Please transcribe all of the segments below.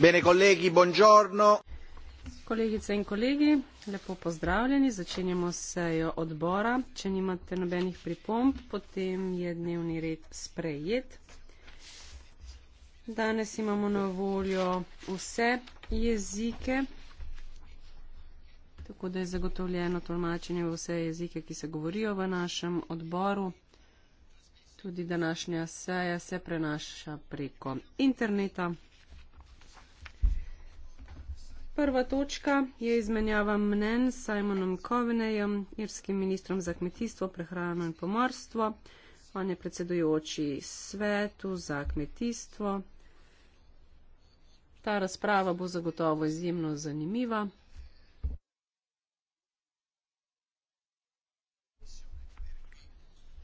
Bene, kolegi, buongiorno. Kolegice in kolegi, lepo pozdravljeni. Začenjamo sejo odbora. Če nimate nobenih pripomb, potem je dnevni red sprejet. Danes imamo na voljo vse jezike, tako da je zagotovljeno tolmačenje v vse jezike, ki se govorijo v našem odboru. Tudi današnja seja se prenaša preko interneta. Prva točka je izmenjava mnen s Simonom Kovenejem, irskim ministrom za kmetijstvo, prehrano in pomorstvo. On je predsedujoči svetu za kmetijstvo. Ta razprava bo zagotovo izjemno zanimiva.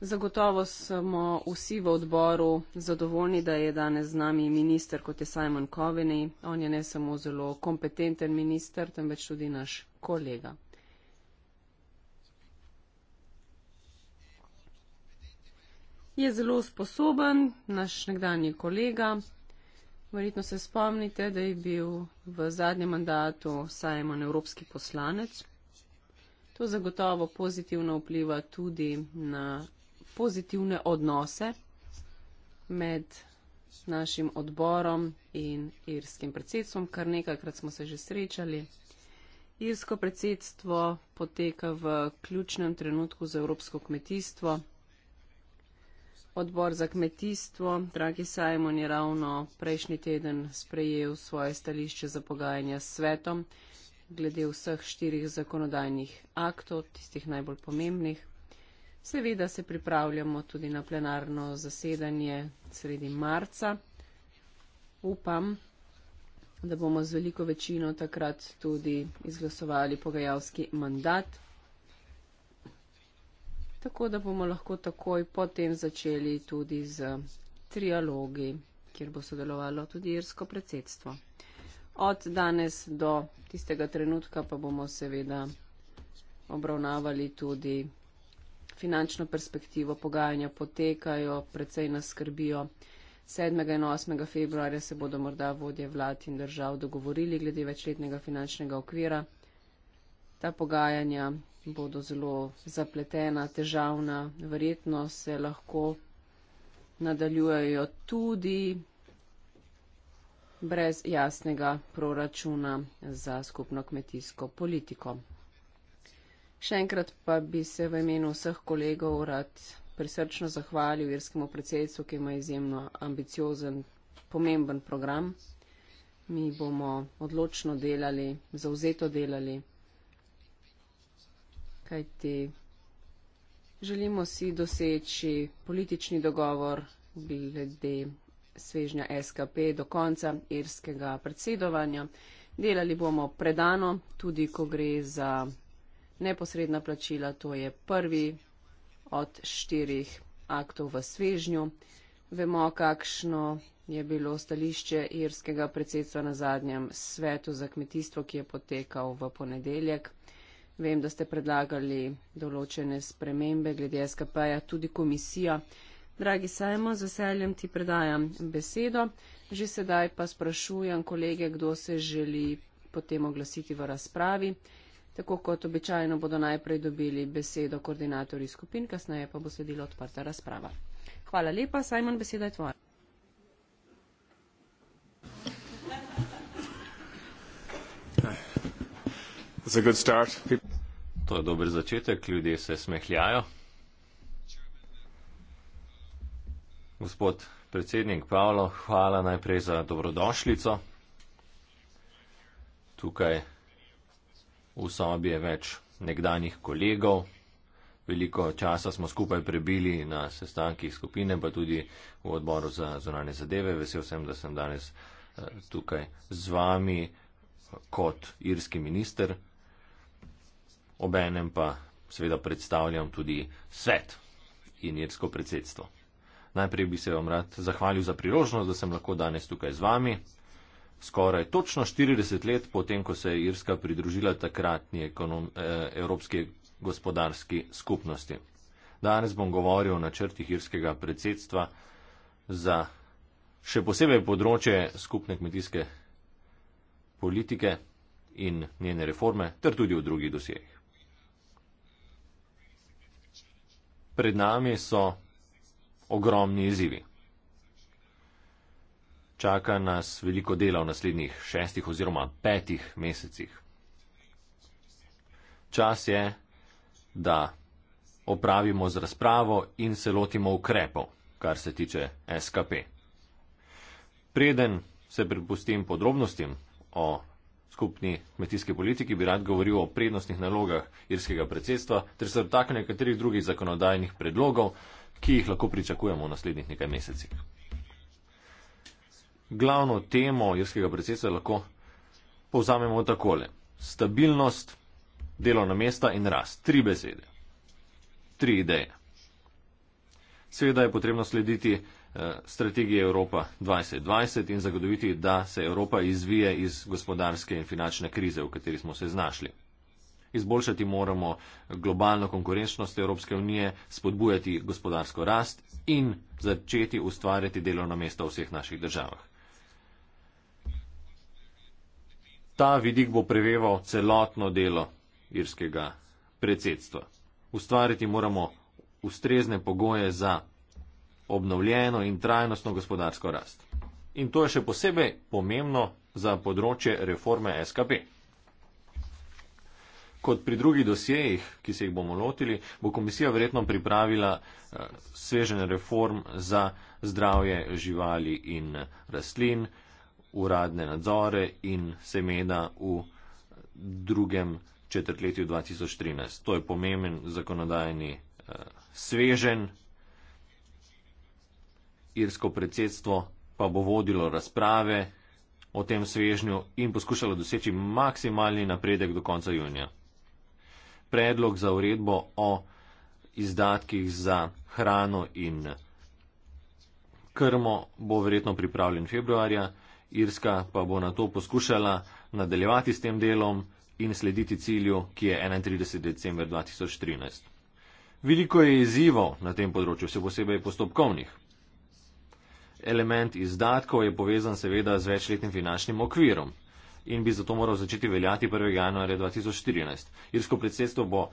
Zagotovo smo vsi v odboru zadovoljni, da je danes z nami minister, kot je Simon Coveney. On je ne samo zelo kompetenten minister, temveč tudi naš kolega. Je zelo sposoben, naš nekdanji kolega. Verjetno se spomnite, da je bil v zadnjem mandatu Simon evropski poslanec. To zagotovo pozitivno vpliva tudi na pozitivne odnose med našim odborom in irskim predsedstvom. Kar nekajkrat smo se že srečali. Irsko predsedstvo poteka v ključnem trenutku za evropsko kmetijstvo. Odbor za kmetijstvo, dragi Simon, je ravno prejšnji teden sprejel svoje stališče za pogajanja s svetom glede vseh štirih zakonodajnih aktov, tistih najbolj pomembnih. Seveda se pripravljamo tudi na plenarno zasedanje sredi marca. Upam, da bomo z veliko večino takrat tudi izglasovali pogajalski mandat, tako da bomo lahko takoj potem začeli tudi z trialogi, kjer bo sodelovalo tudi irsko predsedstvo. Od danes do tistega trenutka pa bomo seveda obravnavali tudi finančno perspektivo pogajanja potekajo, predvsej nas skrbijo. 7. in 8. februarja se bodo morda vodje vlad in držav dogovorili glede večletnega finančnega okvira. Ta pogajanja bodo zelo zapletena, težavna, verjetno se lahko nadaljujejo tudi brez jasnega proračuna za skupno kmetijsko politiko. Še enkrat pa bi se v imenu vseh kolegov rad prisrčno zahvalil irskemu predsedstvu, ki ima izjemno ambiciozen, pomemben program. Mi bomo odločno delali, zauzeto delali, kajti želimo si doseči politični dogovor glede svežnja SKP do konca irskega predsedovanja. Delali bomo predano, tudi ko gre za neposredna plačila, to je prvi od štirih aktov v svežnju. Vemo, kakšno je bilo stališče irskega predsedstva na zadnjem svetu za kmetijstvo, ki je potekal v ponedeljek. Vem, da ste predlagali določene spremembe glede SKP-ja, tudi komisija. Dragi Sajmo, z veseljem ti predajam besedo. Že sedaj pa sprašujem kolege, kdo se želi potem oglasiti v razpravi. Tako kot običajno bodo najprej dobili besedo koordinatorji skupin, kasneje pa bo sledila odprta razprava. Hvala lepa, Simon, beseda je tvoja. To je dober začetek, ljudje se smehljajo. Gospod predsednik Pavlo, hvala najprej za dobrodošljico. Tukaj V sobi je več nekdanjih kolegov, veliko časa smo skupaj prebili na sestankih skupine, pa tudi v odboru za zunanje zadeve. Vesel sem, da sem danes eh, tukaj z vami kot irski minister. Obenem pa seveda predstavljam tudi svet in irsko predsedstvo. Najprej bi se vam rad zahvalil za priložnost, da sem lahko danes tukaj z vami skoraj točno 40 let potem, ko se je Irska pridružila takratni ekonom, eh, Evropski gospodarski skupnosti. Danes bom govoril o načrtih irskega predsedstva za še posebej področje skupne kmetijske politike in njene reforme, ter tudi v drugih dosjejih. Pred nami so ogromni izzivi čaka nas veliko dela v naslednjih šestih oziroma petih mesecih. Čas je, da opravimo z razpravo in se lotimo ukrepov, kar se tiče SKP. Preden se pripustim podrobnostim o skupni kmetijski politiki, bi rad govoril o prednostnih nalogah irskega predsedstva ter se dotaknil nekaterih drugih zakonodajnih predlogov, ki jih lahko pričakujemo v naslednjih nekaj mesecih glavno temo irskega predsedstva lahko povzamemo takole. Stabilnost, delovna mesta in rast. Tri besede. Tri ideje. Seveda je potrebno slediti eh, strategiji Evropa 2020 in zagotoviti, da se Evropa izvije iz gospodarske in finančne krize, v kateri smo se znašli. Izboljšati moramo globalno konkurenčnost Evropske unije, spodbujati gospodarsko rast in začeti ustvarjati delovna mesta v vseh naših državah. Ta vidik bo preveval celotno delo irskega predsedstva. Ustvariti moramo ustrezne pogoje za obnovljeno in trajnostno gospodarsko rast. In to je še posebej pomembno za področje reforme SKP. Kot pri drugih dosjejih, ki se jih bomo lotili, bo komisija verjetno pripravila eh, svežen reform za zdravje živali in rastlin uradne nadzore in semena v drugem četrtletju 2013. To je pomemben zakonodajni eh, svežen. Irsko predsedstvo pa bo vodilo razprave o tem svežnju in poskušalo doseči maksimalni napredek do konca junija. Predlog za uredbo o izdatkih za hrano in krmo bo verjetno pripravljen februarja. Irska pa bo na to poskušala nadaljevati s tem delom in slediti cilju, ki je 31. decembar 2013. Veliko je izzivov na tem področju, še posebej postopkovnih. Element izdatkov je povezan seveda z večletnim finančnim okvirom in bi zato moral začeti veljati 1. januarja 2014. Irsko predsedstvo bo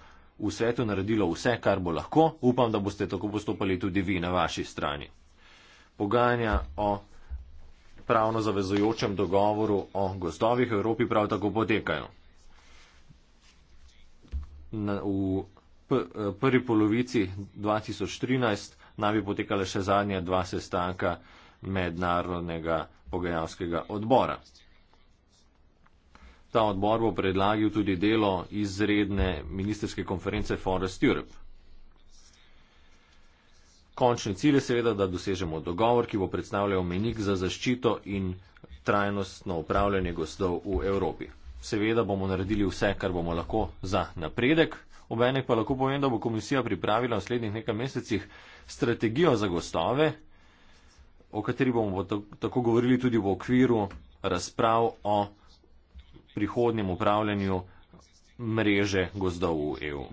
v svetu naredilo vse, kar bo lahko. Upam, da boste tako postopali tudi vi na vaši strani. Pogajanja o pravno zavezujočem dogovoru o gozdovih v Evropi prav tako potekajo. Na, v eh, prvi polovici 2013 naj bi potekala še zadnja dva sestanka mednarodnega pogajalskega odbora. Ta odbor bo predlagal tudi delo izredne ministerske konference Forest Europe. Končni cilj je seveda, da dosežemo dogovor, ki bo predstavljal menik za zaščito in trajnostno upravljanje gostov v Evropi. Seveda bomo naredili vse, kar bomo lahko za napredek. Obenek pa lahko povem, da bo komisija pripravila v slednjih nekaj mesecih strategijo za gostove, o kateri bomo tako govorili tudi v okviru razprav o prihodnjem upravljanju mreže gozdov v EU.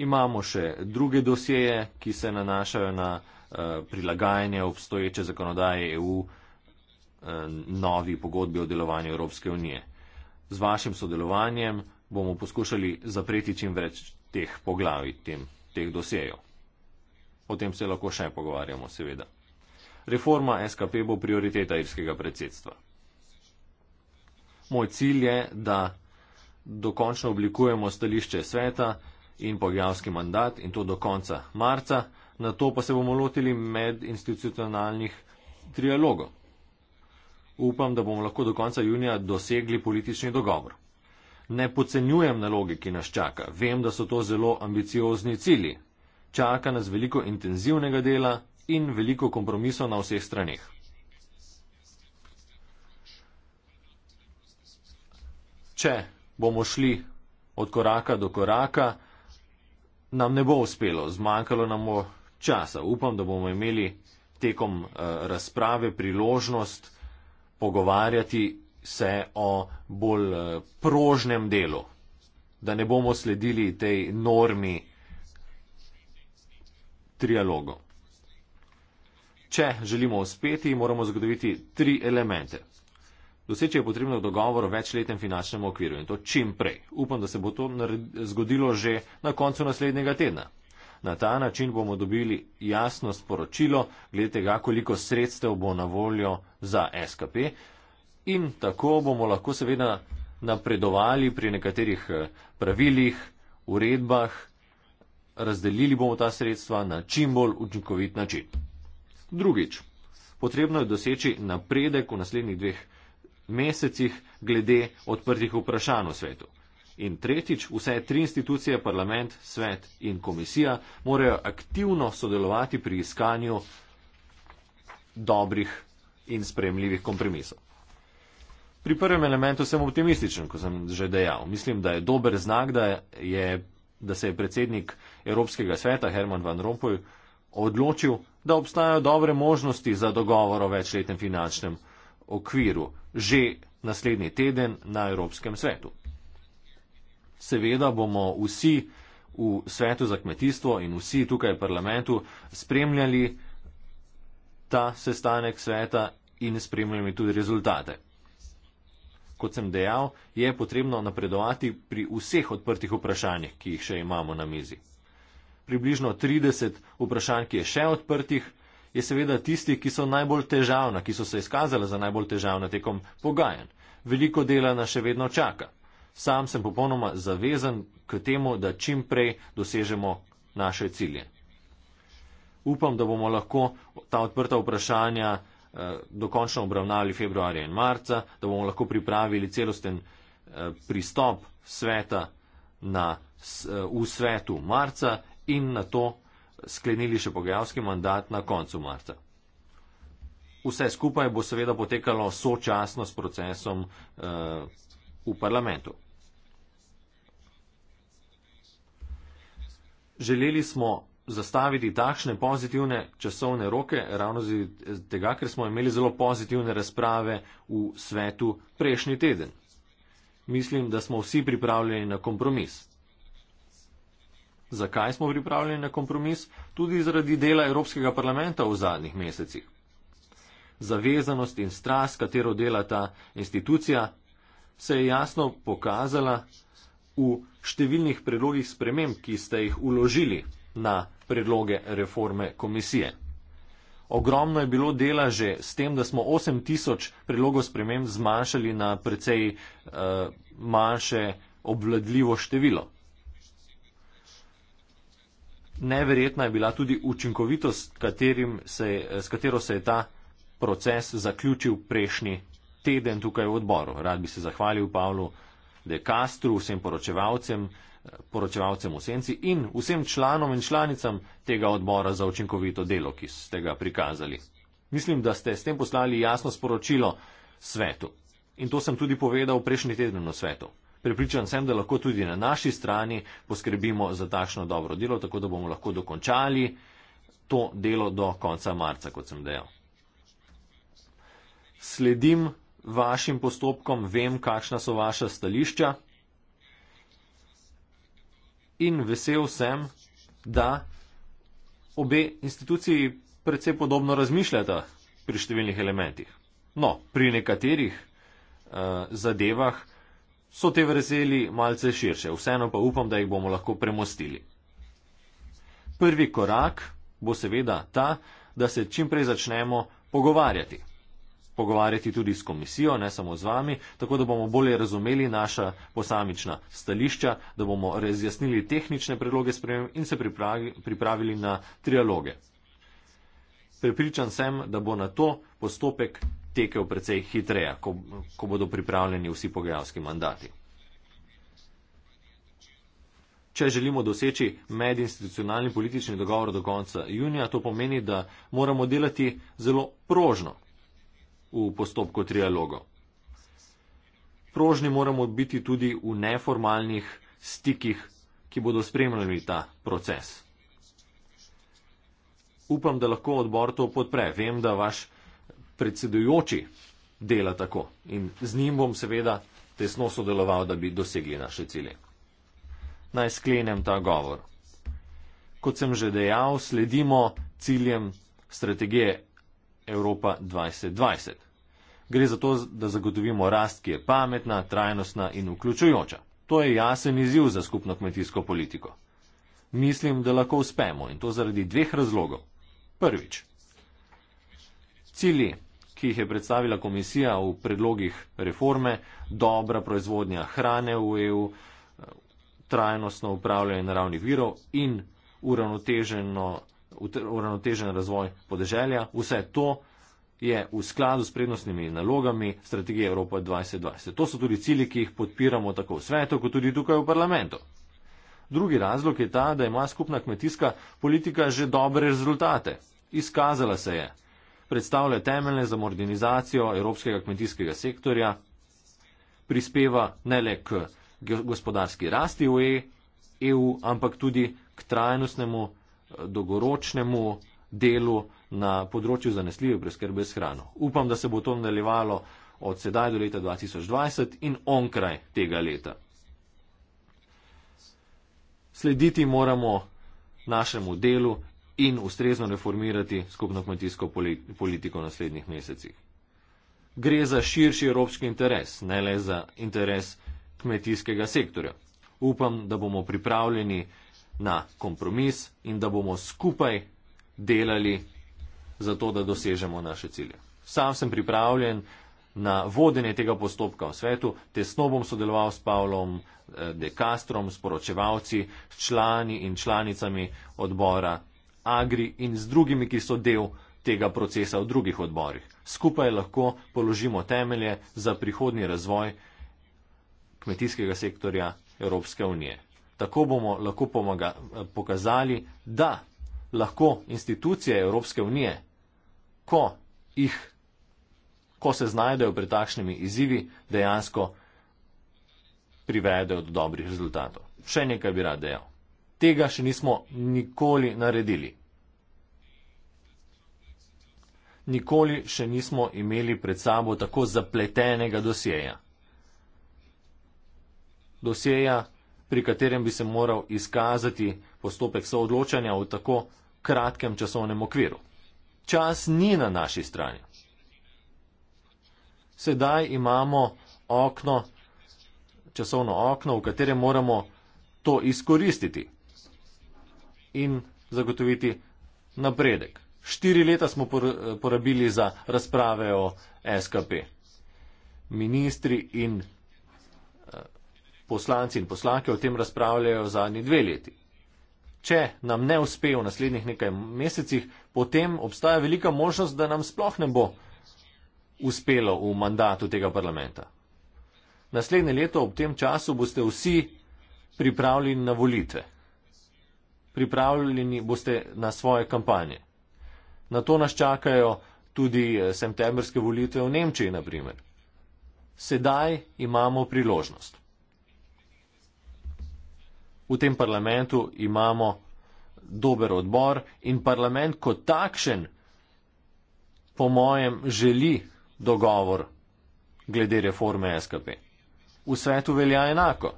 Imamo še druge dosjeje, ki se nanašajo na eh, prilagajanje obstoječe zakonodaje EU eh, novi pogodbi o delovanju Evropske unije. Z vašim sodelovanjem bomo poskušali zapreti čim več teh poglavij, tem, teh dosjejev. O tem se lahko še pogovarjamo, seveda. Reforma SKP bo prioriteta irskega predsedstva. Moj cilj je, da dokončno oblikujemo stališče sveta, in pogajalski mandat in to do konca marca, na to pa se bomo lotili medinstitucionalnih trialogov. Upam, da bomo lahko do konca junija dosegli politični dogovor. Ne podcenjujem naloge, ki nas čaka. Vem, da so to zelo ambiciozni cilji. Čaka nas veliko intenzivnega dela in veliko kompromisov na vseh stranih. Če bomo šli od koraka do koraka, nam ne bo uspelo, zmanjkalo nam bo časa. Upam, da bomo imeli tekom eh, razprave priložnost pogovarjati se o bolj eh, prožnem delu, da ne bomo sledili tej normi trialogo. Če želimo uspeti, moramo zagotoviti tri elemente. Doseči je potrebno dogovor o večletnem finančnem okviru in to čim prej. Upam, da se bo to zgodilo že na koncu naslednjega tedna. Na ta način bomo dobili jasno sporočilo glede tega, koliko sredstev bo na voljo za SKP in tako bomo lahko seveda napredovali pri nekaterih eh, pravilih, uredbah, razdelili bomo ta sredstva na čim bolj učinkovit način. Drugič, potrebno je doseči napredek v naslednjih dveh mesecih glede odprtih vprašanj v svetu. In tretjič, vse tri institucije, parlament, svet in komisija, morajo aktivno sodelovati pri iskanju dobrih in spremljivih kompromisov. Pri prvem elementu sem optimističen, ko sem že dejal. Mislim, da je dober znak, da, je, da se je predsednik Evropskega sveta Herman Van Rompuy odločil, da obstajajo dobre možnosti za dogovor o večletnem finančnem okviru že naslednji teden na Evropskem svetu. Seveda bomo vsi v svetu za kmetijstvo in vsi tukaj v parlamentu spremljali ta sestanek sveta in spremljali tudi rezultate. Kot sem dejal, je potrebno napredovati pri vseh odprtih vprašanjih, ki jih še imamo na mizi. Približno 30 vprašanj, ki je še odprtih, je seveda tisti, ki so najbolj težavna, ki so se izkazala za najbolj težavna tekom pogajanj. Veliko dela nas še vedno čaka. Sam sem popolnoma zavezan k temu, da čim prej dosežemo naše cilje. Upam, da bomo lahko ta odprta vprašanja eh, dokončno obravnali februarja in marca, da bomo lahko pripravili celosten eh, pristop sveta na, eh, v svetu marca in na to sklenili še pogajalski mandat na koncu marca. Vse skupaj bo seveda potekalo sočasno s procesom uh, v parlamentu. Želeli smo zastaviti takšne pozitivne časovne roke, ravno zaradi tega, ker smo imeli zelo pozitivne razprave v svetu prejšnji teden. Mislim, da smo vsi pripravljeni na kompromis. Zakaj smo pripravljeni na kompromis? Tudi zaradi dela Evropskega parlamenta v zadnjih mesecih. Zavezanost in strast, katero dela ta institucija, se je jasno pokazala v številnih predlogih sprememb, ki ste jih uložili na predloge reforme komisije. Ogromno je bilo dela že s tem, da smo 8000 predlogov sprememb zmanjšali na precej uh, manjše obvladljivo število. Neverjetna je bila tudi učinkovitost, se, s katero se je ta proces zaključil prejšnji teden tukaj v odboru. Rad bi se zahvalil Pavlu De Castru, vsem poročevalcem, poročevalcem v senci in vsem članom in članicam tega odbora za učinkovito delo, ki ste ga prikazali. Mislim, da ste s tem poslali jasno sporočilo svetu. In to sem tudi povedal prejšnji teden na svetu. Prepričan sem, da lahko tudi na naši strani poskrbimo za takšno dobro delo, tako da bomo lahko dokončali to delo do konca marca, kot sem dejal. Sledim vašim postopkom, vem, kakšna so vaša stališča in vesel sem, da obe instituciji predvsej podobno razmišljata pri številnih elementih. No, pri nekaterih uh, zadevah so te vrzeli malce širše, vseeno pa upam, da jih bomo lahko premostili. Prvi korak bo seveda ta, da se čim prej začnemo pogovarjati. Pogovarjati tudi s komisijo, ne samo z vami, tako da bomo bolje razumeli naša posamična stališča, da bomo razjasnili tehnične predloge sprejem in se pripravili na trialoge. Prepričan sem, da bo na to postopek tekel precej hitreje, ko, ko bodo pripravljeni vsi pogajalski mandati. Če želimo doseči medinstitucionalni politični dogovor do konca junija, to pomeni, da moramo delati zelo prožno v postopku trialoga. Prožni moramo biti tudi v neformalnih stikih, ki bodo spremljali ta proces. Upam, da lahko odbor to podpre. Vem, da vaš predsedujoči dela tako in z njim bom seveda tesno sodeloval, da bi dosegli naše cilje. Naj sklenem ta govor. Kot sem že dejal, sledimo ciljem strategije Evropa 2020. Gre za to, da zagotovimo rast, ki je pametna, trajnostna in vključujoča. To je jasen izziv za skupno kmetijsko politiko. Mislim, da lahko uspemo in to zaradi dveh razlogov. Prvič. Cilji ki jih je predstavila komisija v predlogih reforme, dobra proizvodnja hrane v EU, trajnostno upravljanje naravnih virov in uravnotežen razvoj podeželja. Vse to je v skladu s prednostnimi nalogami strategije Evropa 2020. To so tudi cilji, ki jih podpiramo tako v svetu, kot tudi tukaj v parlamentu. Drugi razlog je ta, da ima skupna kmetijska politika že dobre rezultate. Izkazala se je, predstavlja temeljne za modernizacijo evropskega kmetijskega sektorja, prispeva ne le k gospodarski rasti v EU, e ampak tudi k trajnostnemu, dolgoročnemu delu na področju zanesljive preskrbe s hrano. Upam, da se bo to nadaljevalo od sedaj do leta 2020 in onkraj tega leta. Slediti moramo našemu delu in ustrezno reformirati skupno kmetijsko politiko v naslednjih mesecih. Gre za širši evropski interes, ne le za interes kmetijskega sektorja. Upam, da bomo pripravljeni na kompromis in da bomo skupaj delali za to, da dosežemo naše cilje. Sam sem pripravljen na vodenje tega postopka v svetu, tesno bom sodeloval s Pavlom eh, Dekastrom, s poročevalci, s člani in članicami odbora Agri in z drugimi, ki so del tega procesa v drugih odborih. Skupaj lahko položimo temelje za prihodni razvoj kmetijskega sektorja Evropske unije. Tako bomo lahko pomaga, pokazali, da lahko institucije Evropske unije, ko, jih, ko se znajdejo pred takšnimi izzivi, dejansko privedejo do dobrih rezultatov. Še nekaj bi rad dejal. Tega še nismo nikoli naredili nikoli še nismo imeli pred sabo tako zapletenega dosjeja. Dosjeja, pri katerem bi se moral izkazati postopek soodločanja v tako kratkem časovnem okviru. Čas ni na naši strani. Sedaj imamo okno, časovno okno, v katerem moramo to izkoristiti in zagotoviti napredek. Štiri leta smo porabili za razprave o SKP. Ministri in eh, poslanci in poslanke o tem razpravljajo zadnji dve leti. Če nam ne uspe v naslednjih nekaj mesecih, potem obstaja velika možnost, da nam sploh ne bo uspelo v mandatu tega parlamenta. Naslednje leto ob tem času boste vsi pripravljeni na volitve. Pripravljeni boste na svoje kampanje. Na to nas čakajo tudi eh, septembrske volitve v Nemčiji, naprimer. Sedaj imamo priložnost. V tem parlamentu imamo dober odbor in parlament kot takšen, po mojem, želi dogovor glede reforme SKP. V svetu velja enako.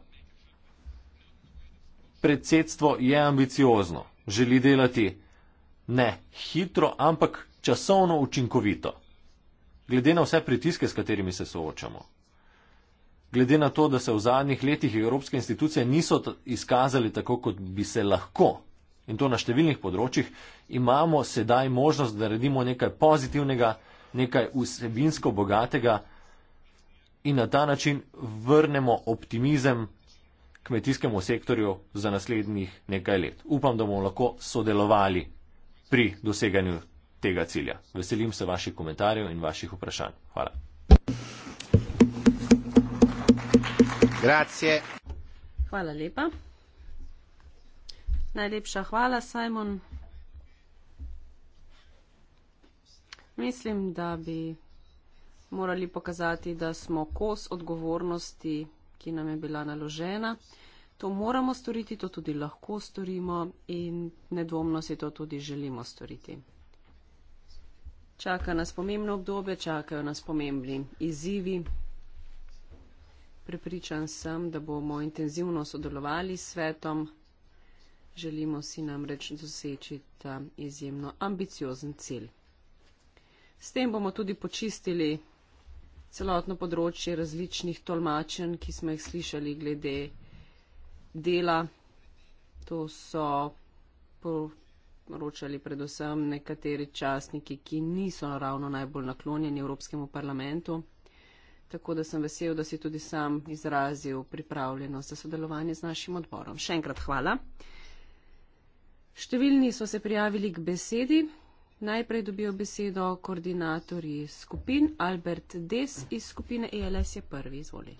Predsedstvo je ambiciozno, želi delati Ne, hitro, ampak časovno učinkovito. Glede na vse pritiske, s katerimi se soočamo. Glede na to, da se v zadnjih letih evropske institucije niso izkazali tako, kot bi se lahko, in to na številnih področjih, imamo sedaj možnost, da naredimo nekaj pozitivnega, nekaj vsebinsko bogatega in na ta način vrnemo optimizem kmetijskemu sektorju za naslednjih nekaj let. Upam, da bomo lahko sodelovali pri doseganju tega cilja. Veselim se vaših komentarjev in vaših vprašanj. Hvala. Grazie. Hvala lepa. Najlepša hvala, Simon. Mislim, da bi morali pokazati, da smo kos odgovornosti, ki nam je bila naložena to moramo storiti, to tudi lahko storimo in nedvomno si to tudi želimo storiti. Čaka nas pomembno obdobje, čakajo nas pomembni izzivi. Prepričan sem, da bomo intenzivno sodelovali s svetom. Želimo si namreč doseči ta izjemno ambiciozen cilj. S tem bomo tudi počistili celotno področje različnih tolmačen, ki smo jih slišali glede dela. To so poročali predvsem nekateri časniki, ki niso ravno najbolj naklonjeni Evropskemu parlamentu. Tako da sem vesel, da si tudi sam izrazil pripravljenost za sodelovanje z našim odborom. Še enkrat hvala. Številni so se prijavili k besedi. Najprej dobijo besedo koordinatorji skupin. Albert Des iz skupine ELS je prvi. Izvoli.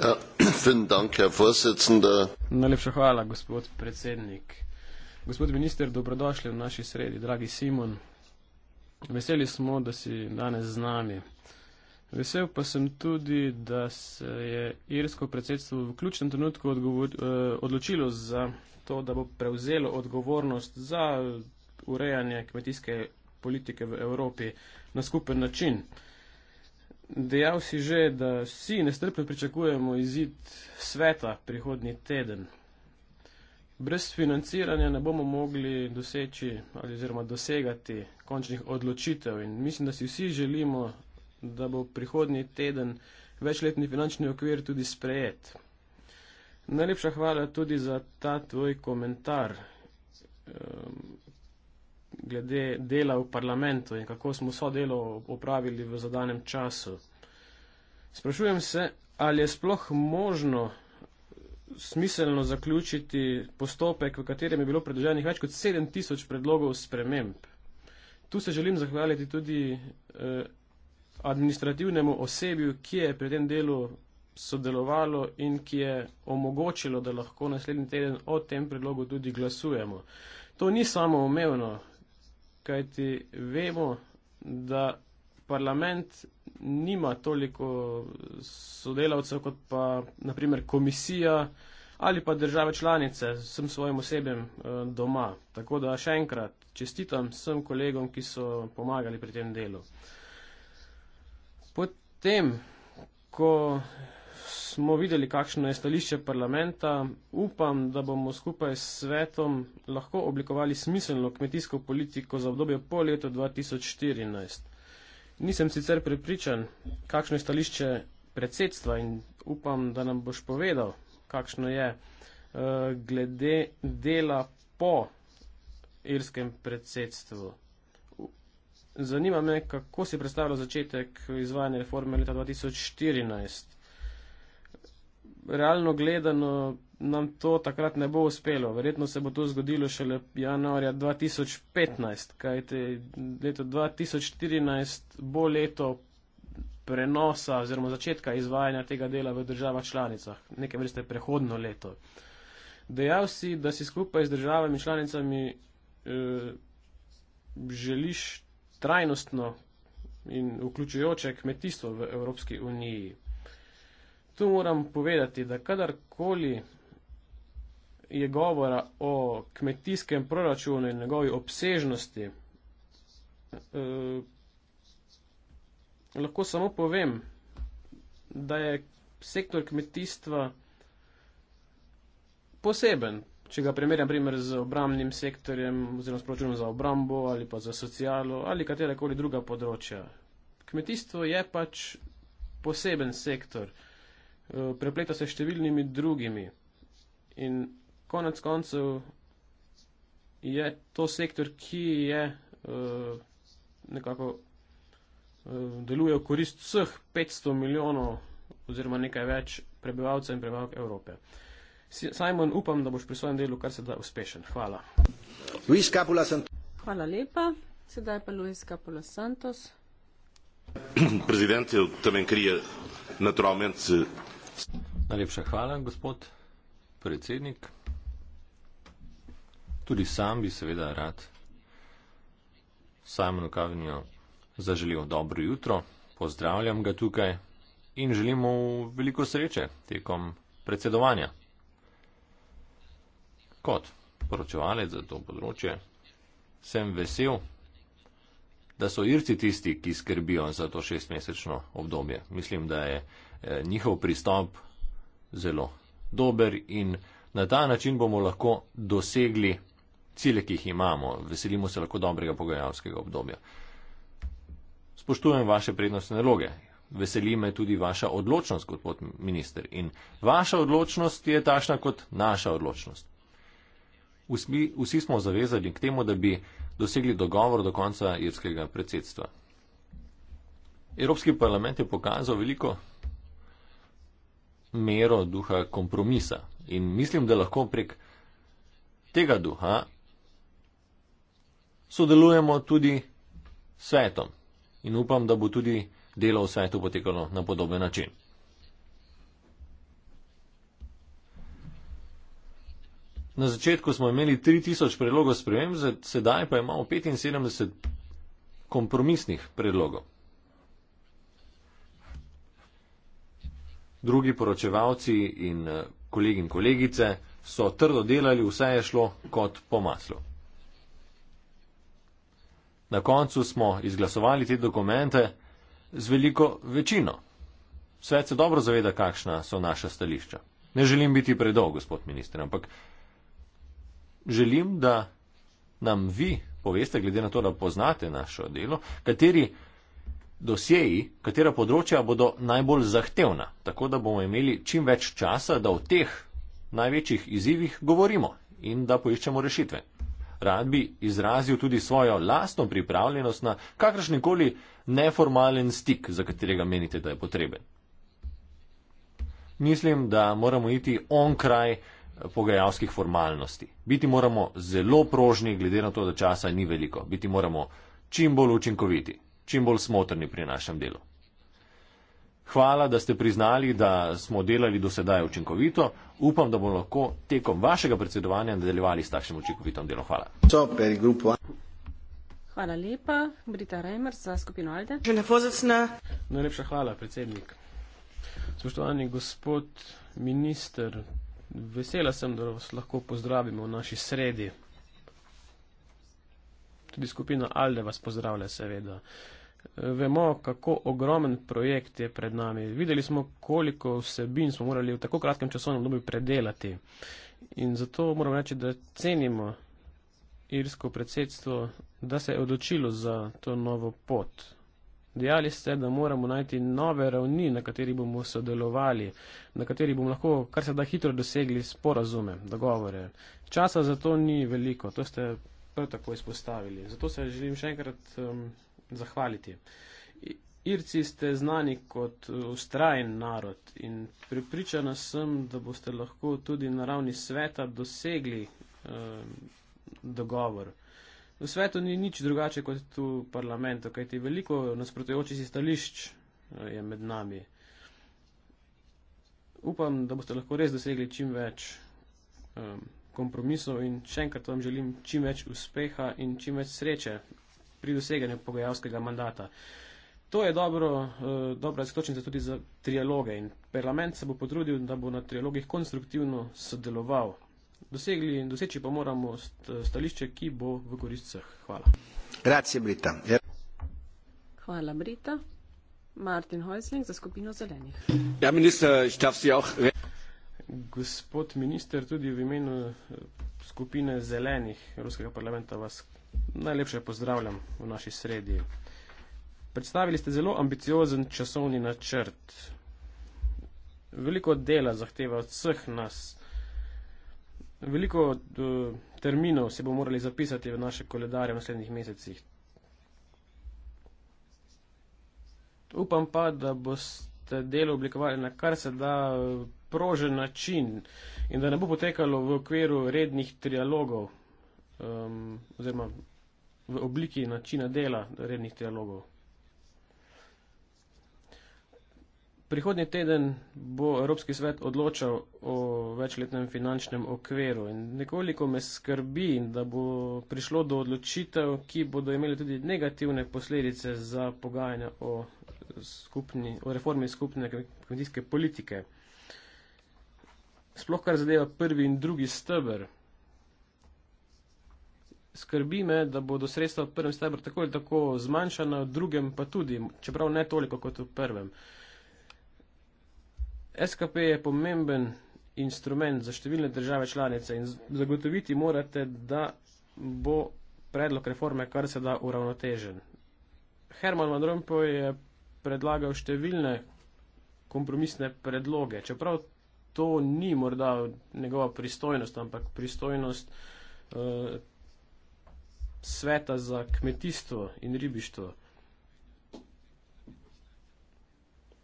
Ja, Najlepša hvala, gospod predsednik. Gospod minister, dobrodošli v naši sredi, dragi Simon. Veseli smo, da si danes z nami. Vesel pa sem tudi, da se je irsko predsedstvo v ključnem trenutku odgovor, eh, odločilo za to, da bo prevzelo odgovornost za urejanje kmetijske politike v Evropi na skupen način. Dejal si že, da vsi nestrpno pričakujemo izid sveta prihodnji teden. Brez financiranja ne bomo mogli doseči ali oziroma dosegati končnih odločitev in mislim, da si vsi želimo, da bo prihodnji teden večletni finančni okvir tudi sprejet. Najlepša hvala tudi za ta tvoj komentar. Um, glede dela v parlamentu in kako smo vso delo opravili v zadanem času. Sprašujem se, ali je sploh možno smiselno zaključiti postopek, v katerem je bilo predloženih več kot 7000 predlogov sprememb. Tu se želim zahvaliti tudi eh, administrativnemu osebju, ki je pri tem delu sodelovalo in ki je omogočilo, da lahko naslednji teden o tem predlogu tudi glasujemo. To ni samo umevno, kajti vemo, da parlament nima toliko sodelavcev kot pa naprimer komisija ali pa države članice s vsem svojim osebjem eh, doma. Tako da še enkrat čestitam vsem kolegom, ki so pomagali pri tem delu. Potem, ko smo videli, kakšno je stališče parlamenta. Upam, da bomo skupaj s svetom lahko oblikovali smiselno kmetijsko politiko za obdobje po letu 2014. Nisem sicer prepričan, kakšno je stališče predsedstva in upam, da nam boš povedal, kakšno je eh, glede dela po irskem predsedstvu. Zanima me, kako si predstavljal začetek izvajanja reforme leta 2014 realno gledano nam to takrat ne bo uspelo. Verjetno se bo to zgodilo šele januarja 2015, kajte leto 2014 bo leto prenosa oziroma začetka izvajanja tega dela v državah članicah, nekem vrste prehodno leto. Dejal si, da si skupaj z državami članicami eh, želiš trajnostno in vključujoče kmetijstvo v Evropski uniji tu moram povedati, da kadarkoli je govora o kmetijskem proračunu in njegovi obsežnosti, eh, lahko samo povem, da je sektor kmetijstva poseben, če ga primerjam primer z obramnim sektorjem oziroma s proračunom za obrambo ali pa za socialo ali katerakoli druga področja. Kmetijstvo je pač poseben sektor. Eh, Eh, prepleta se s številnimi drugimi. In konec koncev je to sektor, ki je eh, nekako eh, deluje v korist vseh 500 milijonov oziroma nekaj več prebivalcev in prebivalk Evrope. Simon, upam, da boš pri svojem delu kar se da uspešen. Hvala. Luis Capula Santos. Hvala lepa. Sedaj pa Luis Capula Santos. Prezident, tam je krije na tromenc Najlepša hvala, gospod predsednik. Tudi sam bi seveda rad Simonu Kavnijo zaželil dobro jutro, pozdravljam ga tukaj in želim mu veliko sreče tekom predsedovanja. Kot poročevalec za to področje sem vesel, da so Irci tisti, ki skrbijo za to šestmesečno obdobje. Mislim, da je Eh, njihov pristop zelo dober in na ta način bomo lahko dosegli cilje, ki jih imamo. Veselimo se lahko dobrega pogajalskega obdobja. Spoštujem vaše prednostne naloge. Veseli me tudi vaša odločnost, gospod minister. In vaša odločnost je tašna kot naša odločnost. Vsi, vsi smo zavezani k temu, da bi dosegli dogovor do konca irskega predsedstva. Evropski parlament je pokazal veliko mero duha kompromisa. In mislim, da lahko prek tega duha sodelujemo tudi s svetom. In upam, da bo tudi delo v svetu potekalo na podoben način. Na začetku smo imeli 3000 predlogov sprememb, sedaj pa imamo 75 kompromisnih predlogov. drugi poročevalci in eh, kolegi in kolegice so trdo delali, vse je šlo kot po maslu. Na koncu smo izglasovali te dokumente z veliko večino. Svet se dobro zaveda, kakšna so naša stališča. Ne želim biti predolg, gospod minister, ampak želim, da nam vi poveste, glede na to, da poznate našo delo, kateri dosjeji, katera področja bodo najbolj zahtevna, tako da bomo imeli čim več časa, da o teh največjih izzivih govorimo in da poiščemo rešitve. Rad bi izrazil tudi svojo lastno pripravljenost na kakršnikoli neformalen stik, za katerega menite, da je potreben. Mislim, da moramo iti on kraj eh, pogajalskih formalnosti. Biti moramo zelo prožni, glede na to, da časa ni veliko. Biti moramo čim bolj učinkoviti čim bolj smotrni pri našem delu. Hvala, da ste priznali, da smo delali do sedaj učinkovito. Upam, da bomo lahko tekom vašega predsedovanja nadaljevali s takšnim učinkovitom delom. Hvala. Hvala lepa, Brita Reimer za skupino Alde. Najlepša hvala, predsednik. Spoštovani gospod minister, vesela sem, da vas lahko pozdravimo v naši sredi. Tudi skupina Alde vas pozdravlja, seveda. Uh, vemo, kako ogromen projekt je pred nami. Videli smo, koliko vsebin smo morali v tako kratkem časovnem dobi predelati. In zato moram reči, da cenimo irsko predsedstvo, da se je odločilo za to novo pot. Dejali ste, da moramo najti nove ravni, na kateri bomo sodelovali, na kateri bomo lahko kar se da hitro dosegli sporazume, dogovore. Časa za to ni veliko, to ste prav tako izpostavili. Zato se želim še enkrat. Um, zahvaliti. Irci ste znani kot ustrajen uh, narod in pripričana sem, da boste lahko tudi na ravni sveta dosegli eh, dogovor. V svetu ni nič drugače kot tu v parlamentu, kajti veliko nasprotujočih si stališč eh, je med nami. Upam, da boste lahko res dosegli čim več eh, kompromisov in še enkrat vam želim čim več uspeha in čim več sreče pri doseganju pogajalskega mandata. To je dobro, eh, dobra izkočnica tudi za trialoge in parlament se bo potrudil, da bo na trialogih konstruktivno sodeloval. Dosegli in doseči pa moramo stališče, ki bo v korist vseh. Hvala. Grazie, Brita. Ja. Hvala, Brita. Martin Heusling za skupino zelenih. Ja, minister, ich darf Sie auch. Gospod minister, tudi v imenu eh, skupine zelenih Evropskega parlamenta vas Najlepše pozdravljam v naši sredi. Predstavili ste zelo ambiciozen časovni načrt. Veliko dela zahteva od vseh nas. Veliko eh, terminov se bo morali zapisati v naše koledarje v naslednjih mesecih. Upam pa, da boste delo oblikovali na kar se da eh, prožen način in da ne bo potekalo v okviru rednih trialogov, um, oziroma v obliki načina dela rednih dialogov. Prihodnji teden bo Evropski svet odločal o večletnem finančnem okviru in nekoliko me skrbi, da bo prišlo do odločitev, ki bodo imeli tudi negativne posledice za pogajanja o, skupni, o reformi skupne kmetijske politike. Sploh kar zadeva prvi in drugi stebr skrbi me, da bodo sredstva v prvem stebru tako ali tako zmanjšana, v drugem pa tudi, čeprav ne toliko kot v prvem. SKP je pomemben instrument za številne države članice in zagotoviti morate, da bo predlog reforme kar se da uravnotežen. Herman Van Rompuy je predlagal številne kompromisne predloge, čeprav to ni morda njegova pristojnost, ampak pristojnost uh, sveta za kmetijstvo in ribištvo.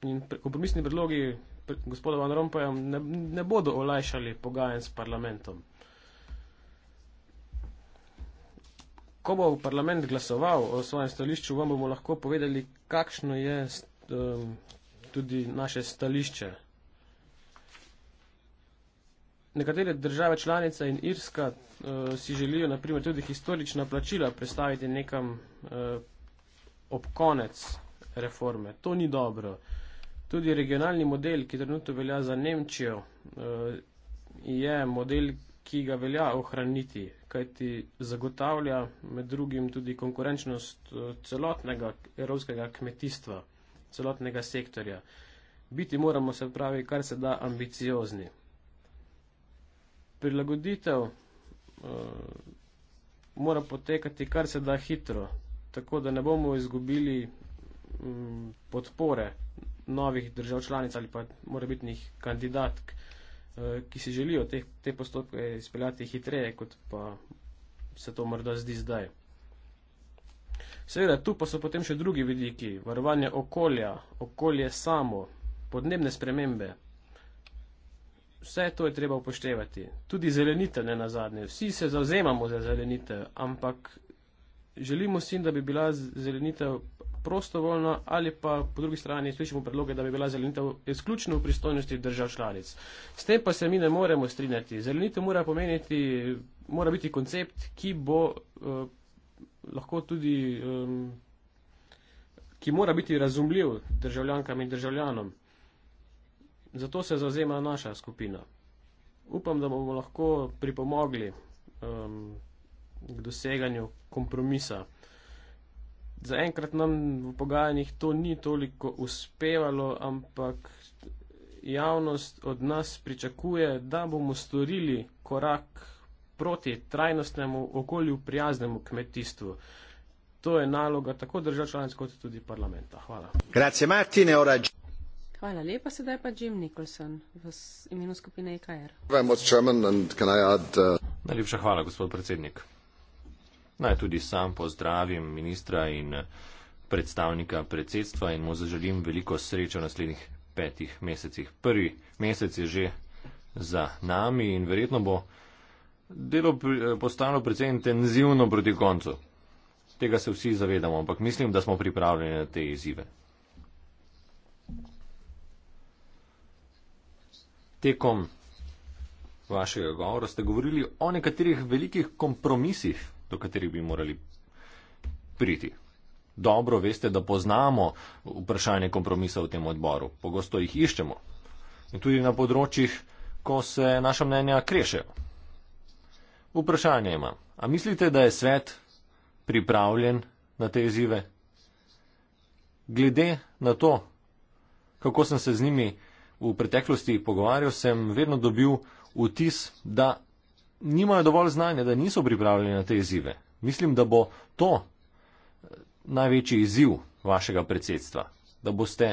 In kompromisni predlogi gospoda Van Rompuyja ne, ne bodo olajšali pogajanj s parlamentom. Ko bo parlament glasoval o svojem stališču, vam bomo lahko povedali, kakšno je st, um, tudi naše stališče. Nekatere države članice in Irska uh, si želijo naprimer tudi historična plačila predstaviti nekam uh, ob konec reforme. To ni dobro. Tudi regionalni model, ki trenutno velja za Nemčijo, uh, je model, ki ga velja ohraniti, kajti zagotavlja med drugim tudi konkurenčnost celotnega evropskega kmetijstva, celotnega sektorja. Biti moramo se pravi, kar se da ambiciozni prilagoditev uh, mora potekati kar se da hitro, tako da ne bomo izgubili um, podpore novih držav članic ali pa morebitnih kandidatk, uh, ki si želijo te, te postopke izpeljati hitreje, kot pa se to morda zdi zdaj. Seveda, tu pa so potem še drugi vidiki, varovanje okolja, okolje samo, podnebne spremembe vse to je treba upoštevati. Tudi zelenitev ne na zadnje. Vsi se zauzemamo za zelenitev, ampak želimo si, da bi bila zelenitev prostovoljna ali pa po drugi strani slišimo predloge, da bi bila zelenitev izključno v pristojnosti držav članic. S tem pa se mi ne moremo strinjati. Zelenitev mora pomeniti, mora biti koncept, ki bo eh, lahko tudi. Eh, ki mora biti razumljiv državljankam in državljanom. Zato se zauzema naša skupina. Upam, da bomo lahko pripomogli um, k doseganju kompromisa. Zaenkrat nam v pogajanjih to ni toliko uspevalo, ampak javnost od nas pričakuje, da bomo storili korak proti trajnostnemu okolju prijaznemu kmetijstvu. To je naloga tako držav članic kot tudi parlamenta. Hvala. Grazie, Martine, Hvala lepa, sedaj pa Jim Nicholson v imenu skupine EKR. Uh, Najlepša hvala, gospod predsednik. Naj tudi sam pozdravim ministra in uh, predstavnika predsedstva in mu zaželim veliko sreče v naslednjih petih mesecih. Prvi mesec je že za nami in verjetno bo delo eh, postalo precej intenzivno proti koncu. Tega se vsi zavedamo, ampak mislim, da smo pripravljeni na te izzive. tekom vašega govora ste govorili o nekaterih velikih kompromisih, do katerih bi morali priti. Dobro veste, da poznamo vprašanje kompromisa v tem odboru. Pogosto jih iščemo. In tudi na področjih, ko se naša mnenja krešejo. Vprašanje imam. A mislite, da je svet pripravljen na te izzive? Glede na to, kako sem se z njimi v preteklosti pogovarjal, sem vedno dobil vtis, da nimajo dovolj znanja, da niso pripravljeni na te izzive. Mislim, da bo to eh, največji izziv vašega predsedstva, da boste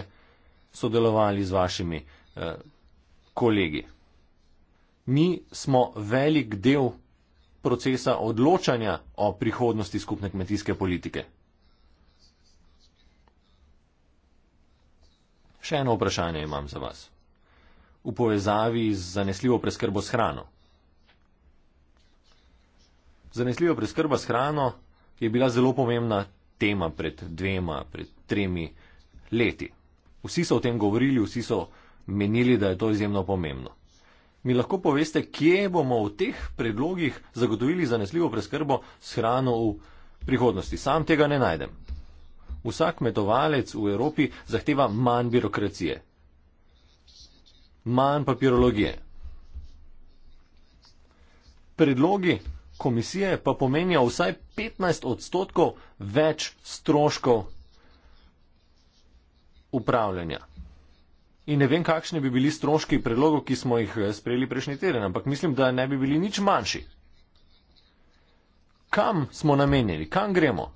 sodelovali z vašimi eh, kolegi. Mi smo velik del procesa odločanja o prihodnosti skupne kmetijske politike. Še eno vprašanje imam za vas v povezavi z zanesljivo preskrbo s hrano. Zanesljiva preskrba s hrano je bila zelo pomembna tema pred dvema, pred tremi leti. Vsi so o tem govorili, vsi so menili, da je to izjemno pomembno. Mi lahko poveste, kje bomo v teh predlogih zagotovili zanesljivo preskrbo s hrano v prihodnosti. Sam tega ne najdem. Vsak metovalec v Evropi zahteva manj birokracije manj papirologije. Predlogi komisije pa pomenijo vsaj 15 odstotkov več stroškov upravljanja. In ne vem, kakšni bi bili stroški predlogov, ki smo jih eh, sprejeli prejšnji teden, ampak mislim, da ne bi bili nič manjši. Kam smo namenjeni, kam gremo?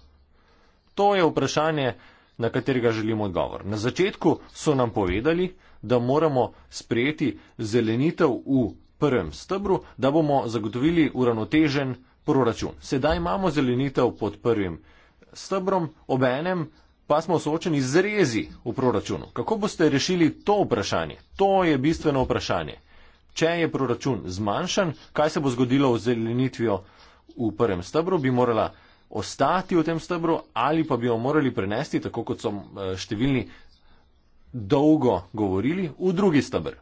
To je vprašanje, na katerega želimo odgovor. Na začetku so nam povedali, da moramo sprejeti zelenitev v prvem stebru, da bomo zagotovili uravnotežen proračun. Sedaj imamo zelenitev pod prvim stebrom, obenem pa smo soočeni z rezi v proračunu. Kako boste rešili to vprašanje? To je bistveno vprašanje. Če je proračun zmanjšan, kaj se bo zgodilo z zelenitvijo v prvem stebru, bi morala ostati v tem stebru ali pa bi jo morali prenesti, tako kot so eh, številni dolgo govorili, v drugi stebr.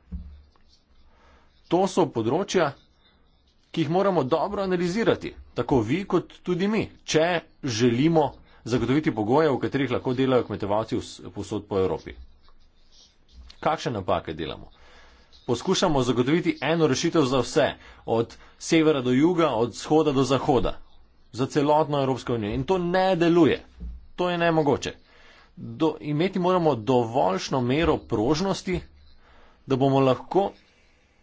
To so področja, ki jih moramo dobro analizirati, tako vi kot tudi mi, če želimo zagotoviti pogoje, v katerih lahko delajo kmetovalci posod po Evropi. Kakšne napake delamo? Poskušamo zagotoviti eno rešitev za vse, od severa do juga, od shoda do zahoda, za celotno Evropsko unijo. In to ne deluje. To je nemogoče do, imeti moramo dovoljšno mero prožnosti, da bomo lahko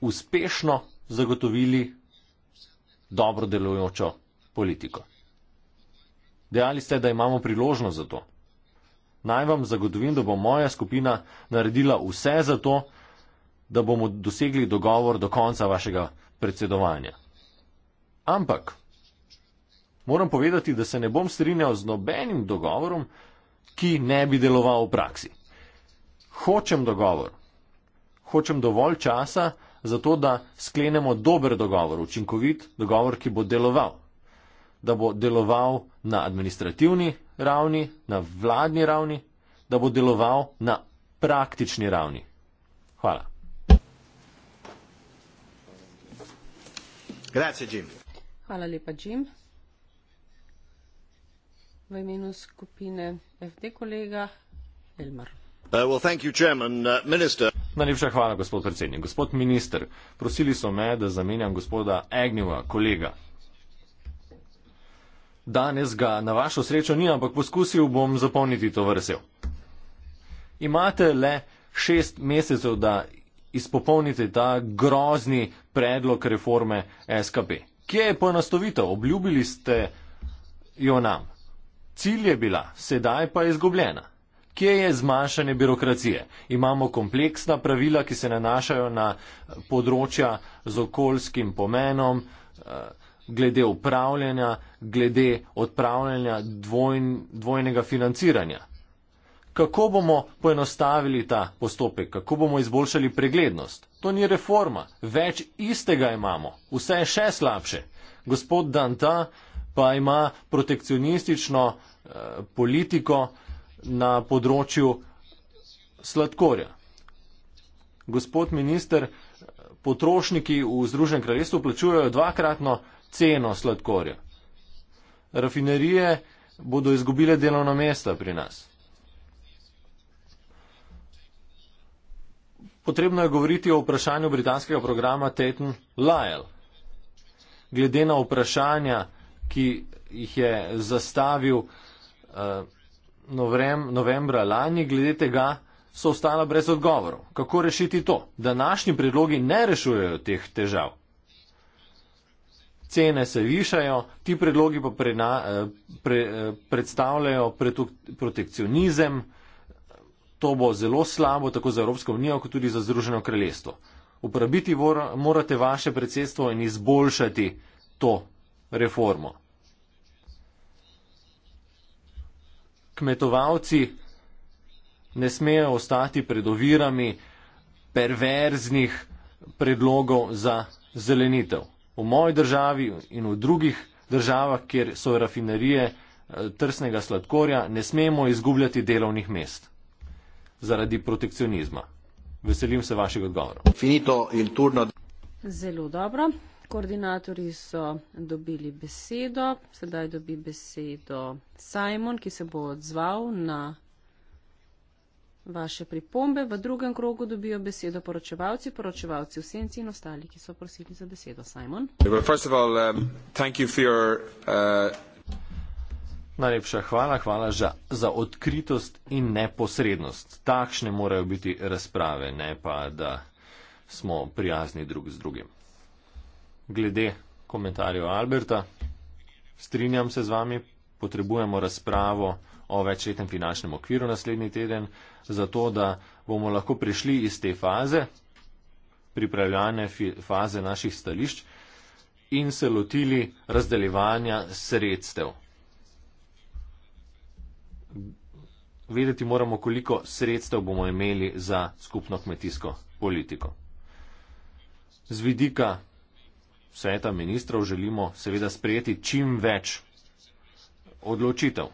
uspešno zagotovili dobro delujočo politiko. Dejali ste, da imamo priložnost za to. Naj vam zagotovim, da bo moja skupina naredila vse za to, da bomo dosegli dogovor do konca vašega predsedovanja. Ampak moram povedati, da se ne bom strinjal z nobenim dogovorom, ki ne bi deloval v praksi. Hočem dogovor, hočem dovolj časa za to, da sklenemo dober dogovor, učinkovit dogovor, ki bo deloval. Da bo deloval na administrativni ravni, na vladni ravni, da bo deloval na praktični ravni. Hvala. Grazie, Jim. Hvala lepa, Jim v imenu skupine FD kolega Elmar. Uh, uh, Najlepša hvala, gospod predsednik. Gospod minister, prosili so me, da zamenjam gospoda Agnewa, kolega. Danes ga na vašo srečo ni, ampak poskusil bom zapolniti to vrsel. Imate le šest mesecev, da izpopolnite ta grozni predlog reforme SKP. Kje je ponastovitev? Obljubili ste jo nam. Cilj je bila, sedaj pa je izgubljena. Kje je zmanjšanje birokracije? Imamo kompleksna pravila, ki se nanašajo na eh, področja z okoljskim pomenom, eh, glede upravljanja, glede odpravljanja dvojn, dvojnega financiranja. Kako bomo poenostavili ta postopek, kako bomo izboljšali preglednost? To ni reforma, več istega imamo, vse je še slabše. Gospod Danta, pa ima protekcionistično eh, politiko na področju sladkorja. Gospod minister, potrošniki v Združenem kraljestvu plačujejo dvakratno ceno sladkorja. Rafinerije bodo izgubile delovna mesta pri nas. Potrebno je govoriti o vprašanju britanskega programa Tatum Lyle. Glede na vprašanja, ki jih je zastavil eh, novem, novembra lani, glede tega so ostala brez odgovorov. Kako rešiti to? Današnji predlogi ne rešujejo teh težav. Cene se višajo, ti predlogi pa prena, eh, pre, eh, predstavljajo protekcionizem, to bo zelo slabo tako za Evropsko unijo, kot tudi za Združeno kraljestvo. Uporabiti morate vaše predsedstvo in izboljšati to reformo. Kmetovalci ne smejo ostati pred ovirami perverznih predlogov za zelenitev. V moji državi in v drugih državah, kjer so rafinerije eh, trsnega sladkorja, ne smemo izgubljati delovnih mest zaradi protekcionizma. Veselim se vašega odgovora. Zelo dobro. Koordinatorji so dobili besedo, sedaj dobi besedo Simon, ki se bo odzval na vaše pripombe. V drugem krogu dobijo besedo poročevalci, poročevalci v senci in ostali, ki so prosili za besedo. Simon. All, um, your, uh... Najlepša hvala, hvala za, za odkritost in neposrednost. Takšne morajo biti razprave, ne pa da smo prijazni drug z drugim glede komentarjev Alberta. Strinjam se z vami, potrebujemo razpravo o večletnem finančnem okviru naslednji teden, zato da bomo lahko prišli iz te faze, pripravljane faze naših stališč in se lotili razdeljevanja sredstev. Vedeti moramo, koliko sredstev bomo imeli za skupno kmetijsko politiko. Z vidika sveta ministrov želimo seveda sprejeti čim več odločitev,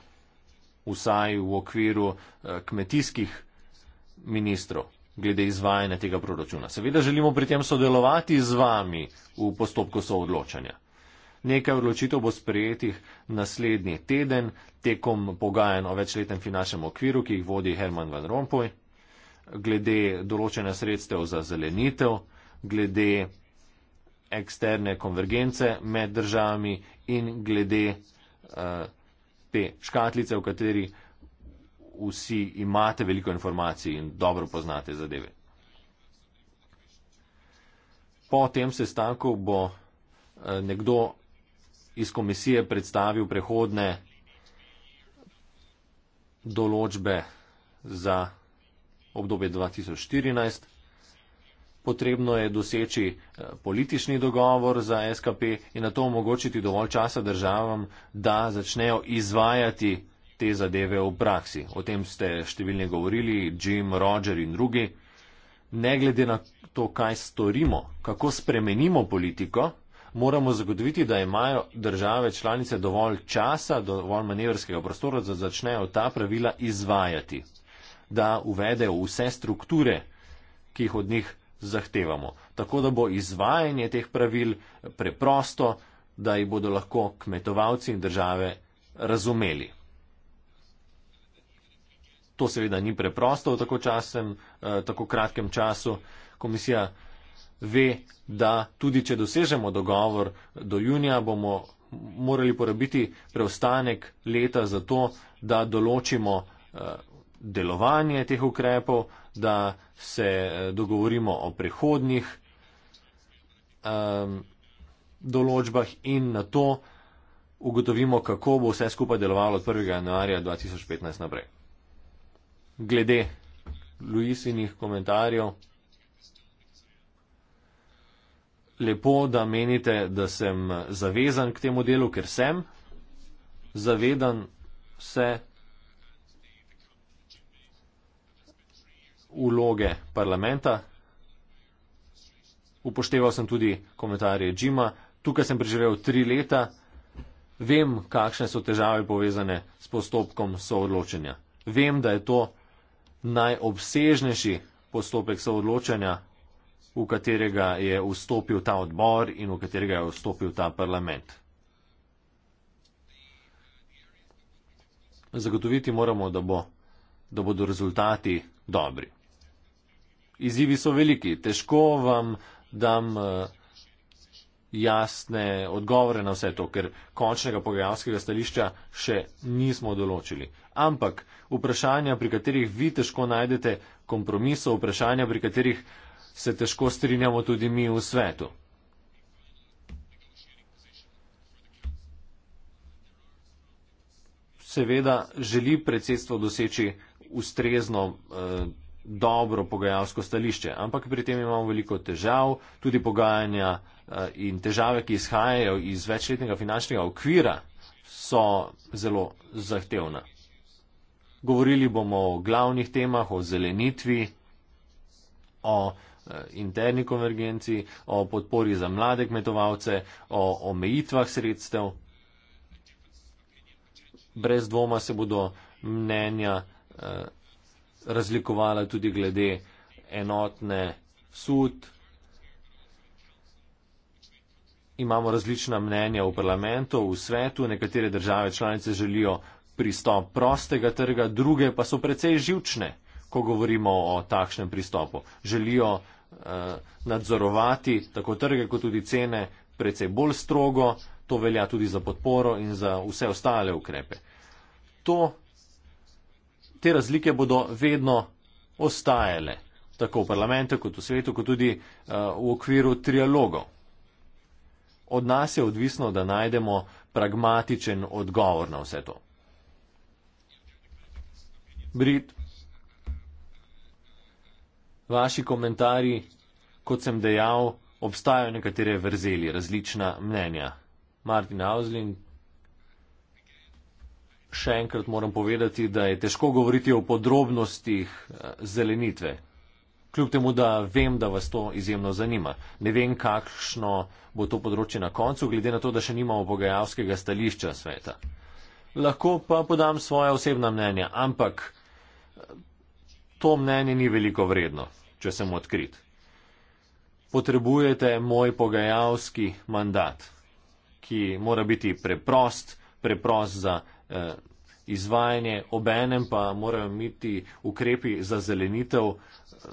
vsaj v okviru eh, kmetijskih ministrov, glede izvajanja tega proračuna. Seveda želimo pri tem sodelovati z vami v postopku soodločanja. Nekaj odločitev bo sprejetih naslednji teden tekom pogajanj o večletnem finančnem okviru, ki jih vodi Herman Van Rompuy, glede določene sredstev za zelenitev, glede eksterne konvergence med državami in glede uh, te škatlice, v kateri vsi imate veliko informacij in dobro poznate zadeve. Po tem sestanku bo uh, nekdo iz komisije predstavil prehodne določbe za obdobje 2014 potrebno je doseči eh, politični dogovor za SKP in na to omogočiti dovolj časa državam, da začnejo izvajati te zadeve v praksi. O tem ste številni govorili, Jim, Roger in drugi. Ne glede na to, kaj storimo, kako spremenimo politiko, moramo zagotoviti, da imajo države članice dovolj časa, dovolj manevrskega prostora, da začnejo ta pravila izvajati, da uvedejo vse strukture, ki jih od njih zahtevamo. Tako da bo izvajanje teh pravil preprosto, da jih bodo lahko kmetovalci in države razumeli. To seveda ni preprosto v tako, časem, eh, tako kratkem času. Komisija ve, da tudi če dosežemo dogovor do junija, bomo morali porabiti preostanek leta za to, da določimo eh, delovanje teh ukrepov, da se eh, dogovorimo o prihodnih um, ehm, določbah in na to ugotovimo, kako bo vse skupaj delovalo od 1. januarja 2015 naprej. Glede Luisinih komentarjev. Lepo, da menite, da sem zavezan k temu delu, ker sem zavedan se vloge parlamenta. Upošteval sem tudi komentarje Džima. Tukaj sem preživel tri leta. Vem, kakšne so težave povezane s postopkom soodločenja. Vem, da je to najobsežnejši postopek soodločenja, v katerega je vstopil ta odbor in v katerega je vstopil ta parlament. Zagotoviti moramo, da, bo, da bodo rezultati dobri izzivi so veliki. Težko vam dam eh, jasne odgovore na vse to, ker končnega pogajalskega stališča še nismo določili. Ampak vprašanja, pri katerih vi težko najdete kompromiso, vprašanja, pri katerih se težko strinjamo tudi mi v svetu. Seveda želi predsedstvo doseči ustrezno eh, dobro pogajalsko stališče, ampak pri tem imamo veliko težav, tudi pogajanja eh, in težave, ki izhajajo iz večletnega finančnega okvira, so zelo zahtevna. Govorili bomo o glavnih temah, o zelenitvi, o eh, interni konvergenci, o podpori za mlade kmetovalce, o omejitvah sredstev. Brez dvoma se bodo mnenja eh, razlikovala tudi glede enotne sud. Imamo različna mnenja v parlamentu, v svetu, nekatere države članice želijo pristop prostega trga, druge pa so precej živčne, ko govorimo o takšnem pristopu. Želijo eh, nadzorovati tako trge, kot tudi cene, precej bolj strogo, to velja tudi za podporo in za vse ostale ukrepe. To te razlike bodo vedno ostajale, tako v parlamentu, kot v svetu, kot tudi eh, v okviru trialogov. Od nas je odvisno, da najdemo pragmatičen odgovor na vse to. Brit, vaši komentarji, kot sem dejal, obstajajo nekatere vrzeli, različna mnenja. Martin Ausling, še enkrat moram povedati, da je težko govoriti o podrobnostih eh, zelenitve. Kljub temu, da vem, da vas to izjemno zanima. Ne vem, kakšno bo to področje na koncu, glede na to, da še nimamo pogajalskega stališča sveta. Lahko pa podam svoje osebna mnenja, ampak eh, to mnenje ni veliko vredno, če sem odkrit. Potrebujete moj pogajalski mandat, ki mora biti preprost, preprost za. Eh, izvajanje, obenem pa morajo imeti ukrepi za zelenitev eh,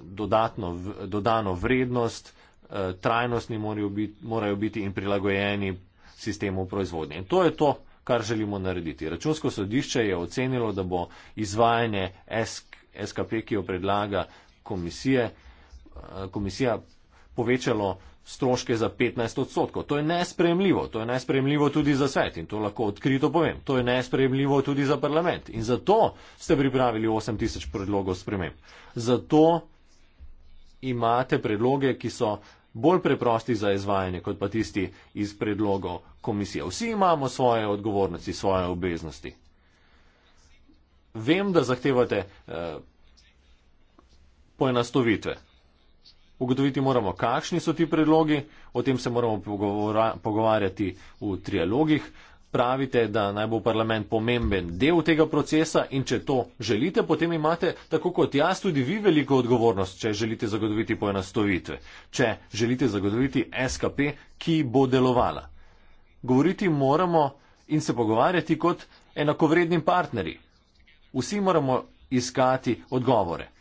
dodatno, dodano vrednost, eh, trajnostni morajo biti, morajo biti in prilagojeni sistemu proizvodnje. In to je to, kar želimo narediti. Računsko sodišče je ocenilo, da bo izvajanje SKP, ki jo predlaga komisije, komisija, povečalo stroške za 15 odstotkov. To je nespremljivo, to je nespremljivo tudi za svet in to lahko odkrito povem. To je nespremljivo tudi za parlament in zato ste pripravili 8000 predlogov sprememb. Zato imate predloge, ki so bolj preprosti za izvajanje kot pa tisti iz predlogov komisije. Vsi imamo svoje odgovornosti, svoje obveznosti. Vem, da zahtevate eh, poenostavitve. Ugotoviti moramo, kakšni so ti predlogi, o tem se moramo pogovora, pogovarjati v trialogih. Pravite, da naj bo parlament pomemben del tega procesa in če to želite, potem imate, tako kot jaz, tudi vi veliko odgovornost, če želite zagotoviti poenostovitve, če želite zagotoviti SKP, ki bo delovala. Govoriti moramo in se pogovarjati kot enakovredni partnerji. Vsi moramo iskati odgovore.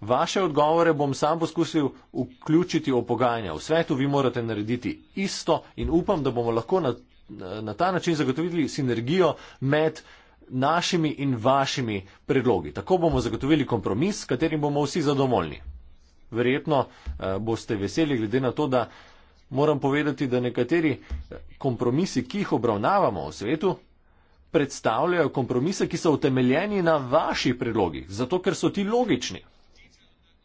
Vaše odgovore bom sam poskusil vključiti v pogajanja. V svetu vi morate narediti isto in upam, da bomo lahko na, na ta način zagotovili sinergijo med našimi in vašimi predlogi. Tako bomo zagotovili kompromis, s katerim bomo vsi zadovoljni. Verjetno eh, boste veseli, glede na to, da moram povedati, da nekateri eh, kompromisi, ki jih obravnavamo v svetu, predstavljajo kompromise, ki so utemeljeni na vaših predlogih, zato ker so ti logični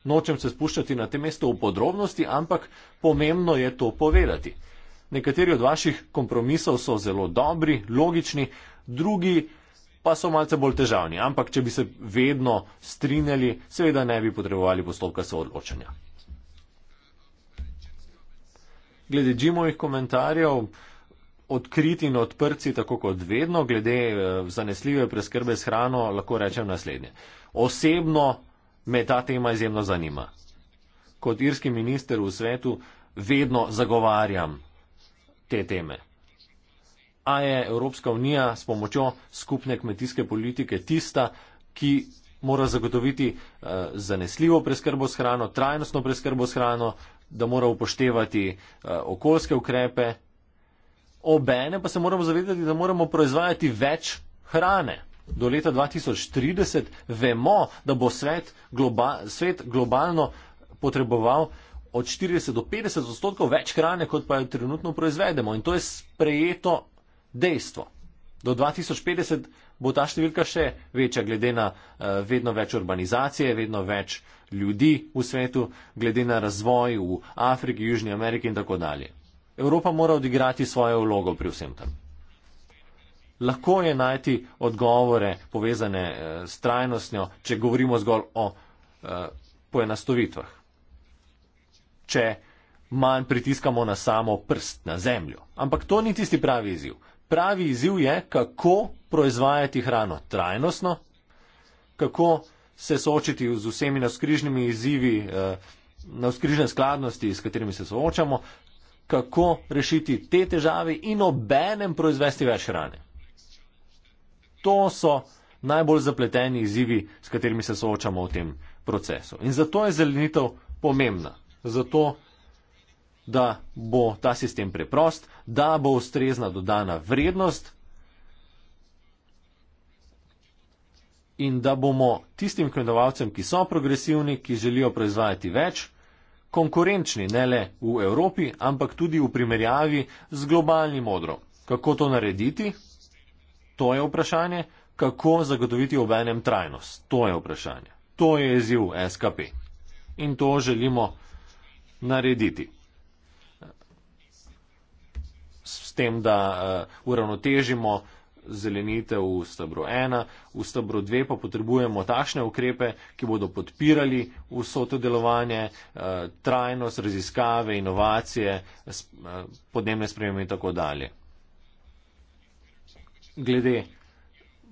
nočem se spuščati na tem mestu v podrobnosti, ampak pomembno je to povedati. Nekateri od vaših kompromisov so zelo dobri, logični, drugi pa so malce bolj težavni. Ampak, če bi se vedno strinjali, seveda ne bi potrebovali postopka soodločanja. Glede Džimovih komentarjev, odkrit in odprci, tako kot vedno, glede eh, zanesljive preskrbe s hrano, lahko rečem naslednje. Osebno me ta tema izjemno zanima. Kot irski minister v svetu vedno zagovarjam te teme. A je Evropska unija s pomočjo skupne kmetijske politike tista, ki mora zagotoviti uh, zanesljivo preskrbo s hrano, trajnostno preskrbo s hrano, da mora upoštevati uh, okoljske ukrepe. Obene pa se moramo zavedati, da moramo proizvajati več hrane do leta 2030 vemo, da bo svet, globa, svet globalno potreboval od 40 do 50 odstotkov več hrane, kot pa jo trenutno proizvedemo. In to je sprejeto dejstvo. Do 2050 bo ta številka še večja, glede na uh, vedno več urbanizacije, vedno več ljudi v svetu, glede na razvoj v Afriki, Južni Ameriki in tako dalje. Evropa mora odigrati svojo vlogo pri vsem tem. Lahko je najti odgovore povezane eh, s trajnostjo, če govorimo zgolj o eh, poenostavitvah. Če manj pritiskamo na samo prst, na zemljo. Ampak to ni tisti pravi izziv. Pravi izziv je, kako proizvajati hrano trajnostno, kako se soočiti z vsemi navskrižnimi izzivi, eh, navskrižne skladnosti, s katerimi se soočamo, kako rešiti te težave in obenem proizvesti več hrane. To so najbolj zapleteni izzivi, s katerimi se soočamo v tem procesu. In zato je zelenitev pomembna. Zato, da bo ta sistem preprost, da bo ustrezna dodana vrednost. In da bomo tistim kmetovalcem, ki so progresivni, ki želijo proizvajati več, konkurenčni ne le v Evropi, ampak tudi v primerjavi z globalnim modrom. Kako to narediti? To je vprašanje, kako zagotoviti obenem trajnost. To je vprašanje. To je izziv SKP. In to želimo narediti. S tem, da uh, uravnotežimo zelenitev v stabro 1, v stabro 2 pa potrebujemo takšne ukrepe, ki bodo podpirali vso to delovanje, uh, trajnost, raziskave, inovacije, sp uh, eh, podnebne spremembe in tako dalje glede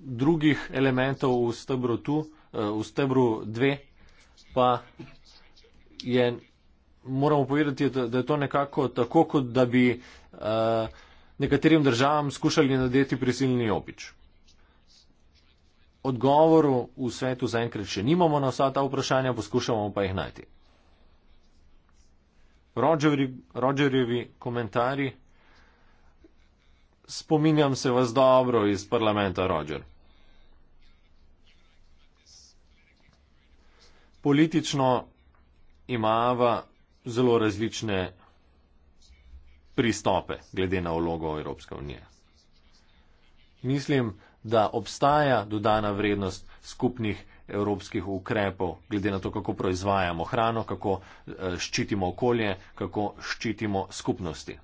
drugih elementov v stebru tu, eh, v stebru dve, pa je, moramo povedati, da je to nekako tako, kot da bi eh, nekaterim državam skušali nadeti prisilni opič. Odgovoru v svetu zaenkrat še nimamo na vsa ta vprašanja, poskušamo pa jih najti. Rogerjevi komentarji spominjam se vas dobro iz parlamenta Roger. Politično imava zelo različne pristope glede na vlogo Evropske unije. Mislim, da obstaja dodana vrednost skupnih evropskih ukrepov, glede na to, kako proizvajamo hrano, kako eh, ščitimo okolje, kako ščitimo skupnosti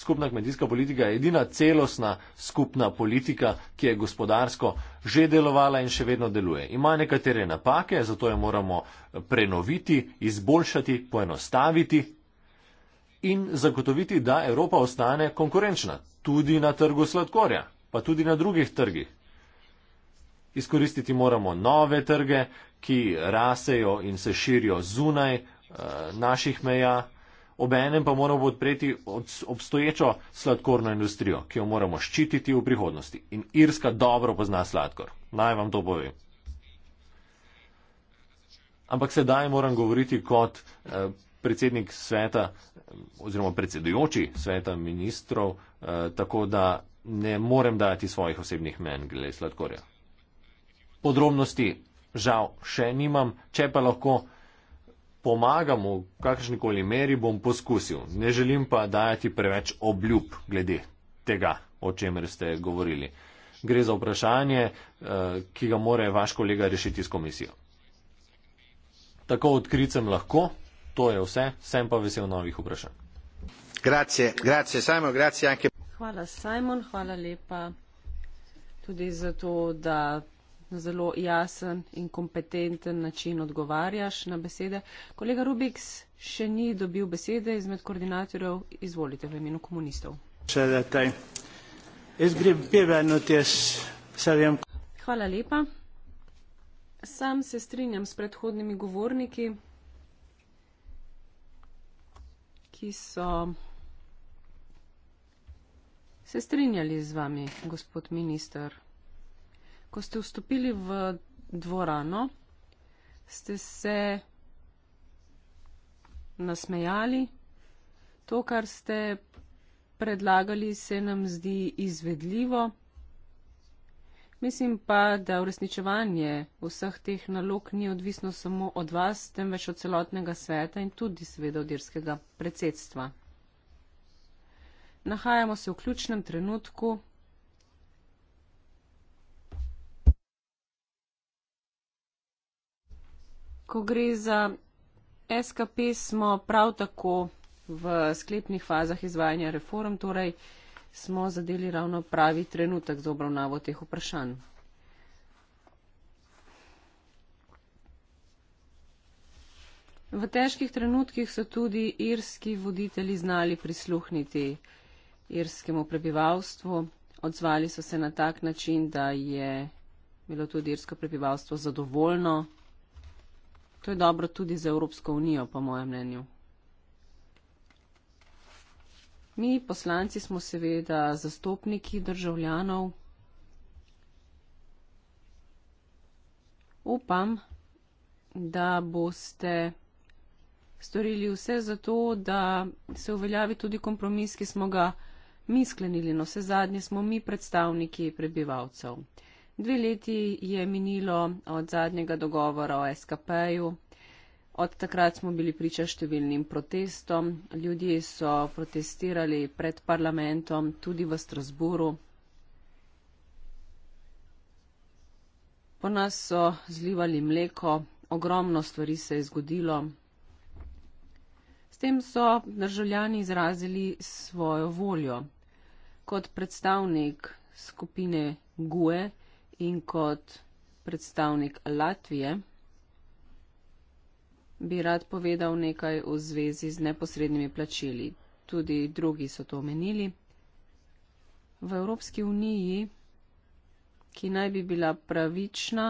skupna kmetijska politika je edina celostna skupna politika, ki je gospodarsko že delovala in še vedno deluje. Ima nekatere napake, zato jo moramo prenoviti, izboljšati, poenostaviti in zagotoviti, da Evropa ostane konkurenčna tudi na trgu sladkorja, pa tudi na drugih trgih. Izkoristiti moramo nove trge, ki rasejo in se širijo zunaj e, naših meja obenem pa moramo podpreti obstoječo sladkorno industrijo, ki jo moramo ščititi v prihodnosti. In Irska dobro pozna sladkor. Naj vam to povem. Ampak sedaj moram govoriti kot eh, predsednik sveta oziroma predsedujoči sveta ministrov, eh, tako da ne morem dati svojih osebnih menj glede sladkorja. Podrobnosti žal še nimam, če pa lahko pomagamo v kakršni koli meri, bom poskusil. Ne želim pa dajati preveč obljub glede tega, o čemer ste govorili. Gre za vprašanje, eh, ki ga more vaš kolega rešiti s komisijo. Tako odkricem lahko, to je vse, sem pa vesel novih vprašanj. Grazie, grazie Simon, grazie anche... Hvala Simon, hvala lepa tudi za to, da zelo jasen in kompetenten način odgovarjaš na besede. Kolega Rubiks še ni dobil besede izmed koordinatorjev, izvolite v imenu komunistov. Hvala lepa. Sam se strinjam s predhodnimi govorniki, ki so se strinjali z vami, gospod minister ko ste vstopili v dvorano, ste se nasmejali. To, kar ste predlagali, se nam zdi izvedljivo. Mislim pa, da uresničevanje vseh teh nalog ni odvisno samo od vas, temveč od celotnega sveta in tudi seveda od irskega predsedstva. Nahajamo se v ključnem trenutku, ko gre za SKP, smo prav tako v sklepnih fazah izvajanja reform, torej smo zadeli ravno pravi trenutek za obravnavo teh vprašanj. V težkih trenutkih so tudi irski voditelji znali prisluhniti irskemu prebivalstvu. Odzvali so se na tak način, da je bilo tudi irsko prebivalstvo zadovoljno To je dobro tudi za Evropsko unijo, po mojem mnenju. Mi poslanci smo seveda zastopniki državljanov. Upam, da boste storili vse za to, da se uveljavi tudi kompromis, ki smo ga mi sklenili. No, vse zadnje smo mi predstavniki prebivalcev. Dve leti je minilo od zadnjega dogovora o SKP-ju. Od takrat smo bili priča številnim protestom. Ljudje so protestirali pred parlamentom, tudi v Strasburu. Po nas so zlivali mleko, ogromno stvari se je zgodilo. S tem so državljani izrazili svojo voljo. Kot predstavnik skupine GUE, in kot predstavnik Latvije bi rad povedal nekaj v zvezi z neposrednimi plačili. Tudi drugi so to omenili. V Evropski uniji, ki naj bi bila pravična,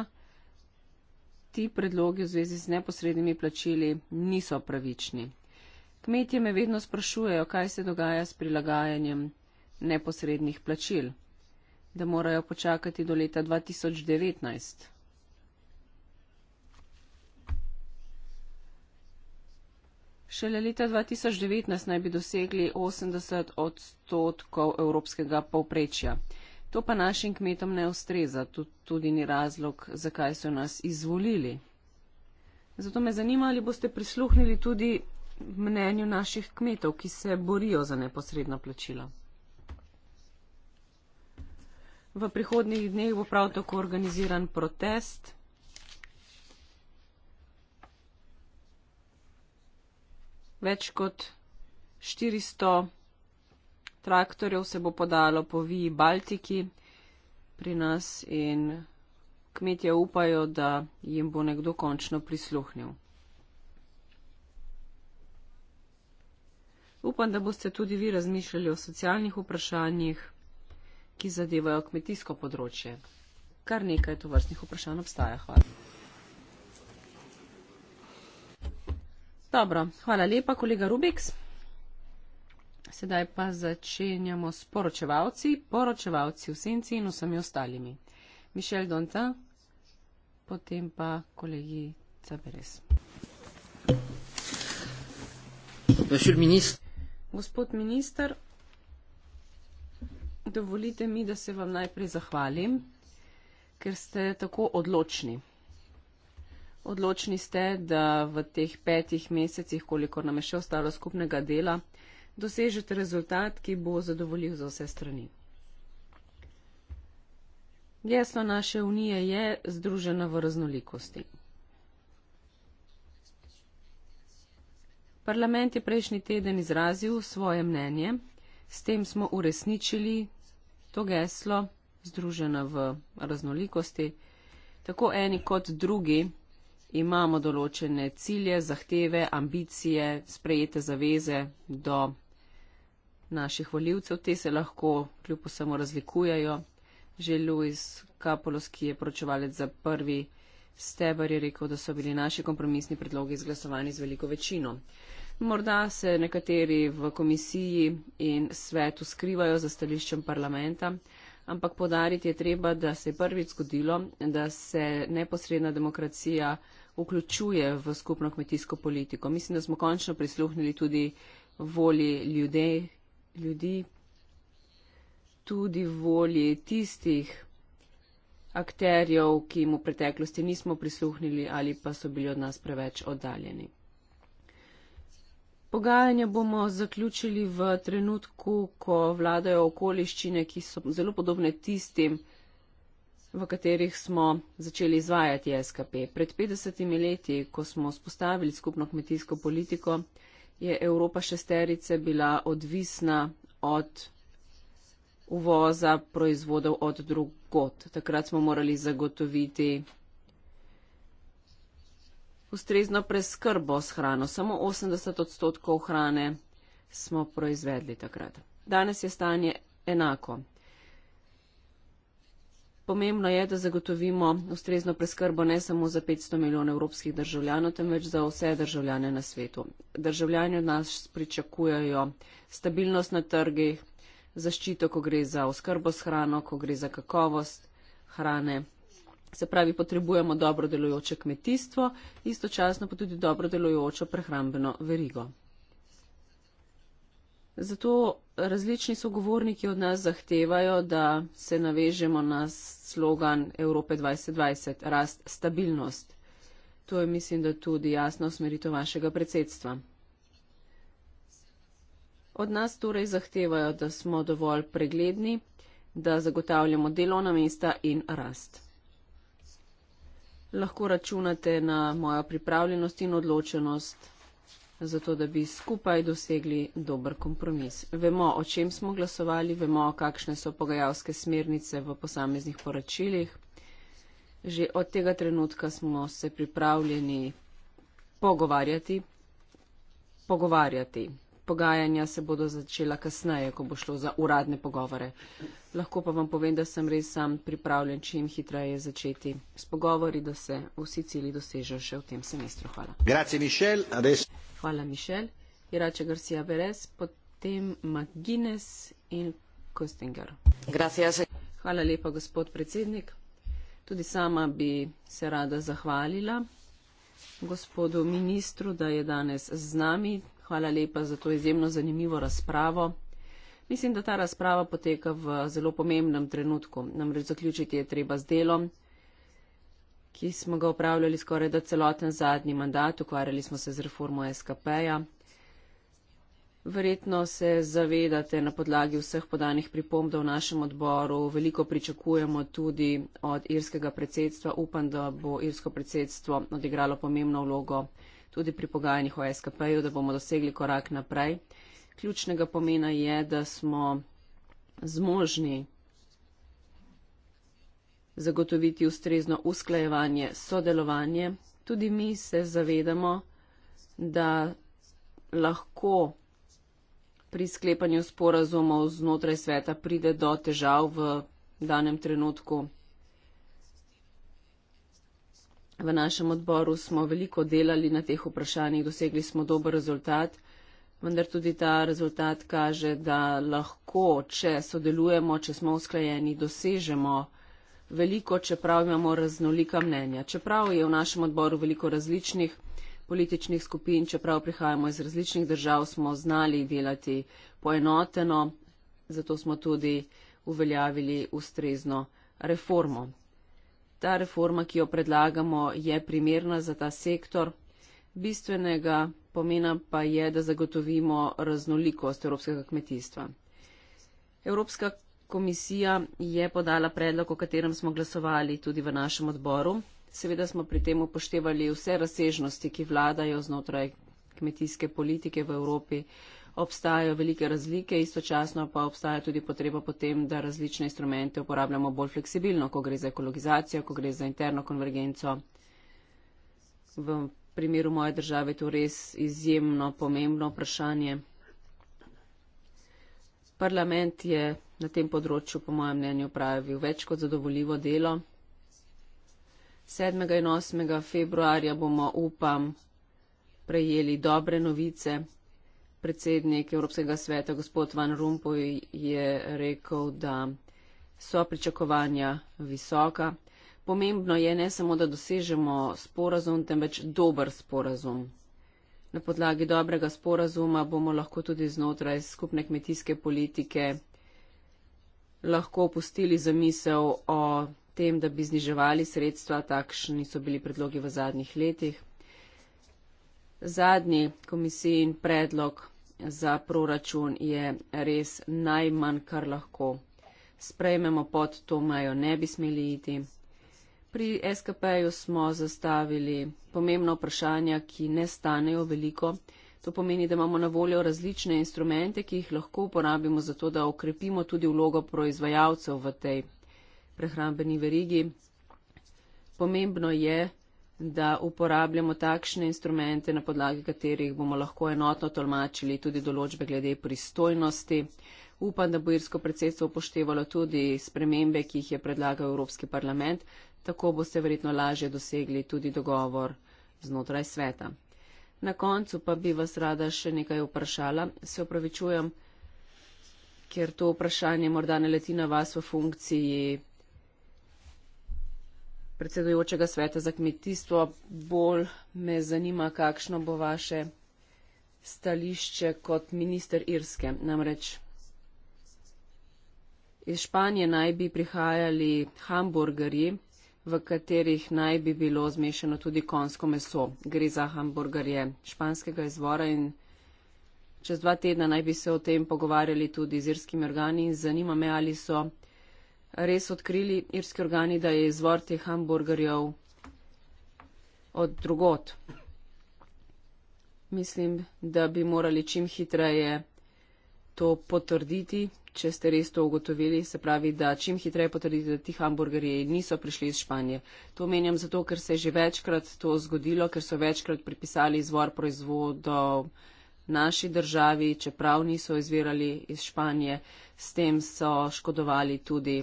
ti predlogi v zvezi z neposrednimi plačili niso pravični. Kmetje me vedno sprašujejo, kaj se dogaja s prilagajanjem neposrednih plačil da morajo počakati do leta 2019. Šele leta 2019 naj bi dosegli 80 odstotkov evropskega povprečja. To pa našim kmetom ne ustreza, tudi ni razlog, zakaj so nas izvolili. Zato me zanima, ali boste prisluhnili tudi mnenju naših kmetov, ki se borijo za neposredno plačilo. V prihodnih dneh bo prav tako organiziran protest. Več kot 400 traktorjev se bo podalo po Viji Baltiki pri nas in kmetje upajo, da jim bo nekdo končno prisluhnil. Upam, da boste tudi vi razmišljali o socialnih vprašanjih ki zadevajo kmetijsko področje. Kar nekaj to vrstnih vprašanj obstaja. Hvala. Dobro, hvala lepa, kolega Rubiks. Sedaj pa začenjamo s poročevalci, poročevalci v senci in vsemi ostalimi. Mišel Donta, potem pa kolegi Caberes. Gospod minister, Dovolite mi, da se vam najprej zahvalim, ker ste tako odločni. Odločni ste, da v teh petih mesecih, kolikor nam je še ostalo skupnega dela, dosežete rezultat, ki bo zadovoljiv za vse strani. Geslo naše unije je združena v raznolikosti. Parlament je prejšnji teden izrazil svoje mnenje, s tem smo uresničili to geslo, združena v raznolikosti, tako eni kot drugi imamo določene cilje, zahteve, ambicije, sprejete zaveze do naših voljivcev. Te se lahko kljub vsemu razlikujejo. Že Louis Kapolos, ki je poročevalec za prvi stebr, je rekel, da so bili naši kompromisni predlogi izglasovani z veliko večino. Morda se nekateri v komisiji in svetu skrivajo za stališčem parlamenta, ampak podariti je treba, da se je prvič zgodilo, da se neposredna demokracija vključuje v skupno kmetijsko politiko. Mislim, da smo končno prisluhnili tudi volji ljudej, ljudi, tudi volji tistih, akterjev, ki jim v preteklosti nismo prisluhnili ali pa so bili od nas preveč oddaljeni. Pogajanja bomo zaključili v trenutku, ko vladajo okoliščine, ki so zelo podobne tistim, v katerih smo začeli izvajati SKP. Pred 50 leti, ko smo spostavili skupno kmetijsko politiko, je Evropa šesterice bila odvisna od uvoza proizvodov od drugot. Takrat smo morali zagotoviti ustrezno preskrbo s hrano. Samo 80 odstotkov hrane smo proizvedli takrat. Danes je stanje enako. Pomembno je, da zagotovimo ustrezno preskrbo ne samo za 500 milijonov evropskih državljanov, temveč za vse državljane na svetu. Državljani od nas pričakujejo stabilnost na trgih, zaščito, ko gre za oskrbo s hrano, ko gre za kakovost hrane Se pravi, potrebujemo dobro delujoče kmetijstvo, istočasno pa tudi dobro delujočo prehrambeno verigo. Zato različni sogovorniki od nas zahtevajo, da se navežemo na slogan Evrope 2020, rast, stabilnost. To je, mislim, da tudi jasna usmeritev vašega predsedstva. Od nas torej zahtevajo, da smo dovolj pregledni, da zagotavljamo delovna mesta in rast lahko računate na mojo pripravljenost in odločenost, zato da bi skupaj dosegli dober kompromis. Vemo, o čem smo glasovali, vemo, kakšne so pogajalske smernice v posameznih poročilih. Že od tega trenutka smo se pripravljeni pogovarjati. Pogovarjati pogajanja se bodo začela kasneje, ko bo šlo za uradne pogovore. Lahko pa vam povem, da sem res sam pripravljen čim hitreje začeti s pogovori, da se vsi cilji dosežejo še v tem semestru. Hvala. Grazie, Michel. Adesso. Hvala, Mišel. Irače Garcia Beres, potem Maginez in Kostinger. Grazie. Hvala lepa, gospod predsednik. Tudi sama bi se rada zahvalila gospodu ministru, da je danes z nami, Hvala lepa za to izjemno zanimivo razpravo. Mislim, da ta razprava poteka v zelo pomembnem trenutku. Namreč zaključiti je treba z delom, ki smo ga upravljali skoraj da celoten zadnji mandat, ukvarjali smo se z reformo SKP-ja. Verjetno se zavedate na podlagi vseh podanih pripomb v našem odboru. Veliko pričakujemo tudi od irskega predsedstva. Upam, da bo irsko predsedstvo odigralo pomembno vlogo tudi pri pogajanjih o SKP-ju, da bomo dosegli korak naprej. Ključnega pomena je, da smo zmožni zagotoviti ustrezno usklajevanje, sodelovanje. Tudi mi se zavedamo, da lahko pri sklepanju sporazumov znotraj sveta pride do težav v danem trenutku V našem odboru smo veliko delali na teh vprašanjih, dosegli smo dober rezultat, vendar tudi ta rezultat kaže, da lahko, če sodelujemo, če smo usklajeni, dosežemo veliko, čeprav imamo raznolika mnenja. Čeprav je v našem odboru veliko različnih političnih skupin, čeprav prihajamo iz različnih držav, smo znali delati poenoteno, zato smo tudi uveljavili ustrezno reformo ta reforma, ki jo predlagamo, je primerna za ta sektor. Bistvenega pomena pa je, da zagotovimo raznolikost evropskega kmetijstva. Evropska komisija je podala predlog, o katerem smo glasovali tudi v našem odboru. Seveda smo pri tem upoštevali vse razsežnosti, ki vladajo znotraj kmetijske politike v Evropi obstajajo velike razlike, istočasno pa obstaja tudi potreba potem, da različne instrumente uporabljamo bolj fleksibilno, ko gre za ekologizacijo, ko gre za interno konvergenco. V primeru moje države je to res izjemno pomembno vprašanje. Parlament je na tem področju, po mojem mnenju, pravil več kot zadovoljivo delo. 7. in 8. februarja bomo, upam, prejeli dobre novice predsednik Evropskega sveta, gospod Van Rompuy, je rekel, da so pričakovanja visoka. Pomembno je ne samo, da dosežemo sporazum, temveč dober sporazum. Na podlagi dobrega sporazuma bomo lahko tudi znotraj skupne kmetijske politike lahko opustili zamisel o tem, da bi zniževali sredstva, takšni so bili predlogi v zadnjih letih zadnji komisiji in predlog za proračun je res najmanj, kar lahko sprejmemo pod to mejo, ne bi smeli iti. Pri SKP-ju smo zastavili pomembna vprašanja, ki ne stanejo veliko. To pomeni, da imamo na voljo različne instrumente, ki jih lahko uporabimo za to, da okrepimo tudi vlogo proizvajalcev v tej prehrambeni verigi. Pomembno je, da uporabljamo takšne instrumente, na podlagi katerih bomo lahko enotno tolmačili tudi določbe glede pristojnosti. Upam, da bo irsko predsedstvo upoštevalo tudi spremembe, ki jih je predlagal Evropski parlament, tako boste verjetno lažje dosegli tudi dogovor znotraj sveta. Na koncu pa bi vas rada še nekaj vprašala. Se opravičujem, ker to vprašanje morda ne leti na vas v funkciji predsedujočega sveta za kmetijstvo. Bolj me zanima, kakšno bo vaše stališče kot minister Irske. Namreč iz Španije naj bi prihajali hamburgerji, v katerih naj bi bilo zmešano tudi konsko meso. Gre za hamburgerje španskega izvora in čez dva tedna naj bi se o tem pogovarjali tudi z irskimi organi in zanima me, ali so res odkrili irski organi, da je izvor teh hamburgerjev od drugot. Mislim, da bi morali čim hitreje to potrditi, če ste res to ugotovili, se pravi, da čim hitreje potrditi, da ti hamburgerji niso prišli iz Španije. To menjam zato, ker se je že večkrat to zgodilo, ker so večkrat pripisali izvor proizvodov naši državi, čeprav niso izvirali iz Španije, s tem so škodovali tudi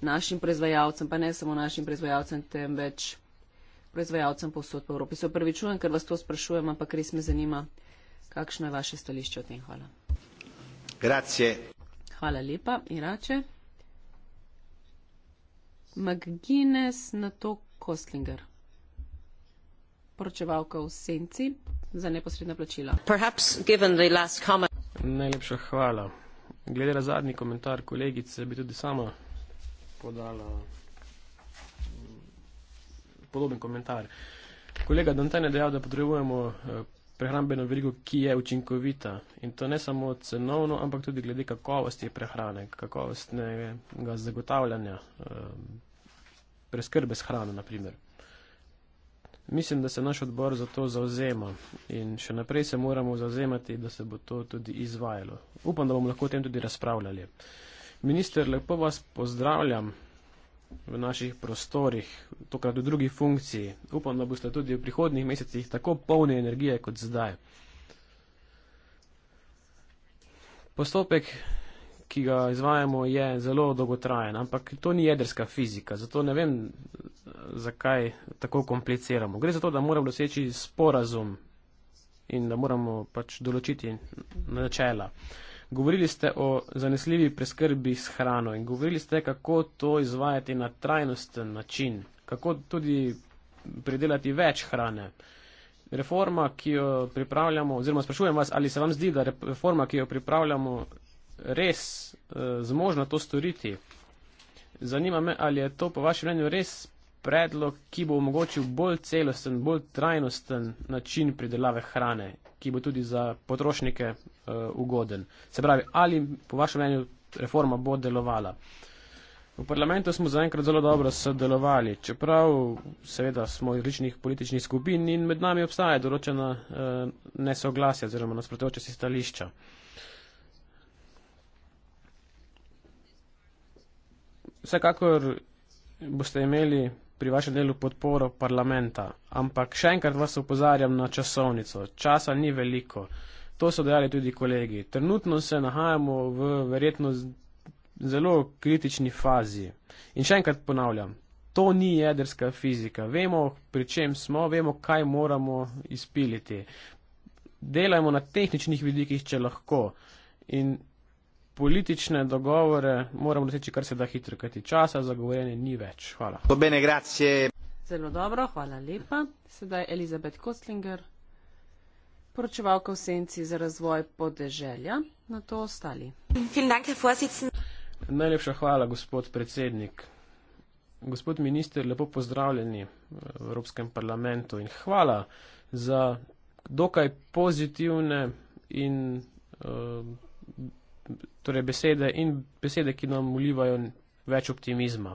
našim proizvajalcem, pa ne samo našim proizvajalcem, temveč proizvajalcem povsod po Evropi. Se upravičujem, ker vas to sprašujem, ampak res me zanima, kakšno je vaše stališče o tem. Hvala. Grazie. Hvala lepa, Irače. Magines na to Kostlinger. Poročevalka v senci za neposredna plačila. Comment... Najlepša hvala. Glede na zadnji komentar kolegice, bi tudi sama podala mm, podoben komentar. Kolega Dantan je dejal, da potrebujemo eh, prehrambeno verigo, ki je učinkovita in to ne samo cenovno, ampak tudi glede kakovosti prehrane, kakovostnega zagotavljanja eh, preskrbe s hrano, naprimer. Mislim, da se naš odbor za to zauzema in še naprej se moramo zauzemati, da se bo to tudi izvajalo. Upam, da bomo lahko o tem tudi razpravljali. Minister, lepo vas pozdravljam v naših prostorih, tokrat v drugi funkciji. Upam, da boste tudi v prihodnih mesecih tako polni energije kot zdaj. Postopek, ki ga izvajamo, je zelo dolgotrajen, ampak to ni jedrska fizika, zato ne vem, zakaj tako kompliciramo. Gre za to, da moramo doseči sporazum in da moramo pač določiti načela. Govorili ste o zanesljivi preskrbi s hrano in govorili ste, kako to izvajati na trajnosten način, kako tudi pridelati več hrane. Reforma, ki jo pripravljamo, oziroma sprašujem vas, ali se vam zdi, da reforma, ki jo pripravljamo, res eh, zmožna to storiti. Zanima me, ali je to po vašem mnenju res predlog, ki bo omogočil bolj celosten, bolj trajnosten način pridelave hrane ki bo tudi za potrošnike uh, ugoden. Se pravi, ali po vašem mnenju reforma bo delovala? V parlamentu smo zaenkrat zelo dobro sodelovali, čeprav seveda smo iz različnih političnih skupin in med nami obstaja določena uh, nesoglasja oziroma nasprotujoče si stališča. Vsekakor boste imeli pri vašem delu podporo parlamenta. Ampak še enkrat vas upozarjam na časovnico. Časa ni veliko. To so dejali tudi kolegi. Trenutno se nahajamo v verjetno zelo kritični fazi. In še enkrat ponavljam, to ni jedrska fizika. Vemo, pri čem smo, vemo, kaj moramo izpiliti. Delajmo na tehničnih vidikih, če lahko. In politične dogovore moramo doseči kar se da hitro, kajti časa za govorjenje ni več. Hvala. Bene, Zelo dobro, hvala lepa. Sedaj Elizabet Kostlinger, poročevalka v senci za razvoj podeželja, na to ostali. Dank, Najlepša hvala, gospod predsednik. Gospod minister, lepo pozdravljeni v Evropskem parlamentu in hvala za dokaj pozitivne in. Uh, torej besede in besede, ki nam ulivajo več optimizma.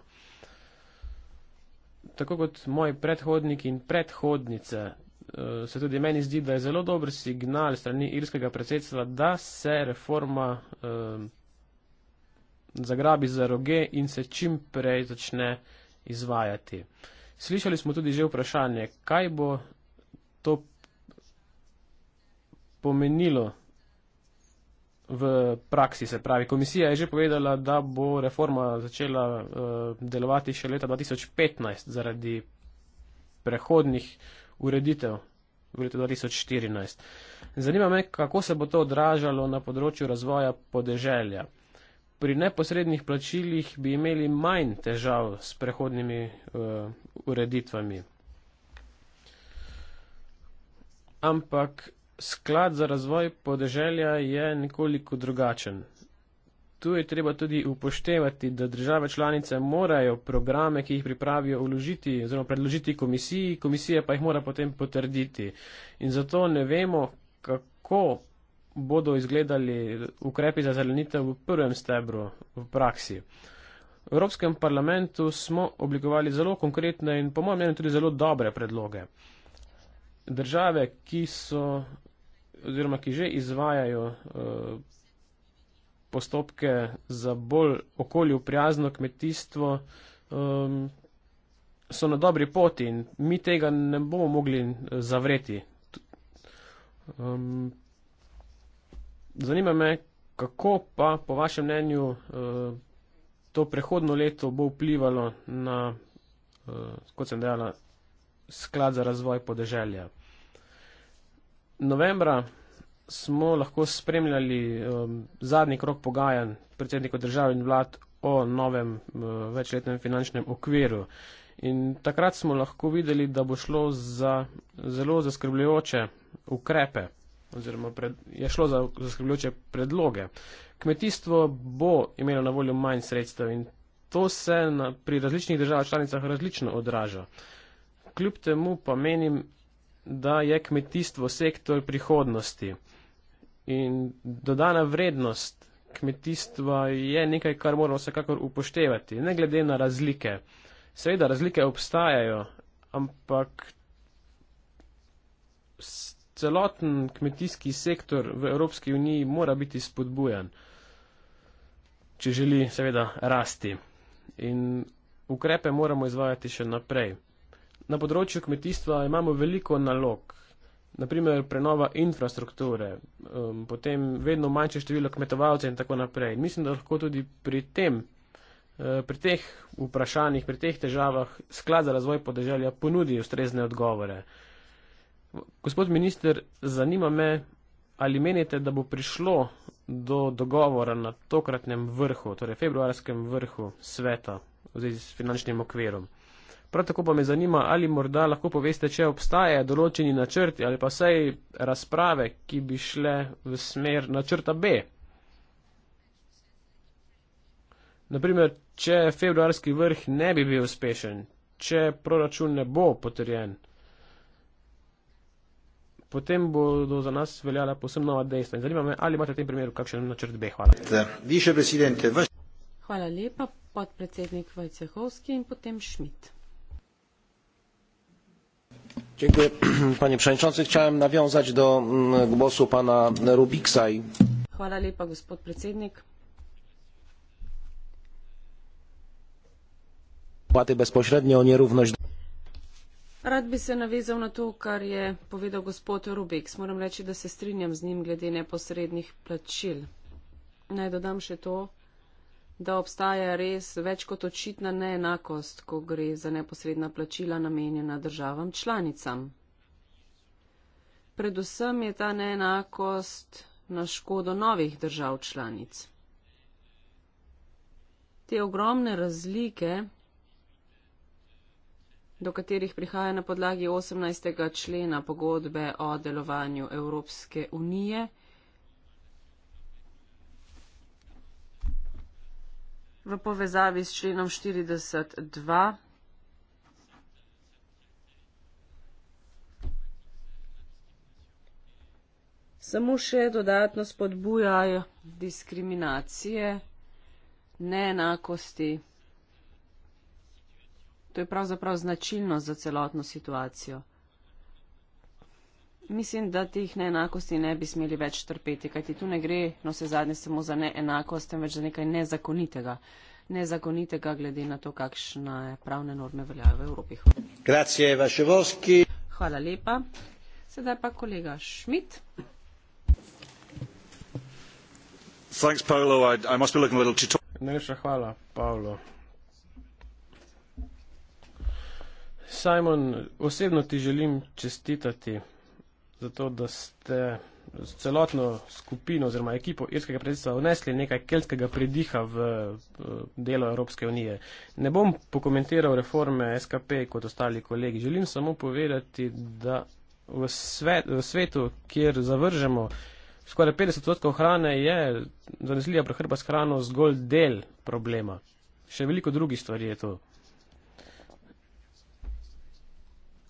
Tako kot moji predhodniki in predhodnice, eh, se tudi meni zdi, da je zelo dober signal strani irskega predsedstva, da se reforma eh, zagrabi za roge in se čim prej začne izvajati. Slišali smo tudi že vprašanje, kaj bo to pomenilo v praksi. Se pravi, komisija je že povedala, da bo reforma začela uh, delovati še leta 2015 zaradi prehodnih ureditev v letu 2014. Zanima me, kako se bo to odražalo na področju razvoja podeželja. Pri neposrednih plačilih bi imeli manj težav s prehodnimi uh, ureditvami. Ampak sklad za razvoj podeželja je nekoliko drugačen. Tu je treba tudi upoštevati, da države članice morajo programe, ki jih pripravijo, uložiti oziroma predložiti komisiji, komisija pa jih mora potem potrditi. In zato ne vemo, kako bodo izgledali ukrepi za zelenitev v prvem stebru v praksi. V Evropskem parlamentu smo oblikovali zelo konkretne in po mojem mnenju tudi zelo dobre predloge. Države, ki so oziroma ki že izvajajo eh, postopke za bolj okolju prijazno kmetijstvo, ehm, so na dobri poti in mi tega ne bomo mogli eh, zavreti. Ehm, zanima me, kako pa po vašem mnenju eh, to prehodno leto bo vplivalo na, kot sem dejala, sklad za razvoj podeželja novembra smo lahko spremljali um, zadnji krok pogajanj predsednikov držav in vlad o novem uh, večletnem finančnem okviru. In takrat smo lahko videli, da bo šlo za zelo zaskrbljujoče ukrepe oziroma pred, je šlo za zaskrbljujoče predloge. Kmetijstvo bo imelo na voljo manj sredstev in to se na, pri različnih državah članicah različno odraža. Kljub temu pa menim, da je kmetijstvo sektor prihodnosti. In dodana vrednost kmetijstva je nekaj, kar moramo vsekakor upoštevati, ne glede na razlike. Seveda, razlike obstajajo, ampak celoten kmetijski sektor v Evropski uniji mora biti spodbujan, če želi seveda rasti. In ukrepe moramo izvajati še naprej. Na področju kmetijstva imamo veliko nalog, naprimer prenova infrastrukture, um, potem vedno manjše število kmetovalcev in tako naprej. Mislim, da lahko tudi pri tem, uh, pri teh vprašanjih, pri teh težavah sklad za razvoj podeželja ponudi ustrezne odgovore. Gospod minister, zanima me, ali menite, da bo prišlo do dogovora na tokratnem vrhu, torej februarskem vrhu sveta v zvezi s finančnim okverom. Prav tako pa me zanima, ali morda lahko poveste, če obstaje določeni načrti ali pa vsej razprave, ki bi šle v smer načrta B. Naprimer, če februarski vrh ne bi bil uspešen, če proračun ne bo potrjen, potem bodo za nas veljala posebno nova dejstva. In zanima me, ali imate v tem primeru kakšen načrt B. Hvala. Hvala lepa, podpredsednik Vojcehovski in potem Šmit. Dziękuję panie przewodniczący. Chciałem nawiązać do mm, głosu pana Rubiksa i Hvala lepa, gospod predsednik. Plati bezposrednjo nerovnost. Rad bi se navezal na to, kar je povedal gospod Rubik. Moram reči, da se strinjam z njim glede neposrednih plačil. Naj dodam še to, da obstaja res več kot očitna neenakost, ko gre za neposredna plačila namenjena državam članicam. Predvsem je ta neenakost na škodo novih držav članic. Te ogromne razlike, do katerih prihaja na podlagi 18. člena pogodbe o delovanju Evropske unije, v povezavi s členom 42. Samo še dodatno spodbujajo diskriminacije, neenakosti. To je pravzaprav značilno za celotno situacijo. Mislim, da teh neenakosti ne bi smeli več trpeti, kajti tu ne gre, no se zadnje, samo za neenakost, temveč za nekaj nezakonitega. Nezakonitega glede na to, kakšne pravne norme veljajo v Evropi. Grazie, Hvala lepa. Sedaj pa kolega Šmit. Thanks, Paolo. I, I must be looking a little too tall. Najlepša hvala, Paolo. Simon, osebno ti želim čestitati zato, da ste celotno skupino oziroma ekipo irskega predsedstva vnesli nekaj keltskega prediha v delo Evropske unije. Ne bom pokomentiral reforme SKP kot ostali kolegi. Želim samo povedati, da v, svet, v svetu, kjer zavržemo skoraj 50% hrane, je zanesljiva prehrba s hrano zgolj del problema. Še veliko drugih stvari je to.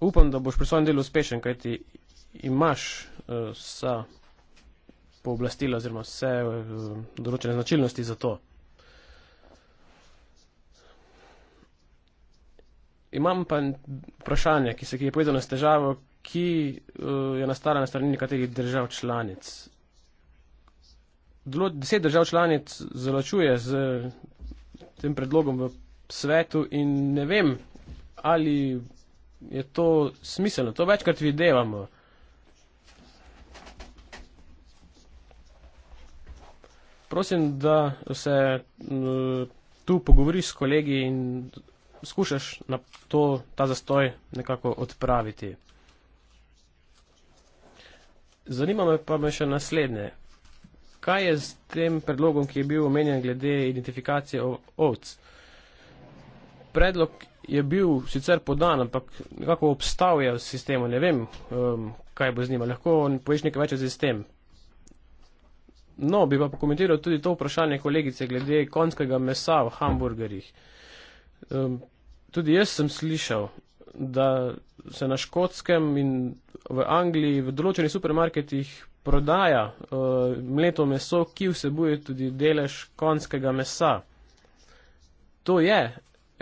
Upam, da boš pri svojem delu uspešen, kajti imaš eh, vsa pooblastila oziroma vse eh, določene značilnosti za to. Imam pa vprašanje, ki se ki je povedalo na stežavo, ki eh, je nastala na strani nekaterih držav članic. Deset držav članic zaločuje z tem predlogom v svetu in ne vem, ali je to smiselno. To večkrat videvamo. prosim, da se tu pogovoriš s kolegi in skušaš na to, ta zastoj nekako odpraviti. Zanima me pa me še naslednje. Kaj je s tem predlogom, ki je bil omenjen glede identifikacije ovc? Predlog je bil sicer podan, ampak nekako obstavlja v sistemu. Ne vem, um, kaj bo z njima. Lahko poveš nekaj več o sistemu. No, bi pa pokomentiral tudi to vprašanje kolegice glede konjskega mesa v hamburgerjih. Um, tudi jaz sem slišal, da se na škotskem in v Angliji v določenih supermarketih prodaja uh, mleto meso, ki vsebuje tudi delež konjskega mesa. To je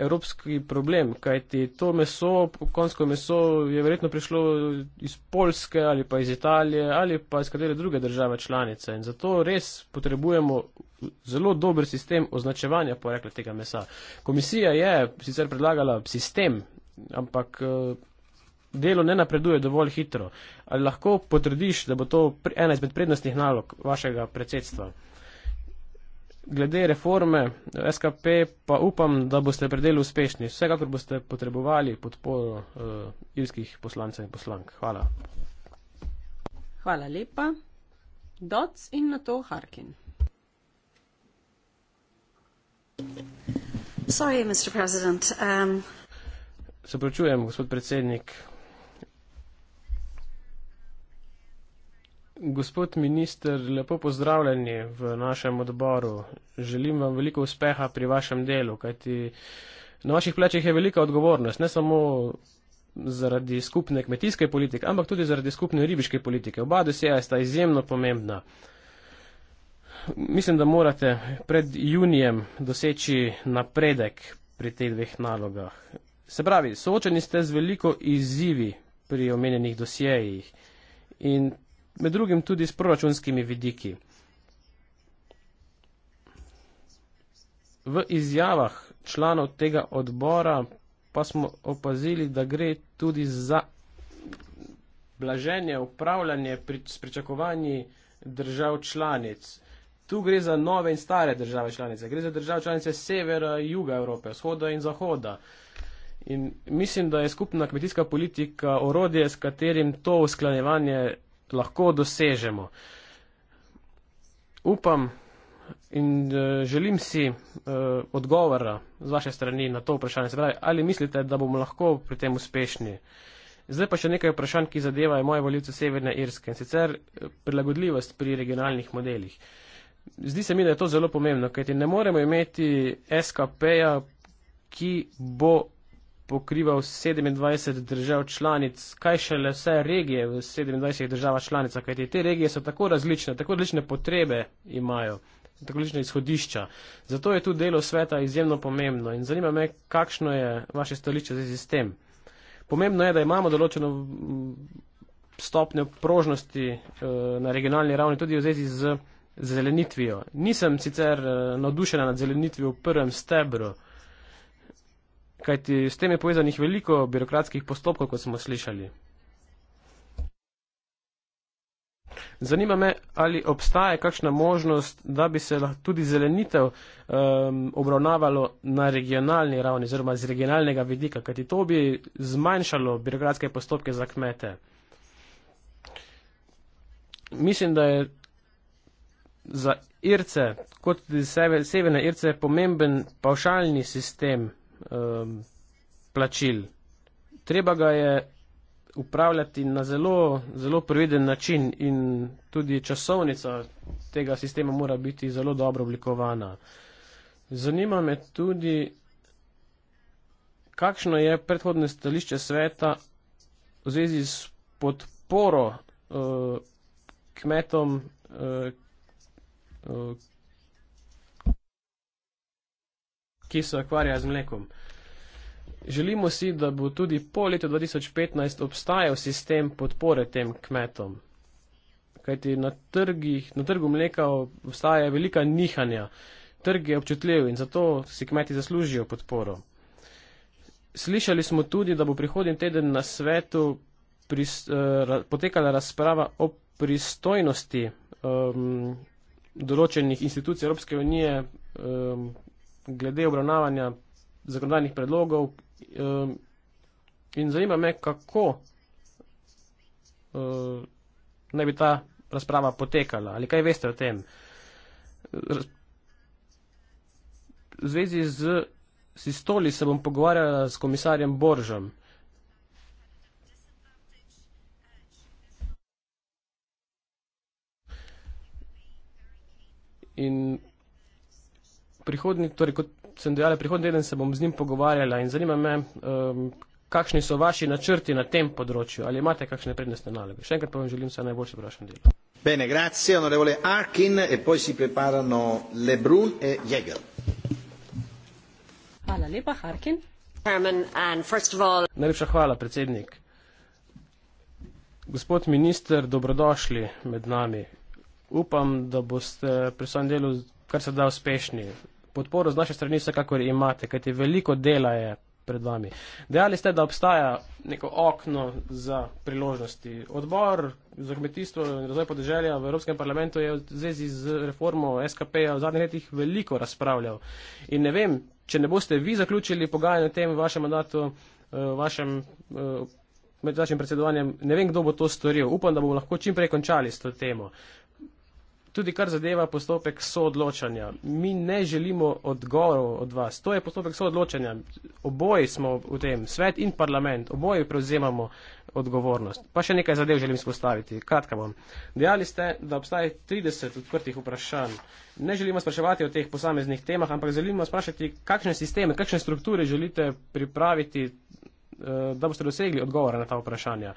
evropski problem, kajti to meso, konsko meso je verjetno prišlo iz Polske ali pa iz Italije ali pa iz katere druge države članice in zato res potrebujemo zelo dober sistem označevanja porekla tega mesa. Komisija je sicer predlagala sistem, ampak eh, delo ne napreduje dovolj hitro. Ali lahko potrdiš, da bo to ena izmed prednostnih nalog vašega predsedstva? glede reforme SKP pa upam, da boste pri delu uspešni. Vsekakor boste potrebovali podporo uh, irskih poslancev in poslank. Hvala. Hvala lepa. Doc in na to Harkin. Sorry, Mr. President. Um... Se pravčujem, gospod predsednik. gospod minister, lepo pozdravljeni v našem odboru. Želim vam veliko uspeha pri vašem delu, kajti na vaših plečih je velika odgovornost, ne samo zaradi skupne kmetijske politike, ampak tudi zaradi skupne ribiške politike. Oba dosjeja sta izjemno pomembna. Mislim, da morate pred junijem doseči napredek pri teh dveh nalogah. Se pravi, soočeni ste z veliko izzivi pri omenjenih dosjejih in med drugim tudi s proračunskimi vidiki. V izjavah članov tega odbora pa smo opazili, da gre tudi za blaženje, upravljanje s pričakovanji držav članic. Tu gre za nove in stare države članice. Gre za države članice severa, juga Evrope, vzhoda in zahoda. In mislim, da je skupna kmetijska politika orodje, s katerim to usklanjevanje lahko dosežemo. Upam in eh, želim si eh, odgovora z vaše strani na to vprašanje, se pravi, ali mislite, da bomo lahko pri tem uspešni. Zdaj pa še nekaj vprašanj, ki zadevajo moje voljivce Severne Irske in sicer eh, prilagodljivost pri regionalnih modelih. Zdi se mi, da je to zelo pomembno, kajti ne moremo imeti SKP-ja, ki bo pokrival 27 držav članic, kaj šele vse regije v 27 državah članicah, kajti te regije so tako različne, tako različne potrebe imajo, tako različne izhodišča. Zato je tu delo sveta izjemno pomembno in zanima me, kakšno je vaše stališče za sistem. Pomembno je, da imamo določeno mm, stopnjo prožnosti eh, na regionalni ravni tudi v zvezi z zelenitvijo. Nisem sicer eh, navdušena nad zelenitvijo v prvem stebru, kajti s tem je povezanih veliko birokratskih postopkov, kot smo slišali. Zanima me, ali obstaja kakšna možnost, da bi se lahko tudi zelenitev um, obravnavalo na regionalni ravni, oziroma z regionalnega vidika, kajti to bi zmanjšalo birokratske postopke za kmete. Mislim, da je za Irce, kot tudi severne Irce, pomemben pavšalni sistem um, plačil. Treba ga je upravljati na zelo, zelo preveden način in tudi časovnica tega sistema mora biti zelo dobro oblikovana. Zanima me tudi, kakšno je predhodne stališče sveta v zvezi s podporo uh, kmetom, uh, uh ki se ukvarjajo z mlekom. Želimo si, da bo tudi po letu 2015 obstajal sistem podpore tem kmetom. Kajti na, trgih, na trgu mleka obstaja velika nihanja. Trg je občutljiv in zato si kmeti zaslužijo podporo. Slišali smo tudi, da bo prihodnji teden na svetu pris, eh, potekala razprava o pristojnosti eh, določenih institucij Evropske unije. Eh, glede obravnavanja zakonodajnih predlogov in zanima me, kako eh, naj bi ta razprava potekala ali kaj veste o tem. V zvezi z sistoli se bom pogovarjala s komisarjem Boržem. In prihodni, torej kot sem dejala, prihodni teden se bom z njim pogovarjala in zanima me, um, kakšni so vaši načrti na tem področju, ali imate kakšne prednostne naloge. Še enkrat pa vam želim vse najboljše pri vašem delu. Bene, grazie, onorevole Arkin, e poi si preparano Lebrun e Jäger. Hvala lepa, Harkin. Najlepša hvala, predsednik. Gospod minister, dobrodošli med nami. Upam, da boste pri svojem delu kar se da uspešni podporo z naše strani vsekakor imate, kajti veliko dela je pred vami. Dejali ste, da obstaja neko okno za priložnosti. Odbor za kmetijstvo in razvoj podeželja v Evropskem parlamentu je v zvezi z reformo SKP-ja v zadnjih letih veliko razpravljal. In ne vem, če ne boste vi zaključili pogajanje o tem v vašem mandatu, eh, v vašem eh, med vašim predsedovanjem, ne vem, kdo bo to storil. Upam, da bomo lahko čim prej končali s to temo. Tudi kar zadeva postopek soodločanja. Mi ne želimo odgovorov od vas. To je postopek soodločanja. Oboji smo v tem, svet in parlament, oboji prevzemamo odgovornost. Pa še nekaj zadev želim spostaviti. Kratka bom. Dejali ste, da obstaja 30 odprtih vprašanj. Ne želimo spraševati o teh posameznih temah, ampak želimo spraševati, kakšne sisteme, kakšne strukture želite pripraviti, eh, da boste dosegli odgovore na ta vprašanja.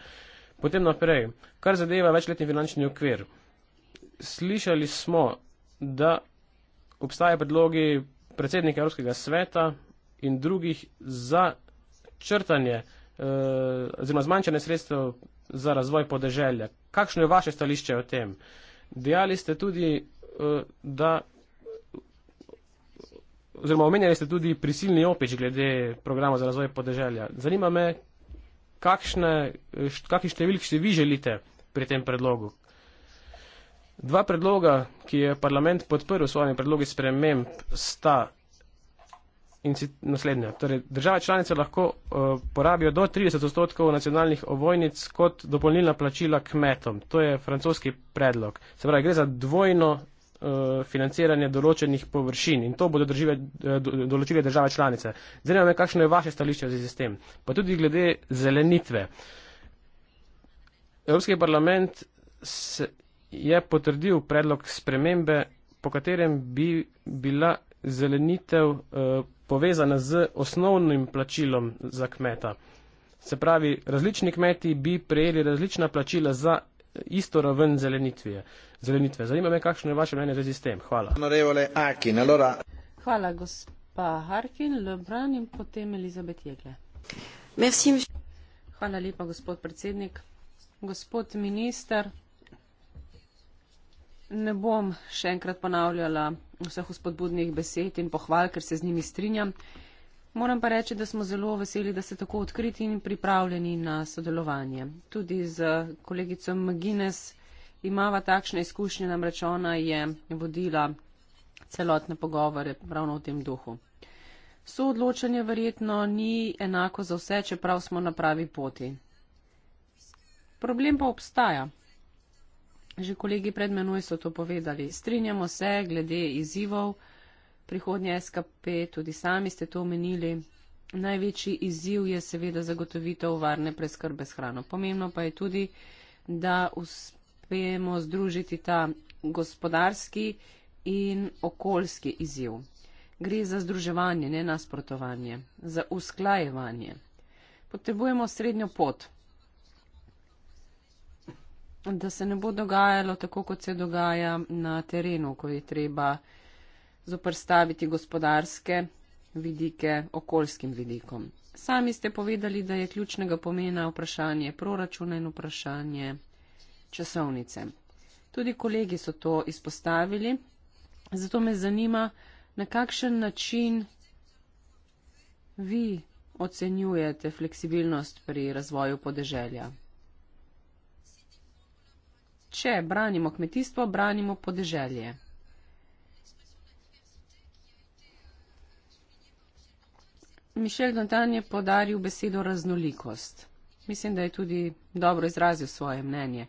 Potem naprej, kar zadeva večletni finančni okvir slišali smo, da obstajajo predlogi predsednika Evropskega sveta in drugih za črtanje eh, oziroma eh, zmanjšanje sredstev za razvoj podeželja. Kakšno je vaše stališče o tem? Dejali ste tudi, eh, da. Oziroma, omenjali ste tudi prisilni opič glede programa za razvoj podeželja. Zanima me, kakšne, eh, št, kakšne številke še vi želite pri tem predlogu? Dva predloga, ki je parlament podprl s svojimi predlogi sprememb, sta naslednja. Torej, države članice lahko uh, porabijo do 30 odstotkov nacionalnih ovojnic kot dopolnilna plačila kmetom. To je francoski predlog. Se pravi, gre za dvojno uh, financiranje določenih površin in to bodo držive, uh, določile države članice. Zanima me, kakšno je vaše stališče za sistem. Pa tudi glede zelenitve. Evropski parlament se, je potrdil predlog spremembe, po katerem bi bila zelenitev eh, povezana z osnovnim plačilom za kmeta. Se pravi, različni kmeti bi prejeli različna plačila za isto raven zelenitve. zelenitve. Zanima me, kakšno je vaše mnenje v zvezi s tem. Hvala. Hvala, gospa Harkin, Lebran in potem Elizabet Jegle. Hvala lepa, gospod predsednik. Gospod minister, Ne bom še enkrat ponavljala vseh spodbudnih besed in pohval, ker se z njimi strinjam. Moram pa reči, da smo zelo veseli, da ste tako odkriti in pripravljeni na sodelovanje. Tudi z kolegico Magines imava takšne izkušnje, namreč ona je vodila celotne pogovore ravno v tem duhu. Soodločanje verjetno ni enako za vse, čeprav smo na pravi poti. Problem pa obstaja. Že kolegi pred menoj so to povedali. Strinjamo se glede izzivov prihodnje SKP, tudi sami ste to omenili. Največji izziv je seveda zagotovitev varne preskrbe s hrano. Pomembno pa je tudi, da uspemo združiti ta gospodarski in okoljski izziv. Gre za združevanje, ne nasprotovanje, za usklajevanje. Potrebujemo srednjo pot da se ne bo dogajalo tako, kot se dogaja na terenu, ko je treba zoprstaviti gospodarske vidike okoljskim vidikom. Sami ste povedali, da je ključnega pomena vprašanje proračuna in vprašanje časovnice. Tudi kolegi so to izpostavili, zato me zanima, na kakšen način vi ocenjujete fleksibilnost pri razvoju podeželja če branimo kmetijstvo, branimo podeželje. Mišel Dantan je podaril besedo raznolikost. Mislim, da je tudi dobro izrazil svoje mnenje.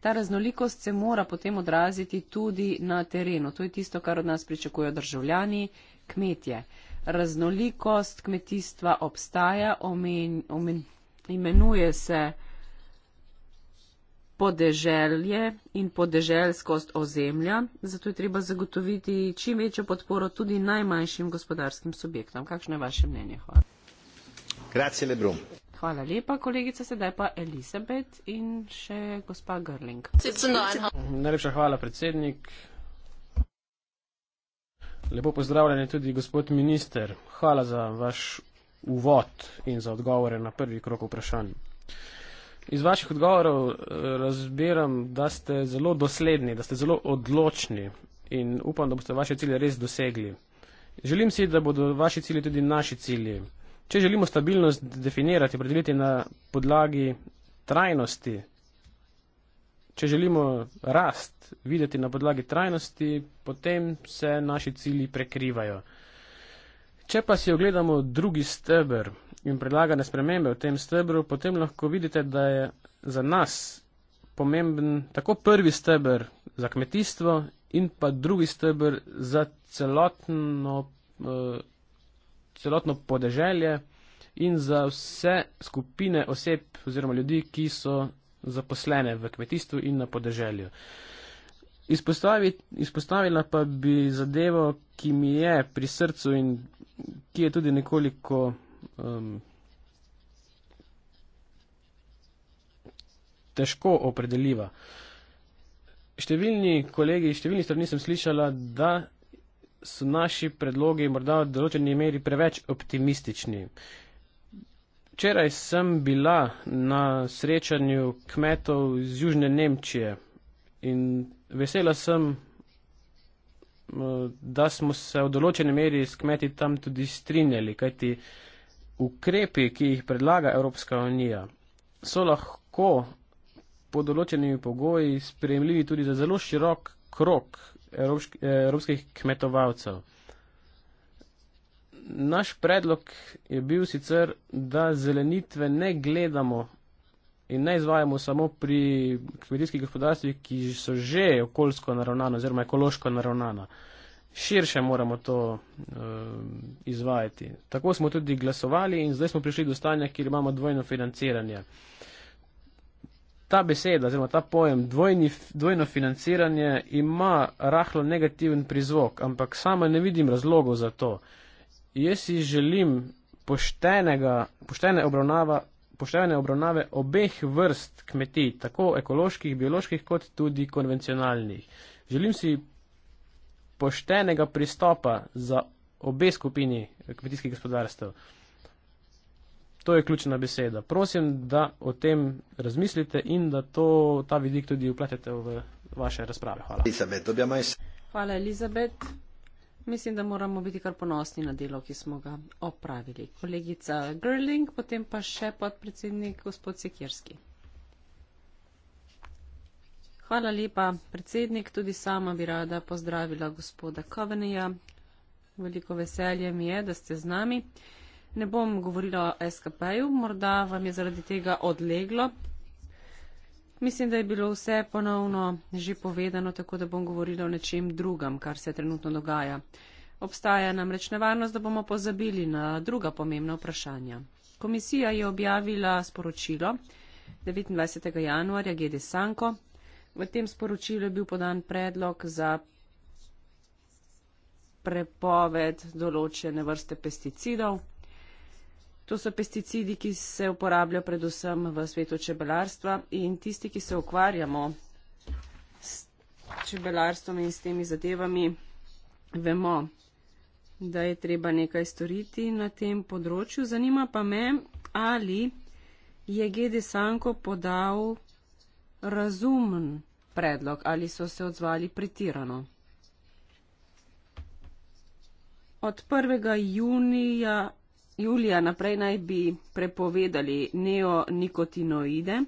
Ta raznolikost se mora potem odraziti tudi na terenu. To je tisto, kar od nas pričakujejo državljani, kmetje. Raznolikost kmetijstva obstaja, omen, omen, imenuje se podeželje in podeželskost ozemlja, zato je treba zagotoviti čim večjo podporo tudi najmanjšim gospodarskim subjektom. Kakšno je vaše mnenje? Hvala. Grazie, Lebrun. Hvala lepa, kolegica, sedaj pa Elizabet in še gospa Grling. Najlepša hvala, predsednik. Lepo pozdravljen je tudi gospod minister. Hvala za vaš uvod in za odgovore na prvi krok vprašanja. Iz vaših odgovorov eh, razbiram, da ste zelo dosledni, da ste zelo odločni in upam, da boste vaše cilje res dosegli. Želim si, da bodo vaši cilji tudi naši cilji. Če želimo stabilnost definirati, predeliti na podlagi trajnosti, če želimo rast videti na podlagi trajnosti, potem se naši cilji prekrivajo. Če pa si ogledamo drugi stebr, in predlagane spremembe v tem stebru, potem lahko vidite, da je za nas pomemben tako prvi stebr za kmetijstvo in pa drugi stebr za celotno, uh, celotno podeželje in za vse skupine oseb oziroma ljudi, ki so zaposlene v kmetijstvu in na podeželju. Izpostavila pa bi zadevo, ki mi je pri srcu in ki je tudi nekoliko um, težko opredeljiva. Številni kolegi, številni strani sem slišala, da so naši predlogi morda v določeni meri preveč optimistični. Včeraj sem bila na srečanju kmetov iz Južne Nemčije in vesela sem, eh, da smo se v določeni meri s kmeti tam tudi strinjali, kajti uh, ukrepi, ki jih predlaga Evropska unija, so lahko pod določenimi pogoji sprejemljivi tudi za zelo širok krok eh, evropskih kmetovalcev. Naš predlog je bil sicer, da zelenitve ne gledamo in ne izvajamo samo pri kmetijskih gospodarstvih, ki so že okoljsko naravnana oziroma ekološko naravnana širše moramo to uh, izvajati. Tako smo tudi glasovali in zdaj smo prišli do stanja, kjer imamo dvojno financiranje. Ta beseda, oziroma ta pojem dvojni, dvojno financiranje ima rahlo negativen prizvok, ampak sama ne vidim razlogov za to. Jaz si želim poštenega, poštene, obravnava, poštene obravnave obeh vrst kmetij, tako ekoloških, bioloških, kot tudi konvencionalnih. Želim si poštenega pristopa za obe skupini kmetijskih gospodarstev. To je ključna beseda. Prosim, da o tem razmislite in da to, ta vidik tudi upletete v vaše razprave. Hvala. Hvala, Elizabet. Mislim, da moramo biti kar ponosni na delo, ki smo ga opravili. Kolegica Grling, potem pa še podpredsednik gospod Sekirski. Hvala lepa, predsednik. Tudi sama bi rada pozdravila gospoda Kovenija. Veliko veselje mi je, da ste z nami. Ne bom govorila o SKP-ju, morda vam je zaradi tega odleglo. Mislim, da je bilo vse ponovno že povedano, tako da bom govorila o nečem drugem, kar se trenutno dogaja. Obstaja namreč nevarnost, da bomo pozabili na druga pomembna vprašanja. Komisija je objavila sporočilo 29. januarja GD Sanko, V tem sporočilu je bil podan predlog za prepoved določene vrste pesticidov. To so pesticidi, ki se uporabljajo predvsem v svetu čebelarstva in tisti, ki se ukvarjamo s čebelarstvom in s temi zadevami, vemo, da je treba nekaj storiti na tem področju. Zanima pa me, ali je GD Sanko podal razumen predlog ali so se odzvali pretirano. Od 1. Junija, julija naprej naj bi prepovedali neonikotinoide,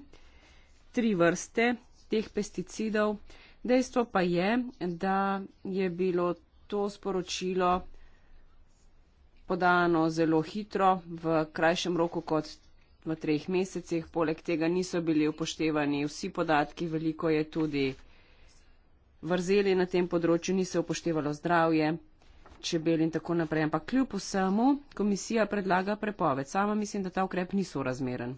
tri vrste teh pesticidov. Dejstvo pa je, da je bilo to sporočilo podano zelo hitro, v krajšem roku kot V treh mesecih poleg tega niso bili upoštevani vsi podatki, veliko je tudi vrzeli na tem področju, ni se upoštevalo zdravje, čebel in tako naprej. Ampak kljub vsemu komisija predlaga prepoved. Sama mislim, da ta ukrep ni sorazmeren.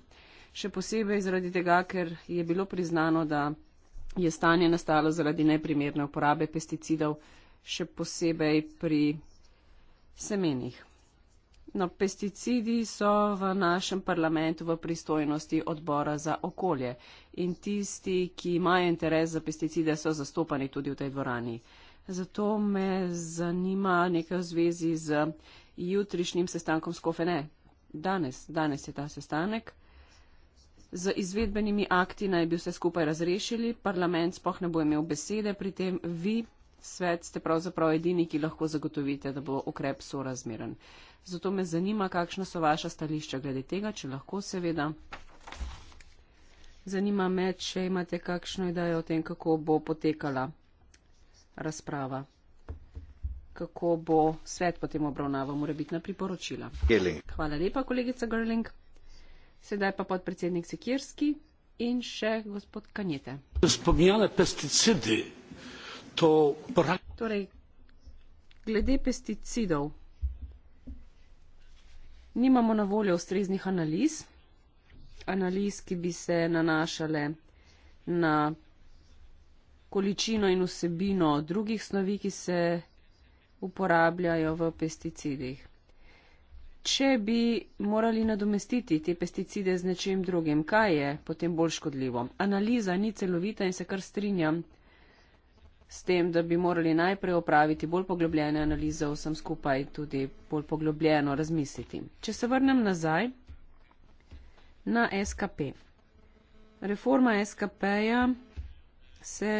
Še posebej zaradi tega, ker je bilo priznano, da je stanje nastalo zaradi neprimerne uporabe pesticidov, še posebej pri semenih. No, pesticidi so v našem parlamentu v pristojnosti odbora za okolje in tisti, ki imajo interes za pesticide, so zastopani tudi v tej dvorani. Zato me zanima nekaj v zvezi z jutrišnjim sestankom s Kofene. Danes, danes je ta sestanek. Z izvedbenimi akti naj bi vse skupaj razrešili, parlament spoh ne bo imel besede pri tem, vi svet ste pravzaprav edini, ki lahko zagotovite, da bo ukrep sorazmeren. Zato me zanima, kakšna so vaša stališča glede tega, če lahko seveda. Zanima me, če imate kakšno idejo o tem, kako bo potekala razprava kako bo svet potem obravnaval morebitna priporočila. Gerling. Hvala lepa, kolegica Gerling. Sedaj pa podpredsednik Sekirski in še gospod Kanjete. Spominjale pesticidi Torej, glede pesticidov. Nimamo na voljo ustreznih analiz, analiz, ki bi se nanašale na količino in vsebino drugih snovi, ki se uporabljajo v pesticidih. Če bi morali nadomestiti te pesticide z nečem drugim, kaj je potem bolj škodljivo? Analiza ni celovita in se kar strinjam s tem, da bi morali najprej opraviti bolj poglobljene analize vsem skupaj, tudi bolj poglobljeno razmisliti. Če se vrnem nazaj na SKP. Reforma SKP-ja se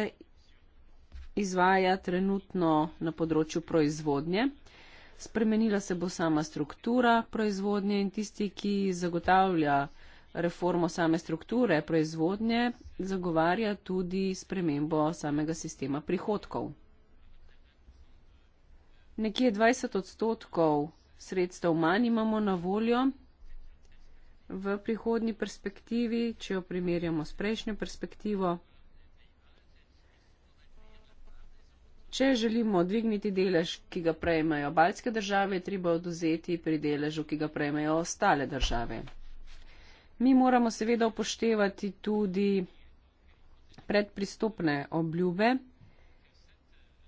izvaja trenutno na področju proizvodnje. Spremenila se bo sama struktura proizvodnje in tisti, ki zagotavlja reformo same strukture proizvodnje, zagovarja tudi spremembo samega sistema prihodkov. Nekje 20 odstotkov sredstev manj imamo na voljo v prihodnji perspektivi, če jo primerjamo s prejšnjo perspektivo. Če želimo dvigniti delež, ki ga prejmejo baljske države, treba oduzeti pri deležu, ki ga prejmejo ostale države. Mi moramo seveda upoštevati tudi predpristopne obljube,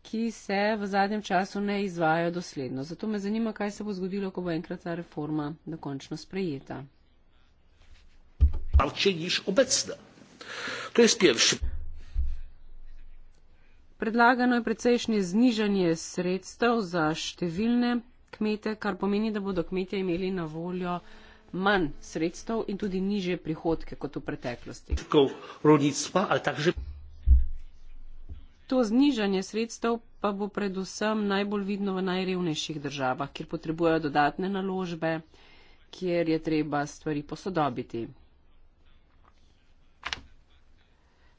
ki se v zadnjem času ne izvajo dosledno. Zato me zanima, kaj se bo zgodilo, ko bo enkrat ta reforma dokončno sprejeta. Predlagano je precejšnje znižanje sredstev za številne kmete, kar pomeni, da bodo kmete imeli na voljo manj sredstev in tudi niže prihodke kot v preteklosti. To znižanje sredstev pa bo predvsem najbolj vidno v najrevnejših državah, kjer potrebujejo dodatne naložbe, kjer je treba stvari posodobiti.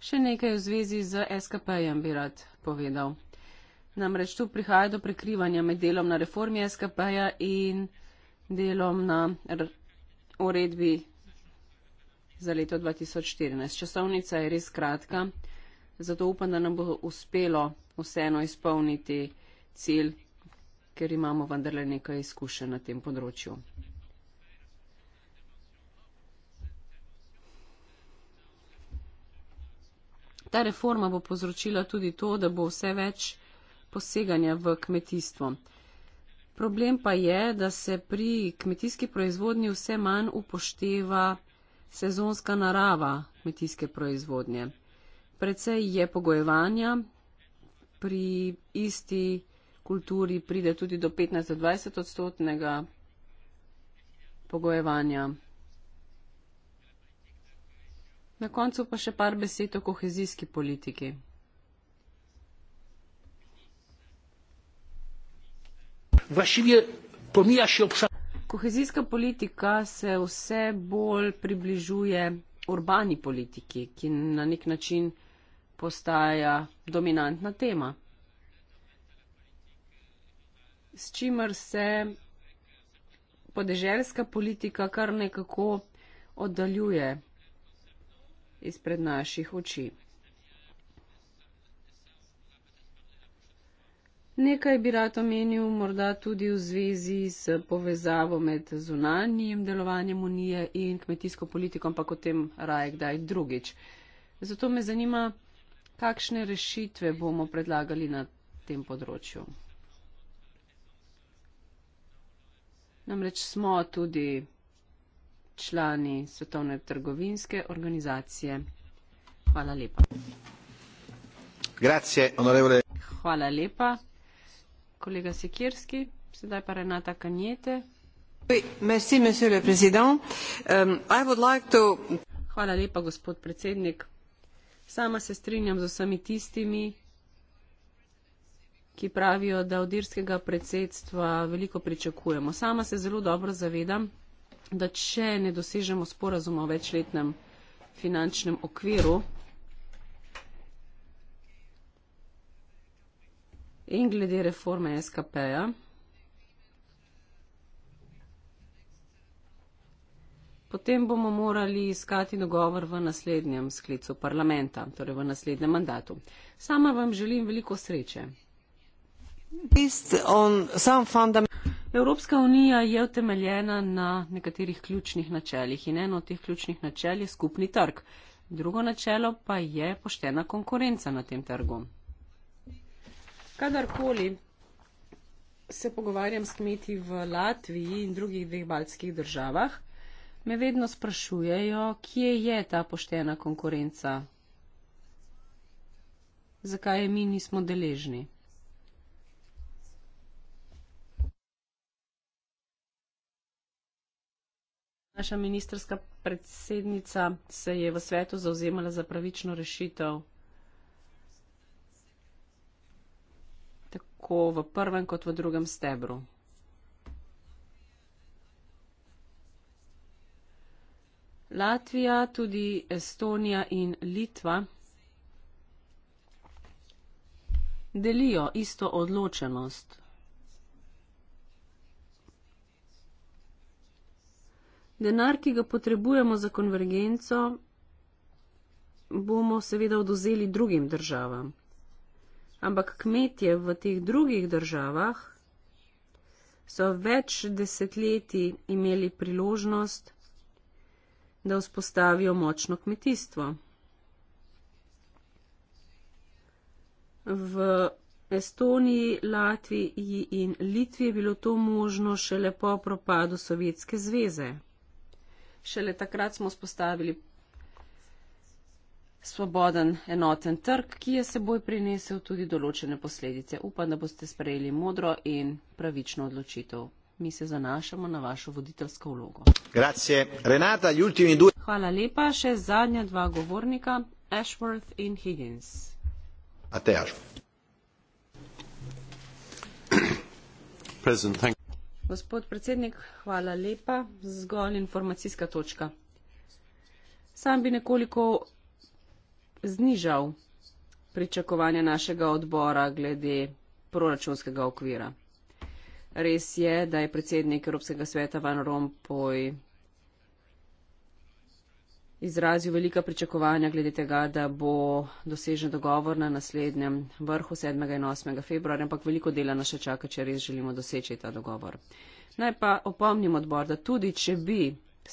Še nekaj v zvezi z SKP-jem bi rad povedal. Namreč tu prihaja do prekrivanja med delom na reformi SKP-ja in delom na uredbi za leto 2014. Časovnica je res kratka, zato upam, da nam bo uspelo vseeno izpolniti cilj, ker imamo vendarle nekaj izkušenj na tem področju. Ta reforma bo povzročila tudi to, da bo vse več poseganja v kmetijstvo. Uh, problem pa je, da se pri kmetijski proizvodnji vse manj upošteva sezonska narava kmetijske proizvodnje. Predvsej je pogojevanja, pri isti kulturi pride tudi do 15-20 odstotnega pogojevanja. Na koncu pa še par besed o kohezijski politiki. właściwie pomija się obszar. Kohezijska polityka se vse bolj približuje urbani politiki, ki na nek način postaja dominantna tema. S čimer se podeželska politika kar nekako oddaljuje izpred naših oči. Nekaj bi rad omenil morda tudi v zvezi s povezavo med zunanjim delovanjem unije in kmetijsko politiko, ampak o tem raje kdaj drugič. Zato me zanima, kakšne rešitve bomo predlagali na tem področju. Namreč smo tudi člani Svetovne trgovinske organizacije. Hvala lepa. Grazie, Hvala lepa kolega Sikirski, sedaj pa Renata Kanjete. Merci, monsieur le président. Um, I would like to... Hvala lepa, gospod predsednik. Sama se strinjam z vsemi tistimi, ki pravijo, da od irskega predsedstva veliko pričakujemo. Sama se zelo dobro zavedam, da če ne dosežemo sporazuma o večletnem finančnem okviru, In glede reforme SKP-ja. Potem bomo morali iskati dogovor v naslednjem sklicu parlamenta, torej v naslednjem mandatu. Sama vam želim veliko sreče. Evropska unija je utemeljena na nekaterih ključnih načeljih in eno od teh ključnih načel je skupni trg. Drugo načelo pa je poštena konkurenca na tem trgu kadarkoli se pogovarjam s kmeti v Latviji in drugih dveh baltskih državah, me vedno sprašujejo, kje je ta poštena konkurenca. Zakaj je mi nismo deležni? Naša ministerska predsednica se je v svetu zauzemala za pravično rešitev tako v prvem kot v drugem stebru. Latvija, tudi Estonija in Litva delijo isto odločenost. Denar, ki ga potrebujemo za konvergenco, bomo seveda oduzeli drugim državam ampak kmetje v teh drugih državah so več desetletji imeli priložnost, da vzpostavijo močno kmetijstvo. V Estoniji, Latviji in Litvi je bilo to možno šele po propadu Sovjetske zveze. Šele takrat smo spostavili svoboden enoten trg, ki je seboj prinesel tudi določene posledice. Upam, da boste sprejeli modro in pravično odločitev. Mi se zanašamo na vašo voditeljsko vlogo. Grazie. Renata, due... Hvala lepa. Še zadnja dva govornika, Ashworth in Higgins. A te, Ashworth. Gospod predsednik, hvala lepa. Zgolj informacijska točka. Sam bi nekoliko znižal pričakovanja našega odbora glede proračunskega okvira. Res je, da je predsednik Evropskega sveta Van Rompuy izrazil velika pričakovanja glede tega, da bo dosežen dogovor na naslednjem vrhu 7. in 8. februarja, ampak veliko dela nas še čaka, če res želimo doseči ta dogovor. Naj pa opomnim odbor, da tudi če bi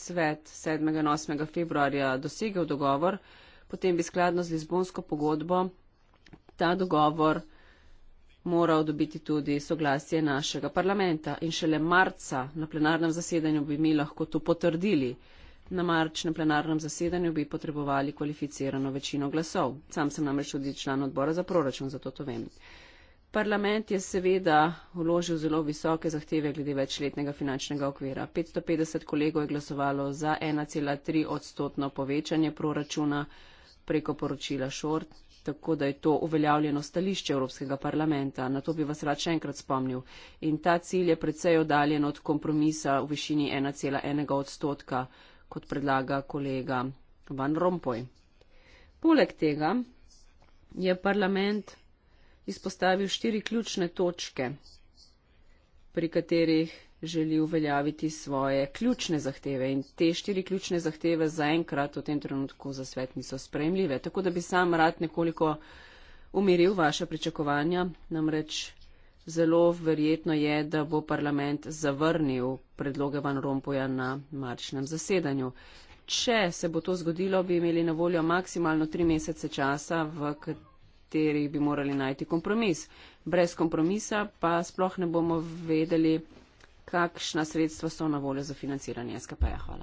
svet 7. in 8. februarja dosegel dogovor, potem bi skladno z Lizbonsko pogodbo ta dogovor moral dobiti tudi soglasje našega parlamenta in šele marca na plenarnem zasedanju bi mi lahko to potrdili. Na marčnem plenarnem zasedanju bi potrebovali kvalificirano večino glasov. Sam sem namreč tudi član odbora za proračun, zato to vem. Parlament je seveda uložil zelo visoke zahteve glede večletnega finančnega okvira. 550 kolegov je glasovalo za 1,3 odstotno povečanje proračuna, preko poročila Šort, tako da je to uveljavljeno stališče Evropskega parlamenta. Na to bi vas rad še enkrat spomnil. In ta cilj je precej oddaljen od kompromisa v višini 1,1 odstotka, kot predlaga kolega Van Rompuy. Poleg tega je parlament izpostavil štiri ključne točke, pri katerih želi uveljaviti svoje ključne zahteve in te štiri ključne zahteve zaenkrat v tem trenutku za svet niso sprejemljive. Tako da bi sam rad nekoliko umiril vaše pričakovanja, namreč zelo verjetno je, da bo parlament zavrnil predloge Van Rompoja na marčnem zasedanju. Če se bo to zgodilo, bi imeli na voljo maksimalno tri mesece časa, v katerih bi morali najti kompromis. Brez kompromisa pa sploh ne bomo vedeli, kakšna sredstva so na voljo za financiranje SKP-ja. Hvala.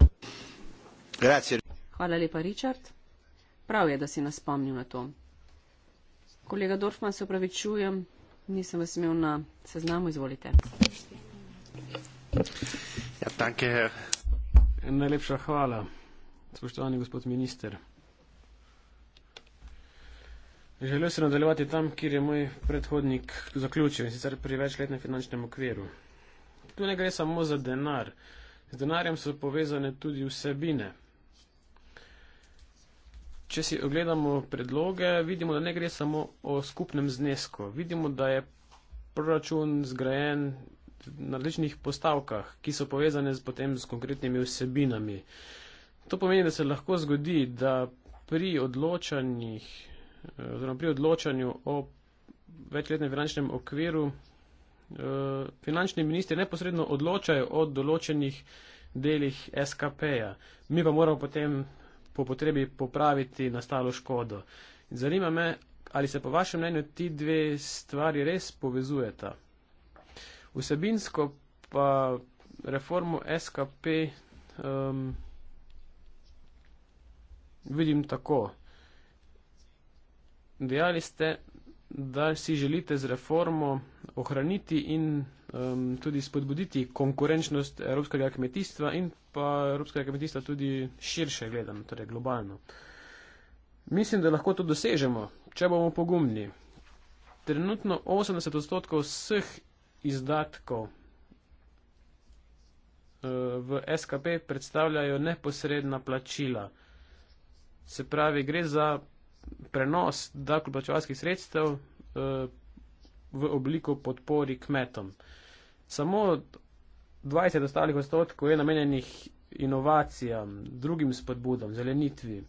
Grazie. Hvala lepa, Richard. Prav je, da si nas spomnil na to. Kolega Dorfman, se upravičujem, nisem vas imel na seznamu, izvolite. Ja, tanke. Najlepša hvala, spoštovani gospod minister. Želel sem nadaljevati tam, kjer je moj predhodnik zaključil, in sicer pri večletnem finančnem okviru tu ne gre samo za denar. Z denarjem so povezane tudi vsebine. Če si ogledamo predloge, vidimo, da ne gre samo o skupnem znesku. Vidimo, da je proračun zgrajen na različnih postavkah, ki so povezane z potem z konkretnimi vsebinami. To pomeni, da se lahko zgodi, da pri, odločanjih, eh, pri odločanju o večletnem finančnem okviru Eh, finančni ministri neposredno odločajo o določenih delih SKP-ja. Mi pa moramo potem po potrebi popraviti nastalo škodo. Zanima me, ali se po vašem mnenju ti dve stvari res povezujeta. Vsebinsko pa reformo SKP um, ehm, vidim tako. Dejali ste, da si želite z reformo ohraniti in um, tudi spodbuditi konkurenčnost evropskega kmetijstva in pa evropskega kmetijstva tudi širše gledano, torej globalno. Mislim, da lahko to dosežemo, če bomo pogumni. Trenutno 80 odstotkov vseh izdatkov uh, v SKP predstavljajo neposredna plačila. Se pravi, gre za prenos davkoplačevalskih sredstev eh, v obliko podpori kmetom. Samo 20 ostalih odstotkov je namenjenih inovacijam, drugim spodbudam, zelenitvi.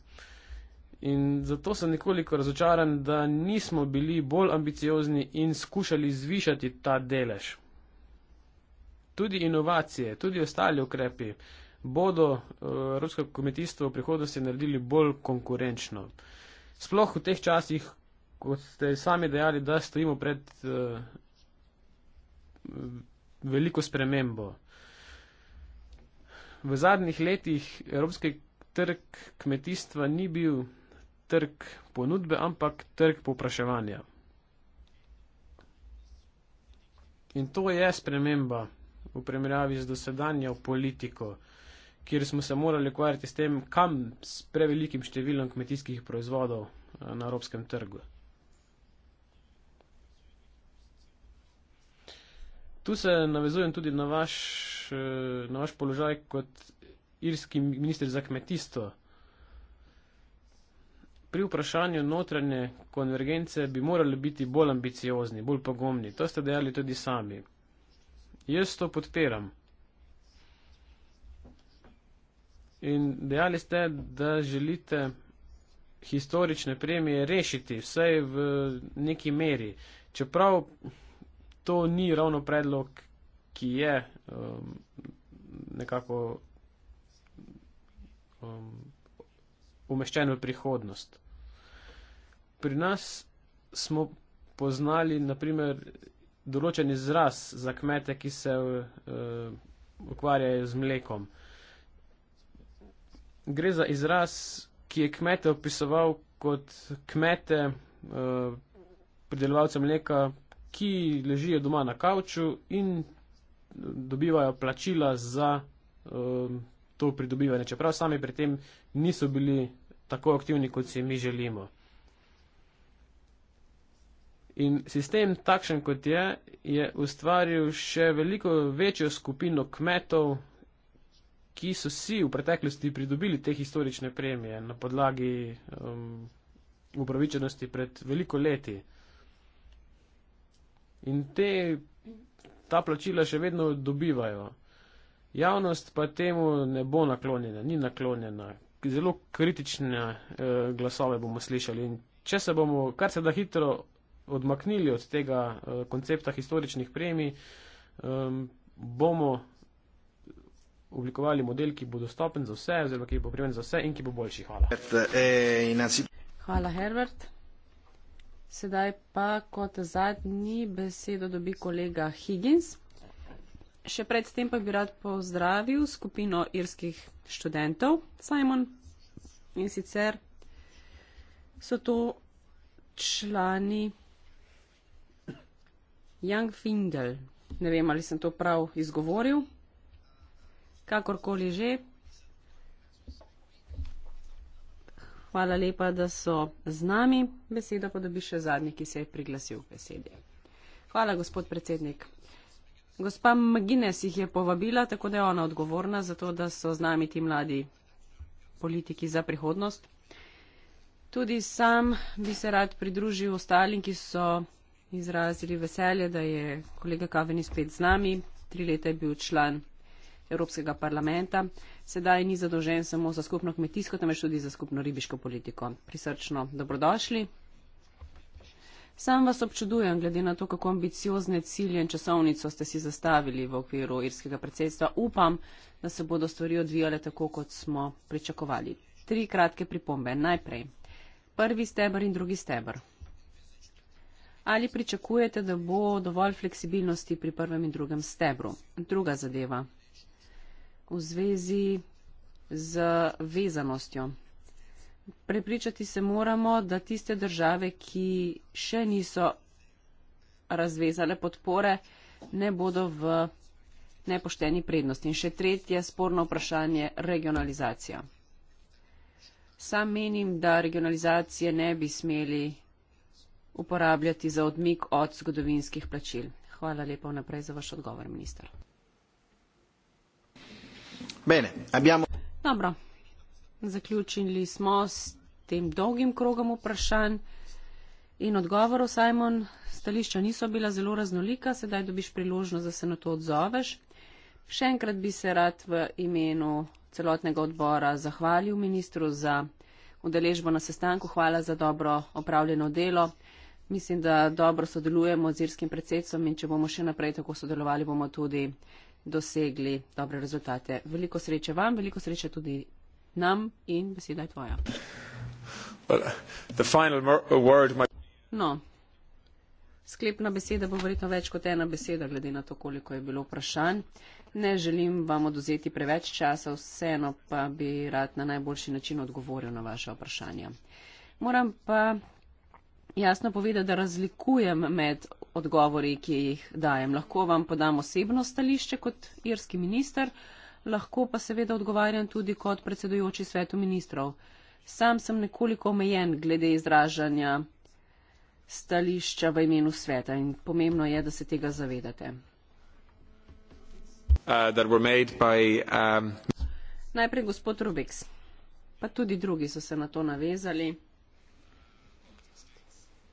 In zato sem nekoliko razočaran, da nismo bili bolj ambiciozni in skušali zvišati ta delež. Tudi inovacije, tudi ostali ukrepi bodo eh, Evropsko kmetijstvo v prihodnosti naredili bolj konkurenčno. Uh, sploh v teh časih, kot ste sami dejali, da stojimo pred uh, veliko spremembo. V zadnjih letih evropski trg kmetijstva ni bil trg ponudbe, ampak trg popraševanja. In to je sprememba v primerjavi z dosedanjo politiko. Uh, kjer smo se morali ukvarjati s tem, kam s prevelikim številom kmetijskih proizvodov eh, na evropskem trgu. Tu se navezujem tudi na vaš, eh, na vaš položaj kot irski minister za kmetijstvo. Pri vprašanju notranje konvergence bi morali biti bolj ambiciozni, bolj pogumni. To ste dejali tudi sami. Jaz to podpiram. In dejali ste, da želite historične premije rešiti, vsaj v neki meri. Čeprav to ni ravno predlog, ki je um, nekako um, umeščen v prihodnost. Pri nas smo poznali, naprimer, določen izraz za kmete, ki se uh, ukvarjajo z mlekom. Uh, gre za izraz, ki je kmete opisoval kot kmete, eh, pridelovalce mleka, ki ležijo doma na kavču in dobivajo plačila za eh, to pridobivanje, čeprav sami pri tem niso bili tako aktivni, kot si mi želimo. In sistem takšen, kot je, je ustvaril še veliko večjo skupino kmetov, ki so si v preteklosti pridobili te historične premije na podlagi um, upravičenosti pred veliko leti. In te, ta plačila še vedno dobivajo. Javnost pa temu ne bo naklonjena, ni naklonjena. Zelo kritične eh, glasove bomo slišali. In če se bomo kar se da hitro odmaknili od tega eh, koncepta historičnih premij, eh, bomo oblikovali model, ki bo dostopen za vse, oziroma ki bo primeren za vse in ki bo boljši. Hvala. Hvala, Herbert. Sedaj pa kot zadnji besedo dobi kolega Higgins. Še predtem pa bi rad pozdravil skupino irskih študentov Simon in sicer so to člani Young Fingel. Ne vem, ali sem to prav izgovoril. Kakorkoli že, hvala lepa, da so z nami. Beseda pa dobi še zadnji, ki se je priglasil k besedi. Hvala, gospod predsednik. Gospa Magines jih je povabila, tako da je ona odgovorna za to, da so z nami ti mladi politiki za prihodnost. Tudi sam bi se rad pridružil ostalim, ki so izrazili veselje, da je kolega Kaveni spet z nami. Tri leta je bil član Evropskega parlamenta. Sedaj ni zadolžen samo za skupno kmetijsko, temveč tudi za skupno ribiško politiko. Prisrčno dobrodošli. Sam vas občudujem, glede na to, kako ambiciozne cilje in časovnico ste si zastavili v okviru irskega predsedstva. Upam, da se bodo stvari odvijale tako, kot smo pričakovali. Tri kratke pripombe. Najprej. Prvi stebr in drugi stebr. Ali pričakujete, da bo dovolj fleksibilnosti pri prvem in drugem stebru? Druga zadeva v zvezi z vezanostjo. Prepričati se moramo, da tiste države, ki še niso razvezale podpore, ne bodo v nepošteni prednosti. In še tretje sporno vprašanje - regionalizacija. Sam menim, da regionalizacije ne bi smeli uporabljati za odmik od zgodovinskih plačil. Hvala lepa vnaprej za vaš odgovor, minister dobro zaključili smo s tem dolgim krogom vprašanj in odgovorov simon stališča niso bila zelo raznolika sedaj dobiš priložnost da se na to odzoveš še enkrat bi se rad v imenu celotnega odbora zahvalil ministru za udeležbo na sestanku hvala za dobro opravljeno delo mislim da dobro sodelujemo z irskim predsedstvom in če bomo še naprej tako sodelovali bomo tudi dosegli dobre rezultate. Veliko sreče vam, veliko sreče tudi nam in beseda je tvoja. Uh, no, sklepna beseda bo verjetno več kot ena beseda, glede na to, koliko je bilo vprašanj. Ne želim vam oduzeti preveč časa, vseeno pa bi rad na najboljši način odgovoril na vaše vprašanje. Moram pa jasno povedati, da razlikujem med odgovori, ki jih dajem. Lahko vam podam osebno stališče kot irski minister, lahko pa seveda odgovarjam tudi kot predsedujoči svetu ministrov. Sam sem nekoliko omejen glede izražanja stališča v imenu sveta in pomembno je, da se tega zavedate. Uh, by, um... Najprej gospod Rubiks, pa tudi drugi so se na to navezali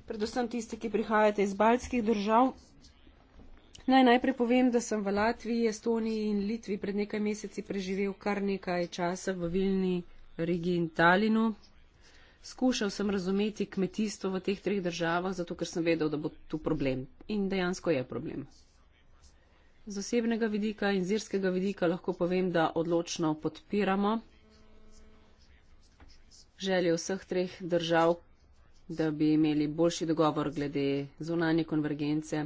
predvsem tiste, ki prihajate iz baltskih držav. Naj najprej povem, da sem v Latviji, Estoniji in Litvi pred nekaj meseci preživel kar nekaj časa v Vilni regiji in Talinu. Skušal sem razumeti kmetijstvo v teh treh državah, zato ker sem vedel, da bo tu problem. In dejansko je problem. Z osebnega vidika in zirskega vidika lahko povem, da odločno podpiramo želje vseh treh držav, da bi imeli boljši dogovor glede zunanje konvergence.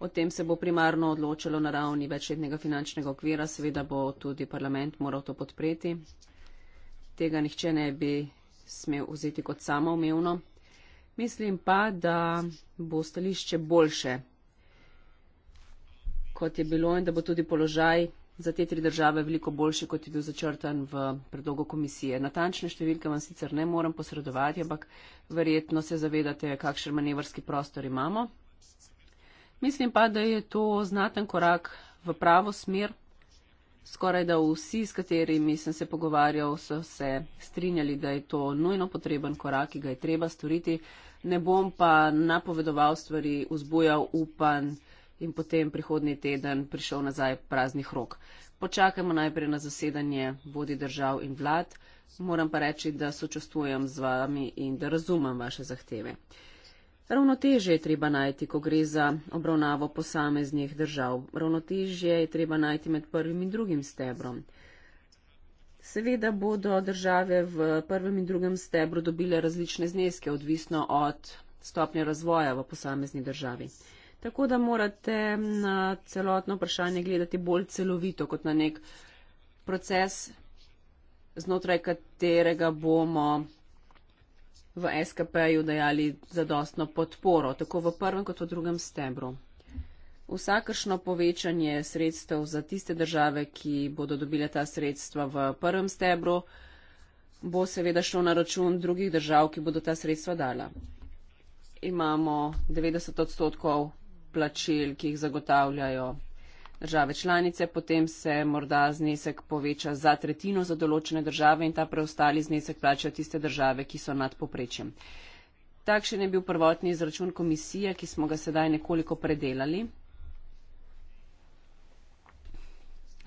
O tem se bo primarno odločilo na ravni večletnega finančnega okvira, seveda bo tudi parlament moral to podpreti. Tega nihče ne bi smel vzeti kot samoumevno. Mislim pa, da bo stališče boljše, kot je bilo in da bo tudi položaj za te tri države veliko boljši, kot je bil začrtan v predlogu komisije. Natančne številke vam sicer ne morem posredovati, ampak verjetno se zavedate, kakšen manevrski prostor imamo. Mislim pa, da je to znaten korak v pravo smer. Skoraj da vsi, s katerimi sem se pogovarjal, so se strinjali, da je to nujno potreben korak, ki ga je treba storiti. Ne bom pa napovedoval stvari, vzbujal upanj in potem prihodnji teden prišel nazaj praznih rok. Počakajmo najprej na zasedanje vodi držav in vlad. Moram pa reči, da sočustvujem z vami in da razumem vaše zahteve. Ravnotežje je treba najti, ko gre za obravnavo posameznih držav. Ravnotežje je treba najti med prvim in drugim stebrom. Seveda bodo države v prvem in drugem stebru dobile različne zneske, odvisno od stopnje razvoja v posamezni državi. Tako da morate na celotno vprašanje gledati bolj celovito kot na nek proces, znotraj katerega bomo v SKP-ju dajali zadostno podporo, tako v prvem kot v drugem stebru. Vsakršno povečanje sredstev za tiste države, ki bodo dobile ta sredstva v prvem stebru, bo seveda šlo na račun drugih držav, ki bodo ta sredstva dala. Imamo 90 odstotkov plačil, ki jih zagotavljajo države članice, potem se morda znesek poveča za tretjino za določene države in ta preostali znesek plačajo tiste države, ki so nad poprečjem. Takšen je bil prvotni izračun komisije, ki smo ga sedaj nekoliko predelali.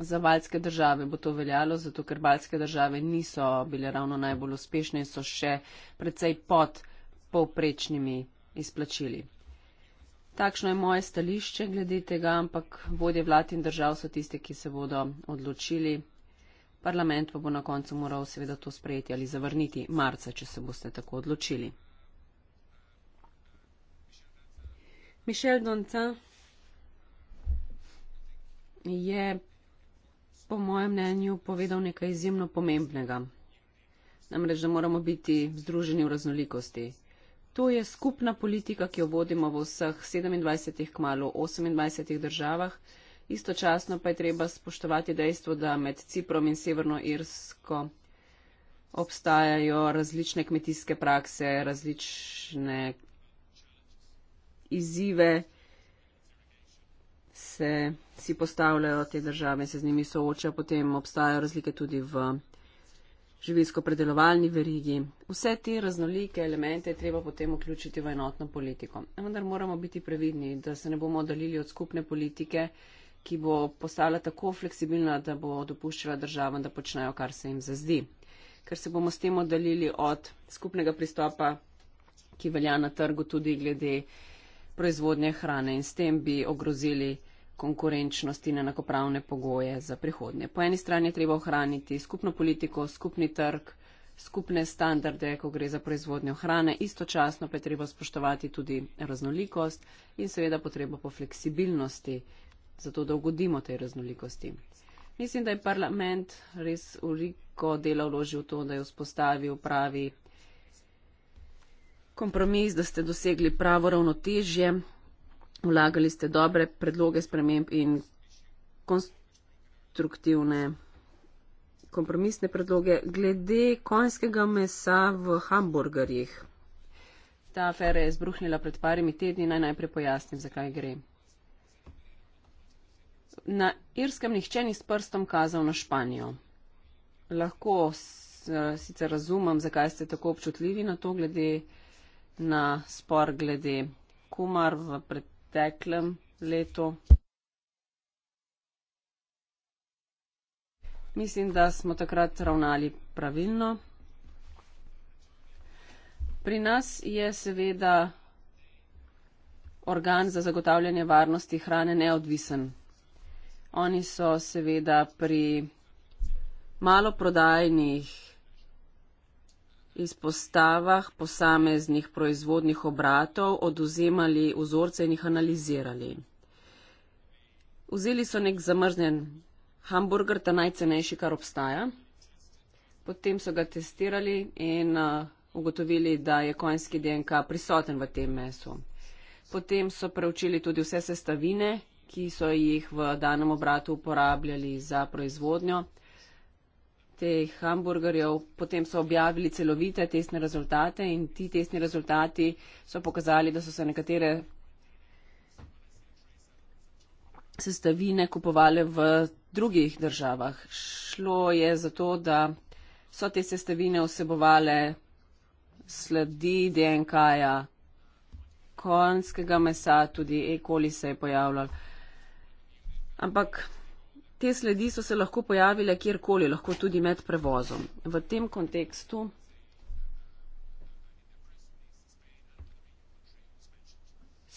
Za valjske države bo to veljalo, zato ker valjske države niso bile ravno najbolj uspešne in so še precej pod povprečnimi izplačili. Takšno je moje stališče glede tega, ampak vodje vlad in držav so tiste, ki se bodo odločili. Parlament pa bo na koncu moral seveda to sprejeti ali zavrniti marca, če se boste tako odločili. Mišel Donca je po mojem mnenju povedal nekaj izjemno pomembnega. Namreč, da moramo biti združeni v raznolikosti. To je skupna politika, ki jo vodimo v vseh 27, kmalo 28 državah. Istočasno pa je treba spoštovati dejstvo, da med Ciprom in Severno Irsko obstajajo različne kmetijske prakse, različne izzive se si postavljajo te države, se z njimi soočajo, potem obstajajo razlike tudi v živinsko predelovalni verigi. Vse te raznolike elemente je treba potem vključiti v enotno politiko. Vendar moramo biti previdni, da se ne bomo oddalili od skupne politike, ki bo postala tako fleksibilna, da bo dopuščala državam, da počnejo, kar se jim zazdi. Ker se bomo s tem oddalili od skupnega pristopa, ki velja na trgu tudi glede proizvodnje hrane in s tem bi ogrozili konkurenčnost in enakopravne pogoje za prihodnje. Po eni strani je treba ohraniti skupno politiko, skupni trg, skupne standarde, ko gre za proizvodnjo hrane, istočasno pa je treba spoštovati tudi raznolikost in seveda potrebo po fleksibilnosti, zato da ugodimo tej raznolikosti. Mislim, da je parlament res uliko dela vložil v to, da je vzpostavil pravi kompromis, da ste dosegli pravo ravnotežje vlagali ste dobre predloge sprememb in konstruktivne kompromisne predloge glede konjskega mesa v hamburgerjih. Ta afera je zbruhnila pred parimi tedni, naj najprej pojasnim, zakaj gre. Na Irskem nihče ni s prstom kazal na Španijo. Lahko sicer razumem, zakaj ste tako občutljivi na to, glede na spor glede kumar v pred preteklem letu. Mislim, da smo takrat ravnali pravilno. Pri nas je seveda organ za zagotavljanje varnosti hrane neodvisen. Oni so seveda pri maloprodajnih izpostavah posameznih proizvodnih obratov oduzemali vzorce in jih analizirali. Vzeli so nek zamrznen hamburger, ta najcenejši, kar obstaja. Potem so ga testirali in ugotovili, da je konjski DNK prisoten v tem mesu. Potem so preučili tudi vse sestavine, ki so jih v danem obratu uporabljali za proizvodnjo teh hamburgerjev, potem so objavili celovite testne rezultate in ti testni rezultati so pokazali, da so se nekatere sestavine kupovale v drugih državah. Šlo je za to, da so te sestavine vsebovale sledi DNK-ja konjskega mesa, tudi E. coli se je pojavljal. Ampak te sledi so se lahko pojavile kjerkoli, lahko tudi med prevozom. V tem kontekstu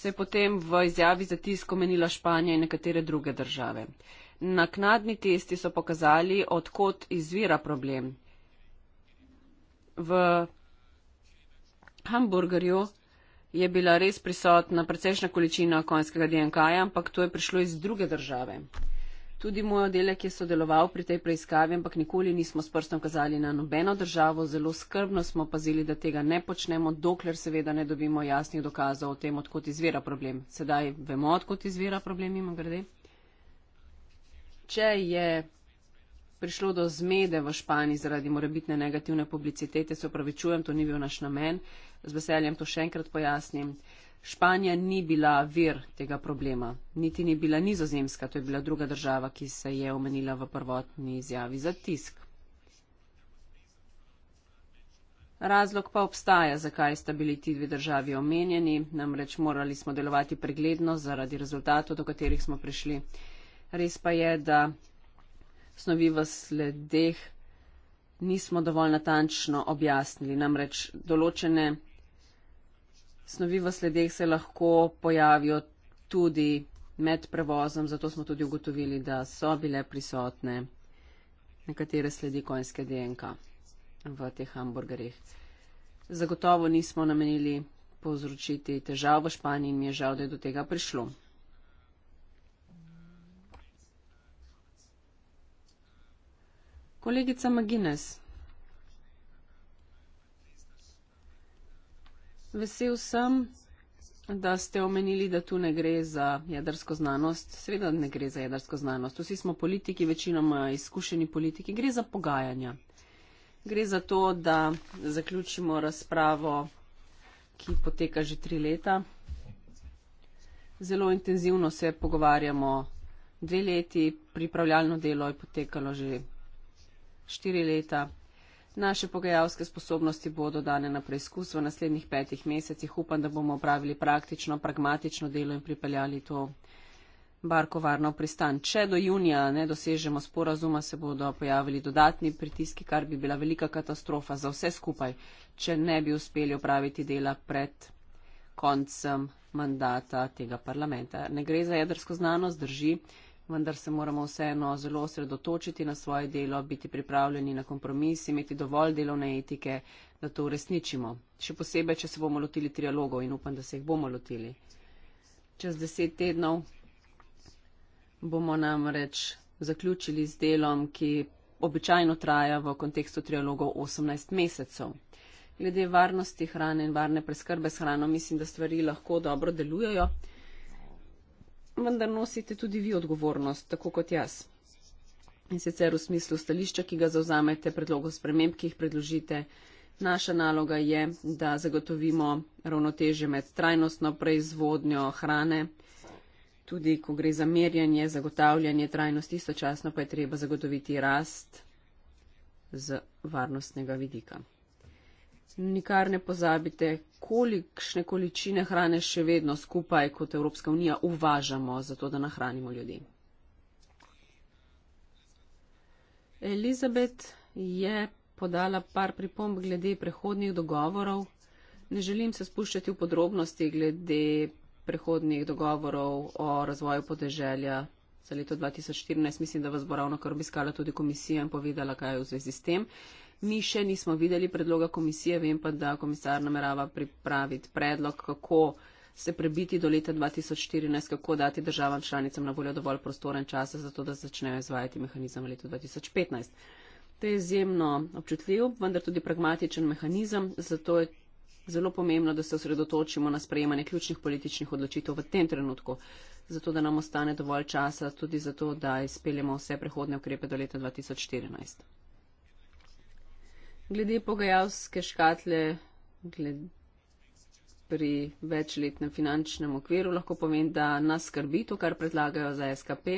se je potem v izjavi za tisk omenila Španija in nekatere druge države. Naknadni testi so pokazali, odkot izvira problem. V hamburgerju je bila res prisotna precejšna količina konjskega DNK, ampak to je prišlo iz druge države. Tudi moj oddelek je sodeloval pri tej preiskavi, ampak nikoli nismo s prstom kazali na nobeno državo. Zelo skrbno smo pazili, da tega ne počnemo, dokler seveda ne dobimo jasnih dokazov o tem, odkot izvira problem. Sedaj vemo, odkot izvira problem, imam grede. Če je prišlo do zmede v Španiji zaradi morebitne negativne publicitete, se upravičujem, to ni bil naš namen. Z veseljem to še enkrat pojasnim. Španija ni bila vir tega problema, niti ni bila nizozemska, to je bila druga država, ki se je omenila v prvotni izjavi za tisk. Razlog pa obstaja, zakaj sta bili ti dve državi omenjeni, namreč morali smo delovati pregledno zaradi rezultatov, do katerih smo prišli. Res pa je, da snovi v sledeh nismo dovolj natančno objasnili, namreč določene snovi v sledeh se lahko pojavijo tudi med prevozom, zato smo tudi ugotovili, da so bile prisotne nekatere sledi konjske DNK v teh hamburgerjih. Zagotovo nismo namenili povzročiti težav v Španiji in mi je žal, da je do tega prišlo. Kolegica Magines. Vesel sem, da ste omenili, da tu ne gre za jedrsko znanost. Sveda ne gre za jedrsko znanost. Vsi smo politiki, večinoma izkušeni politiki. Gre za pogajanja. Gre za to, da zaključimo razpravo, ki poteka že tri leta. Zelo intenzivno se pogovarjamo dve leti, pripravljalno delo je potekalo že štiri leta. Naše pogajalske sposobnosti bodo dane na preizkus v naslednjih petih mesecih. Upam, da bomo opravili praktično, pragmatično delo in pripeljali to barko varno v pristan. Če do junija ne dosežemo sporazuma, se bodo pojavili dodatni pritiski, kar bi bila velika katastrofa za vse skupaj, če ne bi uspeli opraviti dela pred koncem mandata tega parlamenta. Ne gre za jedrsko znanost, drži vendar se moramo vseeno zelo osredotočiti na svoje delo, biti pripravljeni na kompromis, imeti dovolj delovne etike, da to uresničimo. Še posebej, če se bomo lotili trialogov in upam, da se jih bomo lotili. Čez deset tednov bomo namreč zaključili z delom, ki običajno traja v kontekstu trialogov 18 mesecev. Glede varnosti hrane in varne preskrbe s hrano, mislim, da stvari lahko dobro delujejo vendar nosite tudi vi odgovornost, tako kot jaz. In sicer v smislu stališča, ki ga zauzamete, predlogov sprememb, ki jih predložite. Naša naloga je, da zagotovimo ravnoteže med trajnostno proizvodnjo hrane, tudi ko gre za merjanje, zagotavljanje trajnosti, istočasno pa je treba zagotoviti rast z varnostnega vidika. Nikar ne pozabite, kolikšne količine hrane še vedno skupaj kot Evropska unija uvažamo, zato da nahranimo ljudi. Elizabet je podala par pripomb glede prehodnih dogovorov. Ne želim se spuščati v podrobnosti glede prehodnih dogovorov o razvoju podeželja za leto 2014. Mislim, da vas bo ravno kar obiskala tudi komisija in povedala, kaj je v zvezi s tem. Mi še nismo videli predloga komisije, vem pa, da komisar namerava pripraviti predlog, kako se prebiti do leta 2014, kako dati državam članicam na voljo dovolj prostoren čas, zato da začnejo izvajati mehanizem v letu 2015. To je izjemno občutljiv, vendar tudi pragmatičen mehanizem, zato je zelo pomembno, da se osredotočimo na sprejemanje ključnih političnih odločitev v tem trenutku, zato da nam ostane dovolj časa tudi zato, da izpeljemo vse prehodne ukrepe do leta 2014 glede pogajalske škatle gled, pri večletnem finančnem okviru lahko povem, da nas skrbi to, kar predlagajo za SKP.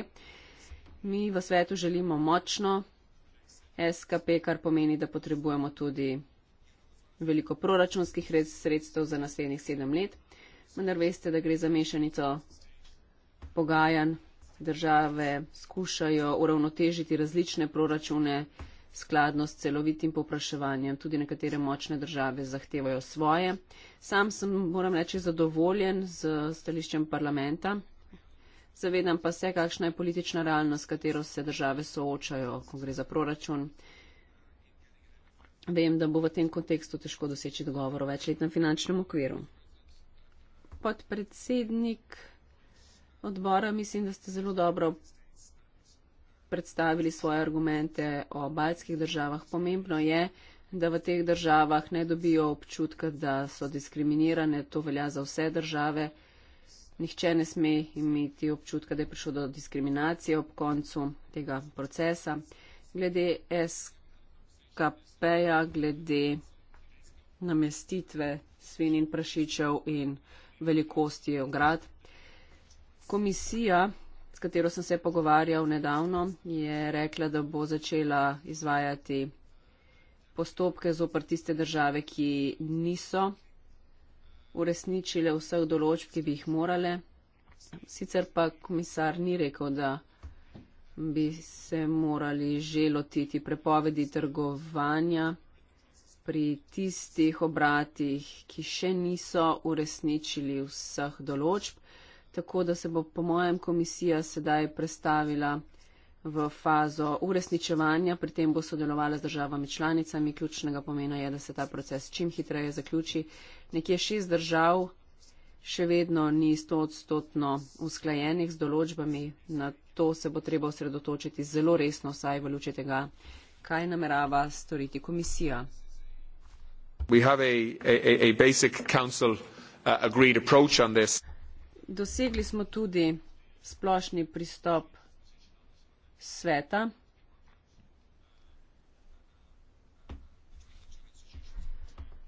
Mi v svetu želimo močno SKP, kar pomeni, da potrebujemo tudi veliko proračunskih sredstev za naslednjih sedem let. Vendar veste, da gre za mešanico pogajanj. Države skušajo uravnotežiti različne proračune skladno s celovitim popraševanjem. Tudi nekatere močne države zahtevajo svoje. Sam sem, moram reči, zadovoljen z stališčem parlamenta. Zavedam pa se, kakšna je politična realnost, s katero se države soočajo, ko gre za proračun. Vem, da bo v tem kontekstu težko doseči dogovor o večletnem finančnem okviru. Podpredsednik odbora, mislim, da ste zelo dobro predstavili svoje argumente o baljskih državah. Pomembno je, da v teh državah ne dobijo občutka, da so diskriminirane. To velja za vse države. Nihče ne sme imeti občutka, da je prišlo do diskriminacije ob koncu tega procesa. Glede SKP-ja, glede namestitve svin in prašičev in velikosti ograd. Komisija katero sem se pogovarjal nedavno, je rekla, da bo začela izvajati postopke zopr tiste države, ki niso uresničile vseh določb, ki bi jih morale. Sicer pa komisar ni rekel, da bi se morali že lotiti prepovedi trgovanja pri tistih obratih, ki še niso uresničili vseh določb tako da se bo po mojem komisija sedaj predstavila v fazo uresničevanja, pri tem bo sodelovala z državami članicami. Ključnega pomena je, da se ta proces čim hitreje zaključi. Nekje šest držav še vedno ni sto odstotno usklajenih z določbami, na to se bo treba osredotočiti zelo resno, saj v luči tega, kaj namerava storiti komisija. A, a, a dosegli smo tudi splošni pristop sveta.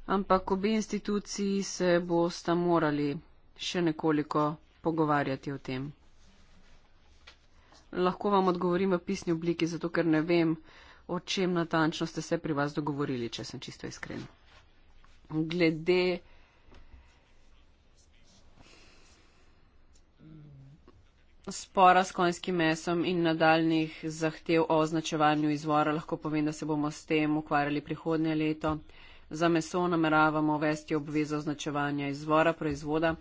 Ampak obi instituciji se boste morali še nekoliko pogovarjati o tem. Lahko vam odgovorim v pisni obliki, zato ker ne vem, o čem natančno ste se pri vas dogovorili, če sem čisto iskren. Glede. spora s konjskim mesom in nadaljnih zahtev o označevanju izvora, lahko povem, da se bomo s tem ukvarjali prihodnje leto. Za meso nameravamo uvesti obvezo označevanja izvora proizvoda.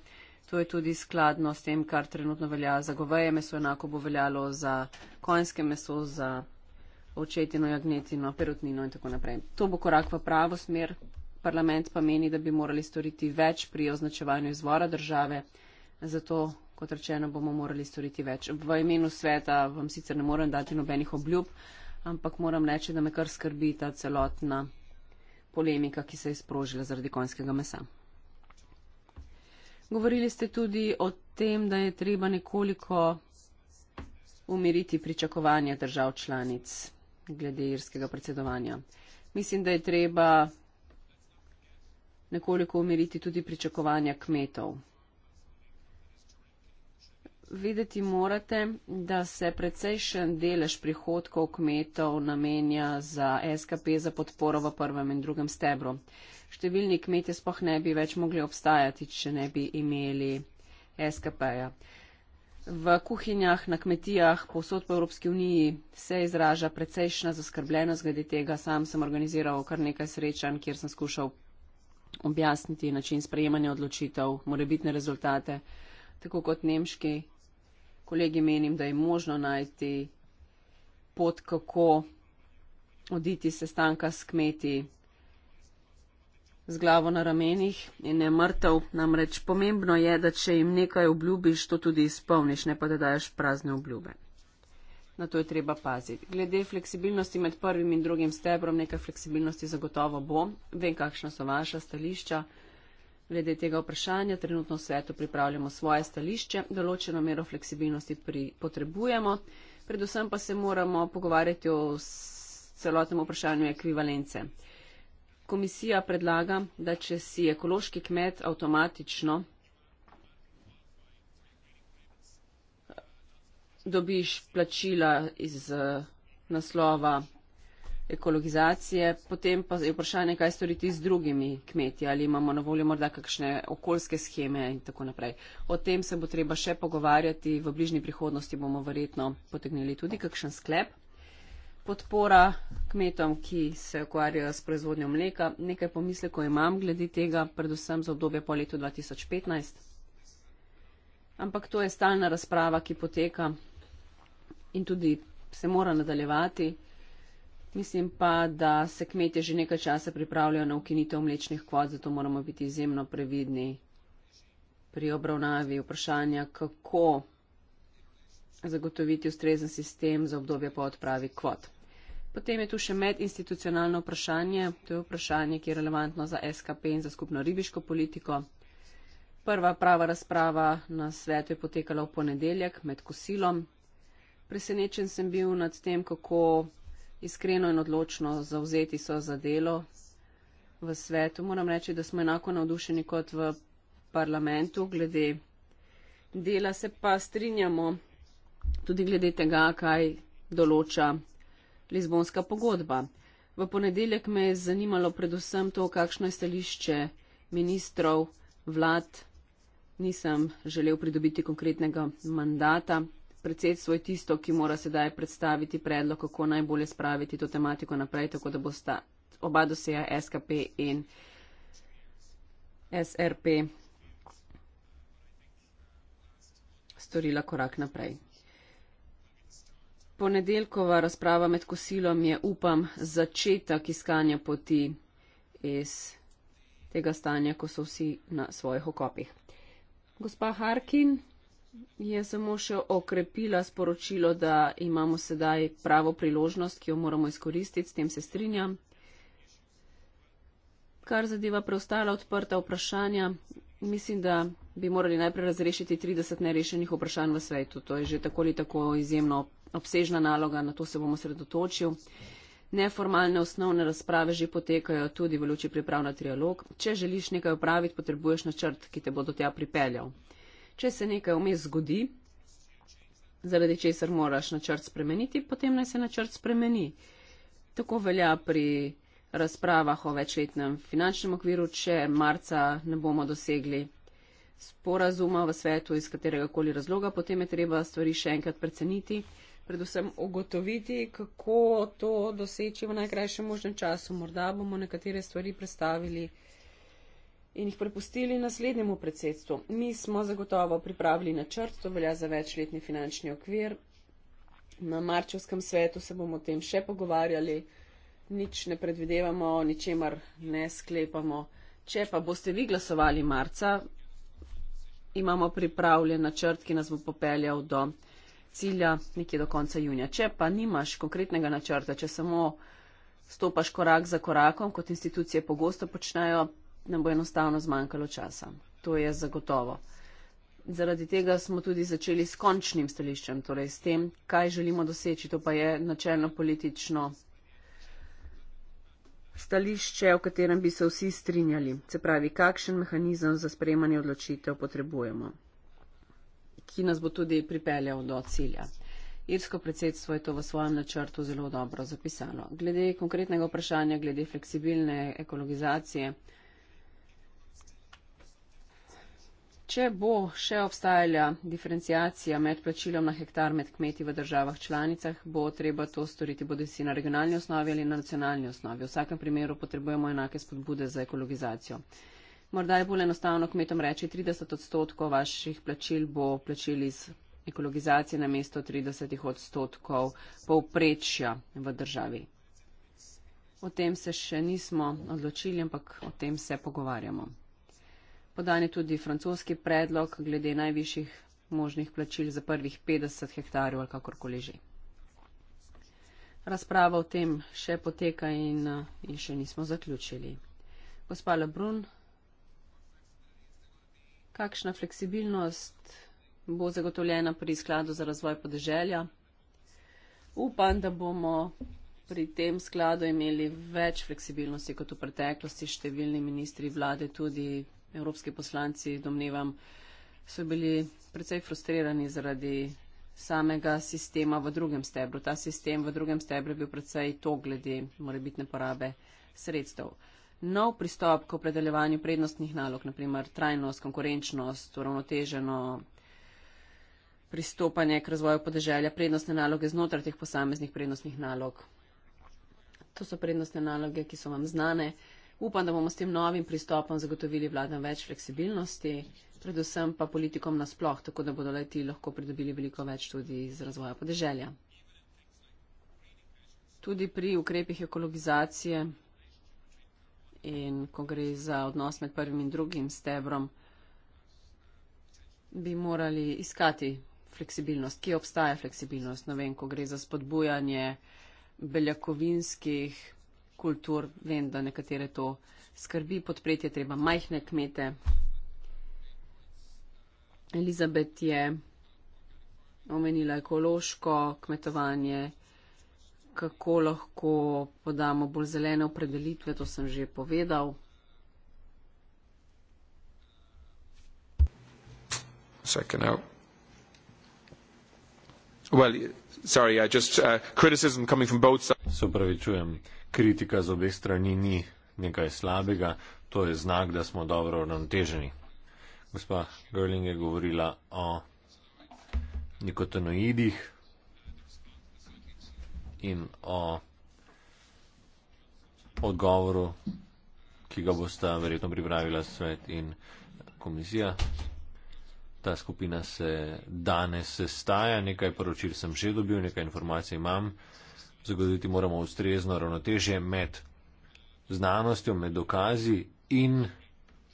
To je tudi skladno s tem, kar trenutno velja za goveje meso, enako bo veljalo za konjske meso, za očetino, jagnetino, perutnino in tako naprej. To bo korak v pravo smer. Parlament pa meni, da bi morali storiti več pri označevanju izvora države, zato kot rečeno, bomo morali storiti več. V imenu sveta vam sicer ne morem dati nobenih obljub, ampak moram reči, da me kar skrbi ta celotna polemika, ki se je sprožila zaradi konjskega mesa. Govorili ste tudi o tem, da je treba nekoliko umiriti pričakovanja držav članic glede irskega predsedovanja. Mislim, da je treba nekoliko umiriti tudi pričakovanja kmetov vedeti morate, da se precejšen delež prihodkov kmetov namenja za SKP za podporo v prvem in drugem stebru. Številni kmetje spoh ne bi več mogli obstajati, če ne bi imeli SKP-ja. V kuhinjah, na kmetijah, posod po Evropski uniji se izraža precejšna zaskrbljenost glede tega. Sam sem organiziral kar nekaj srečanj, kjer sem skušal objasniti način sprejemanja odločitev, morebitne rezultate, tako kot nemški kolegi menim, da je možno najti pot, kako oditi sestanka s kmeti z glavo na ramenih in ne mrtev. Namreč pomembno je, da če jim nekaj obljubiš, to tudi izpolniš, ne pa da daješ prazne obljube. Na to je treba paziti. Glede fleksibilnosti med prvim in drugim stebrom, nekaj fleksibilnosti zagotovo bo. Vem, kakšna so vaša stališča. Glede tega vprašanja trenutno v svetu pripravljamo svoje stališče, določeno mero fleksibilnosti pri, potrebujemo, predvsem pa se moramo pogovarjati o celotnem vprašanju ekvivalence. Komisija predlaga, da če si ekološki kmet avtomatično eh, dobiš plačila iz eh, naslova ekologizacije, potem pa je vprašanje, kaj storiti z drugimi kmeti, ali imamo na voljo morda kakšne okoljske scheme in tako naprej. O tem se bo treba še pogovarjati, v bližnji prihodnosti bomo verjetno potegnili tudi kakšen sklep. Podpora kmetom, ki se ukvarjajo s proizvodnjo mleka, nekaj pomisleko imam glede tega, predvsem za obdobje po letu 2015. Ampak to je stalna razprava, ki poteka in tudi se mora nadaljevati. Mislim pa, da se kmetje že nekaj časa pripravljajo na ukinitev mlečnih kvot, zato moramo biti izjemno previdni pri obravnavi vprašanja, kako zagotoviti ustrezen sistem za obdobje po odpravi kvot. Potem je tu še medinstitucionalno vprašanje. To je vprašanje, ki je relevantno za SKP in za skupno ribiško politiko. Prva prava razprava na svetu je potekala v ponedeljek med kosilom. Presenečen sem bil nad tem, kako iskreno in odločno zauzeti so za delo v svetu. Moram reči, da smo enako navdušeni kot v parlamentu glede dela, se pa strinjamo tudi glede tega, kaj določa Lizbonska pogodba. V ponedeljek me je zanimalo predvsem to, kakšno je stališče ministrov, vlad. Nisem želel pridobiti konkretnega mandata, predsedstvo je tisto, ki mora sedaj predstaviti predlog, kako najbolje spraviti to tematiko naprej, tako da bosta oba doseja SKP in SRP storila korak naprej. Ponedeljkova razprava med kosilom je, upam, začetek iskanja poti iz tega stanja, ko so vsi na svojih okopih. Gospa Harkin. Je samo še okrepila sporočilo, da imamo sedaj pravo priložnost, ki jo moramo izkoristiti, s tem se strinjam. Kar zadeva preostala odprta vprašanja, mislim, da bi morali najprej razrešiti 30 nerešenih vprašanj v svetu. To je že tako ali tako izjemno obsežna naloga, na to se bomo sredotočil. Neformalne osnovne razprave že potekajo tudi v luči priprav na trialog. Če želiš nekaj upraviti, potrebuješ načrt, ki te bo do tega pripeljal. Če se nekaj vmes zgodi, zaradi česar moraš načrt spremeniti, potem naj se načrt spremeni. Tako velja pri razpravah o večletnem finančnem okviru, če marca ne bomo dosegli sporazuma v svetu iz katerega koli razloga, potem je treba stvari še enkrat preceniti, predvsem ugotoviti, kako to doseči v najkrajšem možnem času. Morda bomo nekatere stvari predstavili in jih prepustili naslednjemu predsedstvu. Mi smo zagotovo pripravili načrt, to velja za večletni finančni okvir. Na marčevskem svetu se bomo o tem še pogovarjali, nič ne predvidevamo, ničemer ne sklepamo. Če pa boste vi glasovali marca, imamo pripravljen načrt, ki nas bo popeljal do cilja nekje do konca junija. Če pa nimaš konkretnega načrta, če samo stopaš korak za korakom, kot institucije pogosto počnejo, nam bo enostavno zmanjkalo časa. To je zagotovo. Zaradi tega smo tudi začeli s končnim stališčem, torej s tem, kaj želimo doseči. To pa je načelno politično stališče, o katerem bi se vsi strinjali. Se pravi, kakšen mehanizem za sprejemanje odločitev potrebujemo, ki nas bo tudi pripeljal do cilja. Irsko predsedstvo je to v svojem načrtu zelo dobro zapisalo. Glede konkretnega vprašanja, glede fleksibilne ekologizacije, Če bo še obstajala diferencijacija med plačilom na hektar med kmeti v državah članicah, bo treba to storiti bodi si na regionalni osnovi ali na nacionalni osnovi. V vsakem primeru potrebujemo enake spodbude za ekologizacijo. Morda je bolj enostavno kmetom reči, 30 odstotkov vaših plačil bo plačil iz ekologizacije na mesto 30 odstotkov povprečja v državi. O tem se še nismo odločili, ampak o tem se pogovarjamo podani tudi francoski predlog glede najvišjih možnih plačil za prvih 50 hektarjev ali kakorkoli že. Razprava o tem še poteka in, in še nismo zaključili. Gospa Lebrun, kakšna fleksibilnost bo zagotovljena pri skladu za razvoj podeželja? Upam, da bomo pri tem skladu imeli več fleksibilnosti kot v preteklosti številni ministri vlade tudi evropski poslanci, domnevam, so bili precej frustrirani zaradi samega sistema v drugem stebru. Ta sistem v drugem stebru je bil precej to glede morebitne porabe sredstev. Nov pristop k opredeljevanju prednostnih nalog, naprimer trajnost, konkurenčnost, uravnoteženo pristopanje k razvoju podeželja, prednostne naloge znotraj teh posameznih prednostnih nalog. To so prednostne naloge, ki so vam znane. Upam, da bomo s tem novim pristopom zagotovili vladam več fleksibilnosti, predvsem pa politikom nasploh, tako da bodo leti lahko pridobili veliko več tudi iz razvoja podeželja. Tudi pri ukrepih ekologizacije in ko gre za odnos med prvim in drugim stebrom, bi morali iskati fleksibilnost, ki obstaja fleksibilnost. No vem, ko gre za spodbujanje beljakovinskih kultur. Vem, da nekatere to skrbi, podpreti je treba majhne kmete. Elizabet je omenila ekološko kmetovanje, kako lahko podamo bolj zelene opredelitve, to sem že povedal. Second out. Well, sorry, I just uh, criticism coming from both sides. So, pravi, čujem kritika z obeh strani ni nekaj slabega, to je znak, da smo dobro uravnoteženi. Gospa Görling je govorila o nikotinoidih in o odgovoru, ki ga bosta verjetno pripravila svet in komisija. Ta skupina se danes sestaja, nekaj poročil sem že dobil, nekaj informacij imam zagotoviti moramo ustrezno ravnotežje med znanostjo, med dokazi in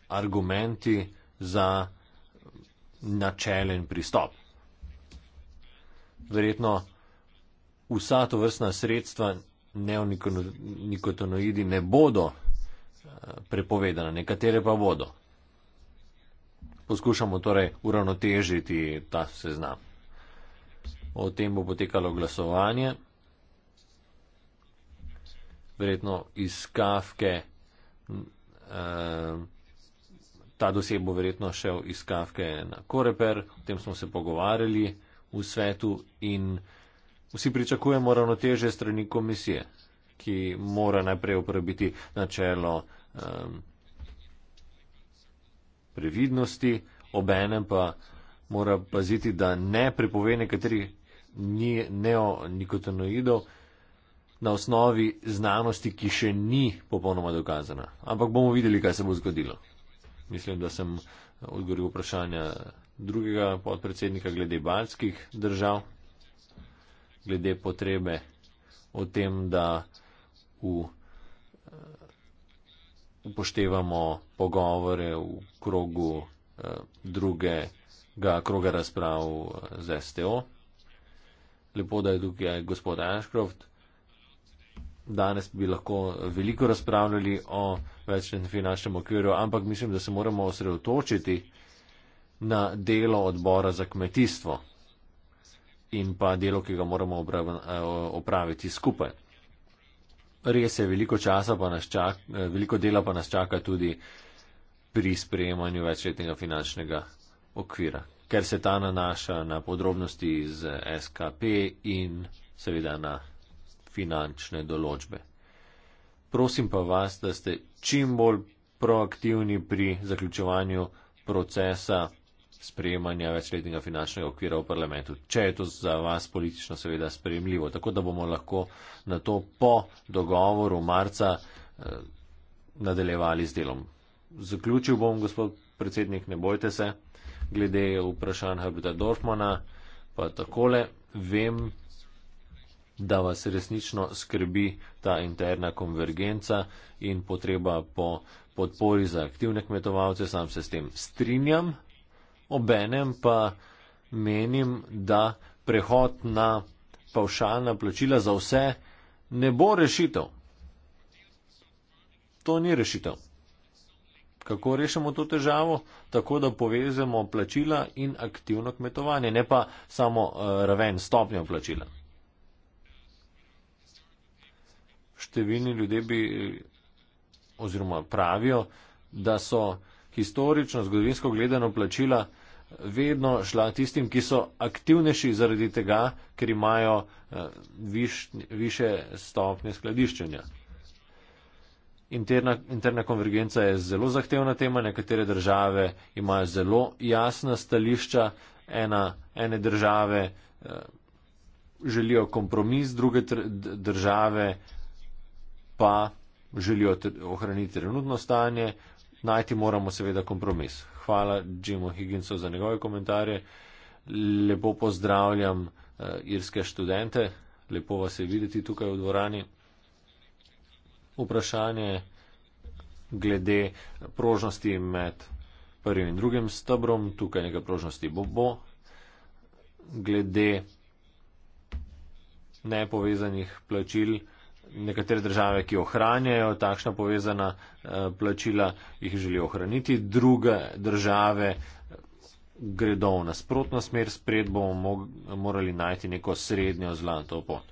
argumenti za načelen pristop. Verjetno vsa to vrstna sredstva neonikotonoidi ne bodo eh, prepovedana, nekatere pa bodo. Poskušamo torej uravnotežiti ta seznam. O tem bo potekalo glasovanje verjetno iz Kafke, eh, ta doseg bo verjetno šel iz Kafke na Koreper, o tem smo se pogovarjali v svetu in vsi pričakujemo ravnoteže strani komisije, ki mora najprej uporabiti načelo previdnosti, obenem pa mora paziti, da ne prepove nekaterih ni neonikotinoidov, na osnovi znanosti, ki še ni popolnoma dokazana. Ampak bomo videli, kaj se bo zgodilo. Mislim, da sem odgovoril vprašanja drugega podpredsednika glede baltskih držav, glede potrebe o tem, da v, eh, upoštevamo pogovore v krogu eh, druge kroga razprav eh, z STO. Lepo, da je tukaj gospod Ashcroft danes bi lahko veliko razpravljali o večnem finančnem okviru, ampak mislim, da se moramo osredotočiti na delo odbora za kmetijstvo in pa delo, ki ga moramo eh, opraviti skupaj. Res je, veliko, časa pa nas čaka, eh, veliko dela pa nas čaka tudi pri sprejemanju večletnega finančnega okvira, ker se ta nanaša na podrobnosti iz SKP in seveda na finančne določbe. Prosim pa vas, da ste čim bolj proaktivni pri zaključevanju procesa sprejemanja večletnega finančnega okvira v parlamentu, če je to za vas politično seveda sprejemljivo, tako da bomo lahko na to po dogovoru marca eh, nadaljevali z delom. Zaključil bom, gospod predsednik, ne bojte se, glede vprašanj Herberta Dorfmana, pa takole vem, da vas resnično skrbi ta interna konvergenca in potreba po podpori za aktivne kmetovalce, sam se s tem strinjam, obenem pa menim, da prehod na pavšalna plačila za vse ne bo rešitev. To ni rešitev. Kako rešimo to težavo? Tako, da povezamo plačila in aktivno kmetovanje, ne pa samo eh, raven stopnjo plačila. številni ljudje bi eh, oziroma pravijo, da so historično, zgodovinsko gledano plačila vedno šla tistim, ki so aktivnejši zaradi tega, ker imajo eh, viš, više stopnje skladiščenja. Interna, interna konvergenca je zelo zahtevna tema, nekatere države imajo zelo jasna stališča, ena, ene države eh, želijo kompromis, druge države pa želijo ohraniti trenutno stanje, najti moramo seveda kompromis. Hvala Jimu Higginsu za njegove komentarje. Lepo pozdravljam uh, irske študente, lepo vas je videti tukaj v dvorani. Vprašanje glede prožnosti med prvim in drugim stebrom, tukaj nekaj prožnosti bo bo. Glede nepovezanih plačil nekatere države, ki ohranjajo takšna povezana eh, plačila, jih želijo ohraniti, druge države eh, gredo v nasprotno smer, spred bomo morali najti neko srednjo zlato pot.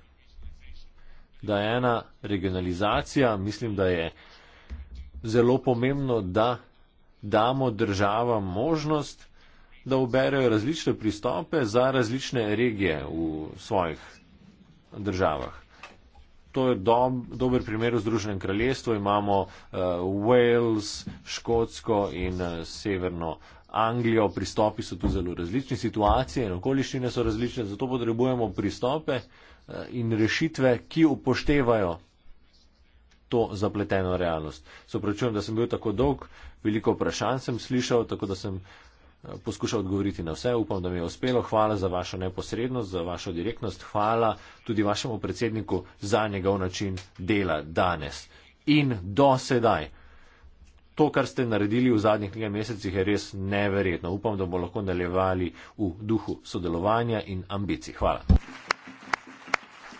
Da je ena regionalizacija, mislim, da je zelo pomembno, da damo državam možnost, da uberejo različne pristope za različne regije v svojih državah to je dob, dober primer v Združenem kraljestvu. Imamo uh, Wales, Škotsko in uh, Severno Anglijo. Pristopi so tu zelo različni, situacije in okoliščine so različne, zato potrebujemo pristope uh, in rešitve, ki upoštevajo to zapleteno realnost. Se opravičujem, da sem bil tako dolg, veliko vprašanj sem slišal, tako da sem uh, poskušal odgovoriti na vse. Upam, da mi je uspelo. Hvala za vašo neposrednost, za vašo direktnost. Hvala tudi vašemu predsedniku za njegov način dela danes in do sedaj. To, kar ste naredili v zadnjih nekaj mesecih, je res neverjetno. Upam, da bomo lahko nadaljevali v duhu sodelovanja in ambicij. Hvala.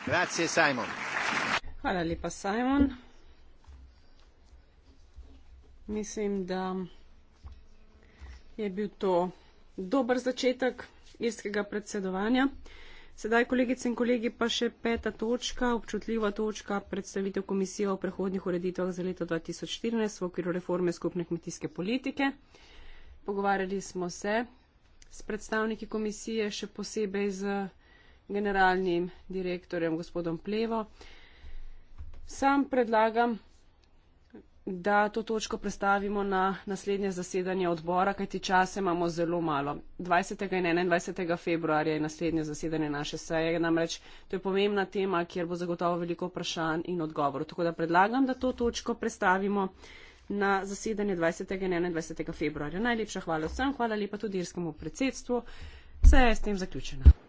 Grazie, Simon. Hvala lepa, Simon. Mislim, da je bil to dober začetek irskega predsedovanja. Sedaj, kolegice in kolegi, pa še peta točka, občutljiva točka, predstavitev komisije o prehodnih ureditvah za leto 2014 v okviru reforme skupne kmetijske politike. Pogovarjali smo se s predstavniki komisije, še posebej z generalnim direktorjem gospodom Plevo. Sam predlagam da to točko predstavimo na naslednje zasedanje odbora, kajti čase imamo zelo malo. 20. in 21. februarja je naslednje zasedanje naše seje, namreč to je pomembna tema, kjer bo zagotovo veliko vprašanj in odgovorov. Tako da predlagam, da to točko predstavimo na zasedanje 20. in 21. februarja. Najlepša hvala vsem, hvala lepa tudi irskemu predsedstvu. Seja je s tem zaključena.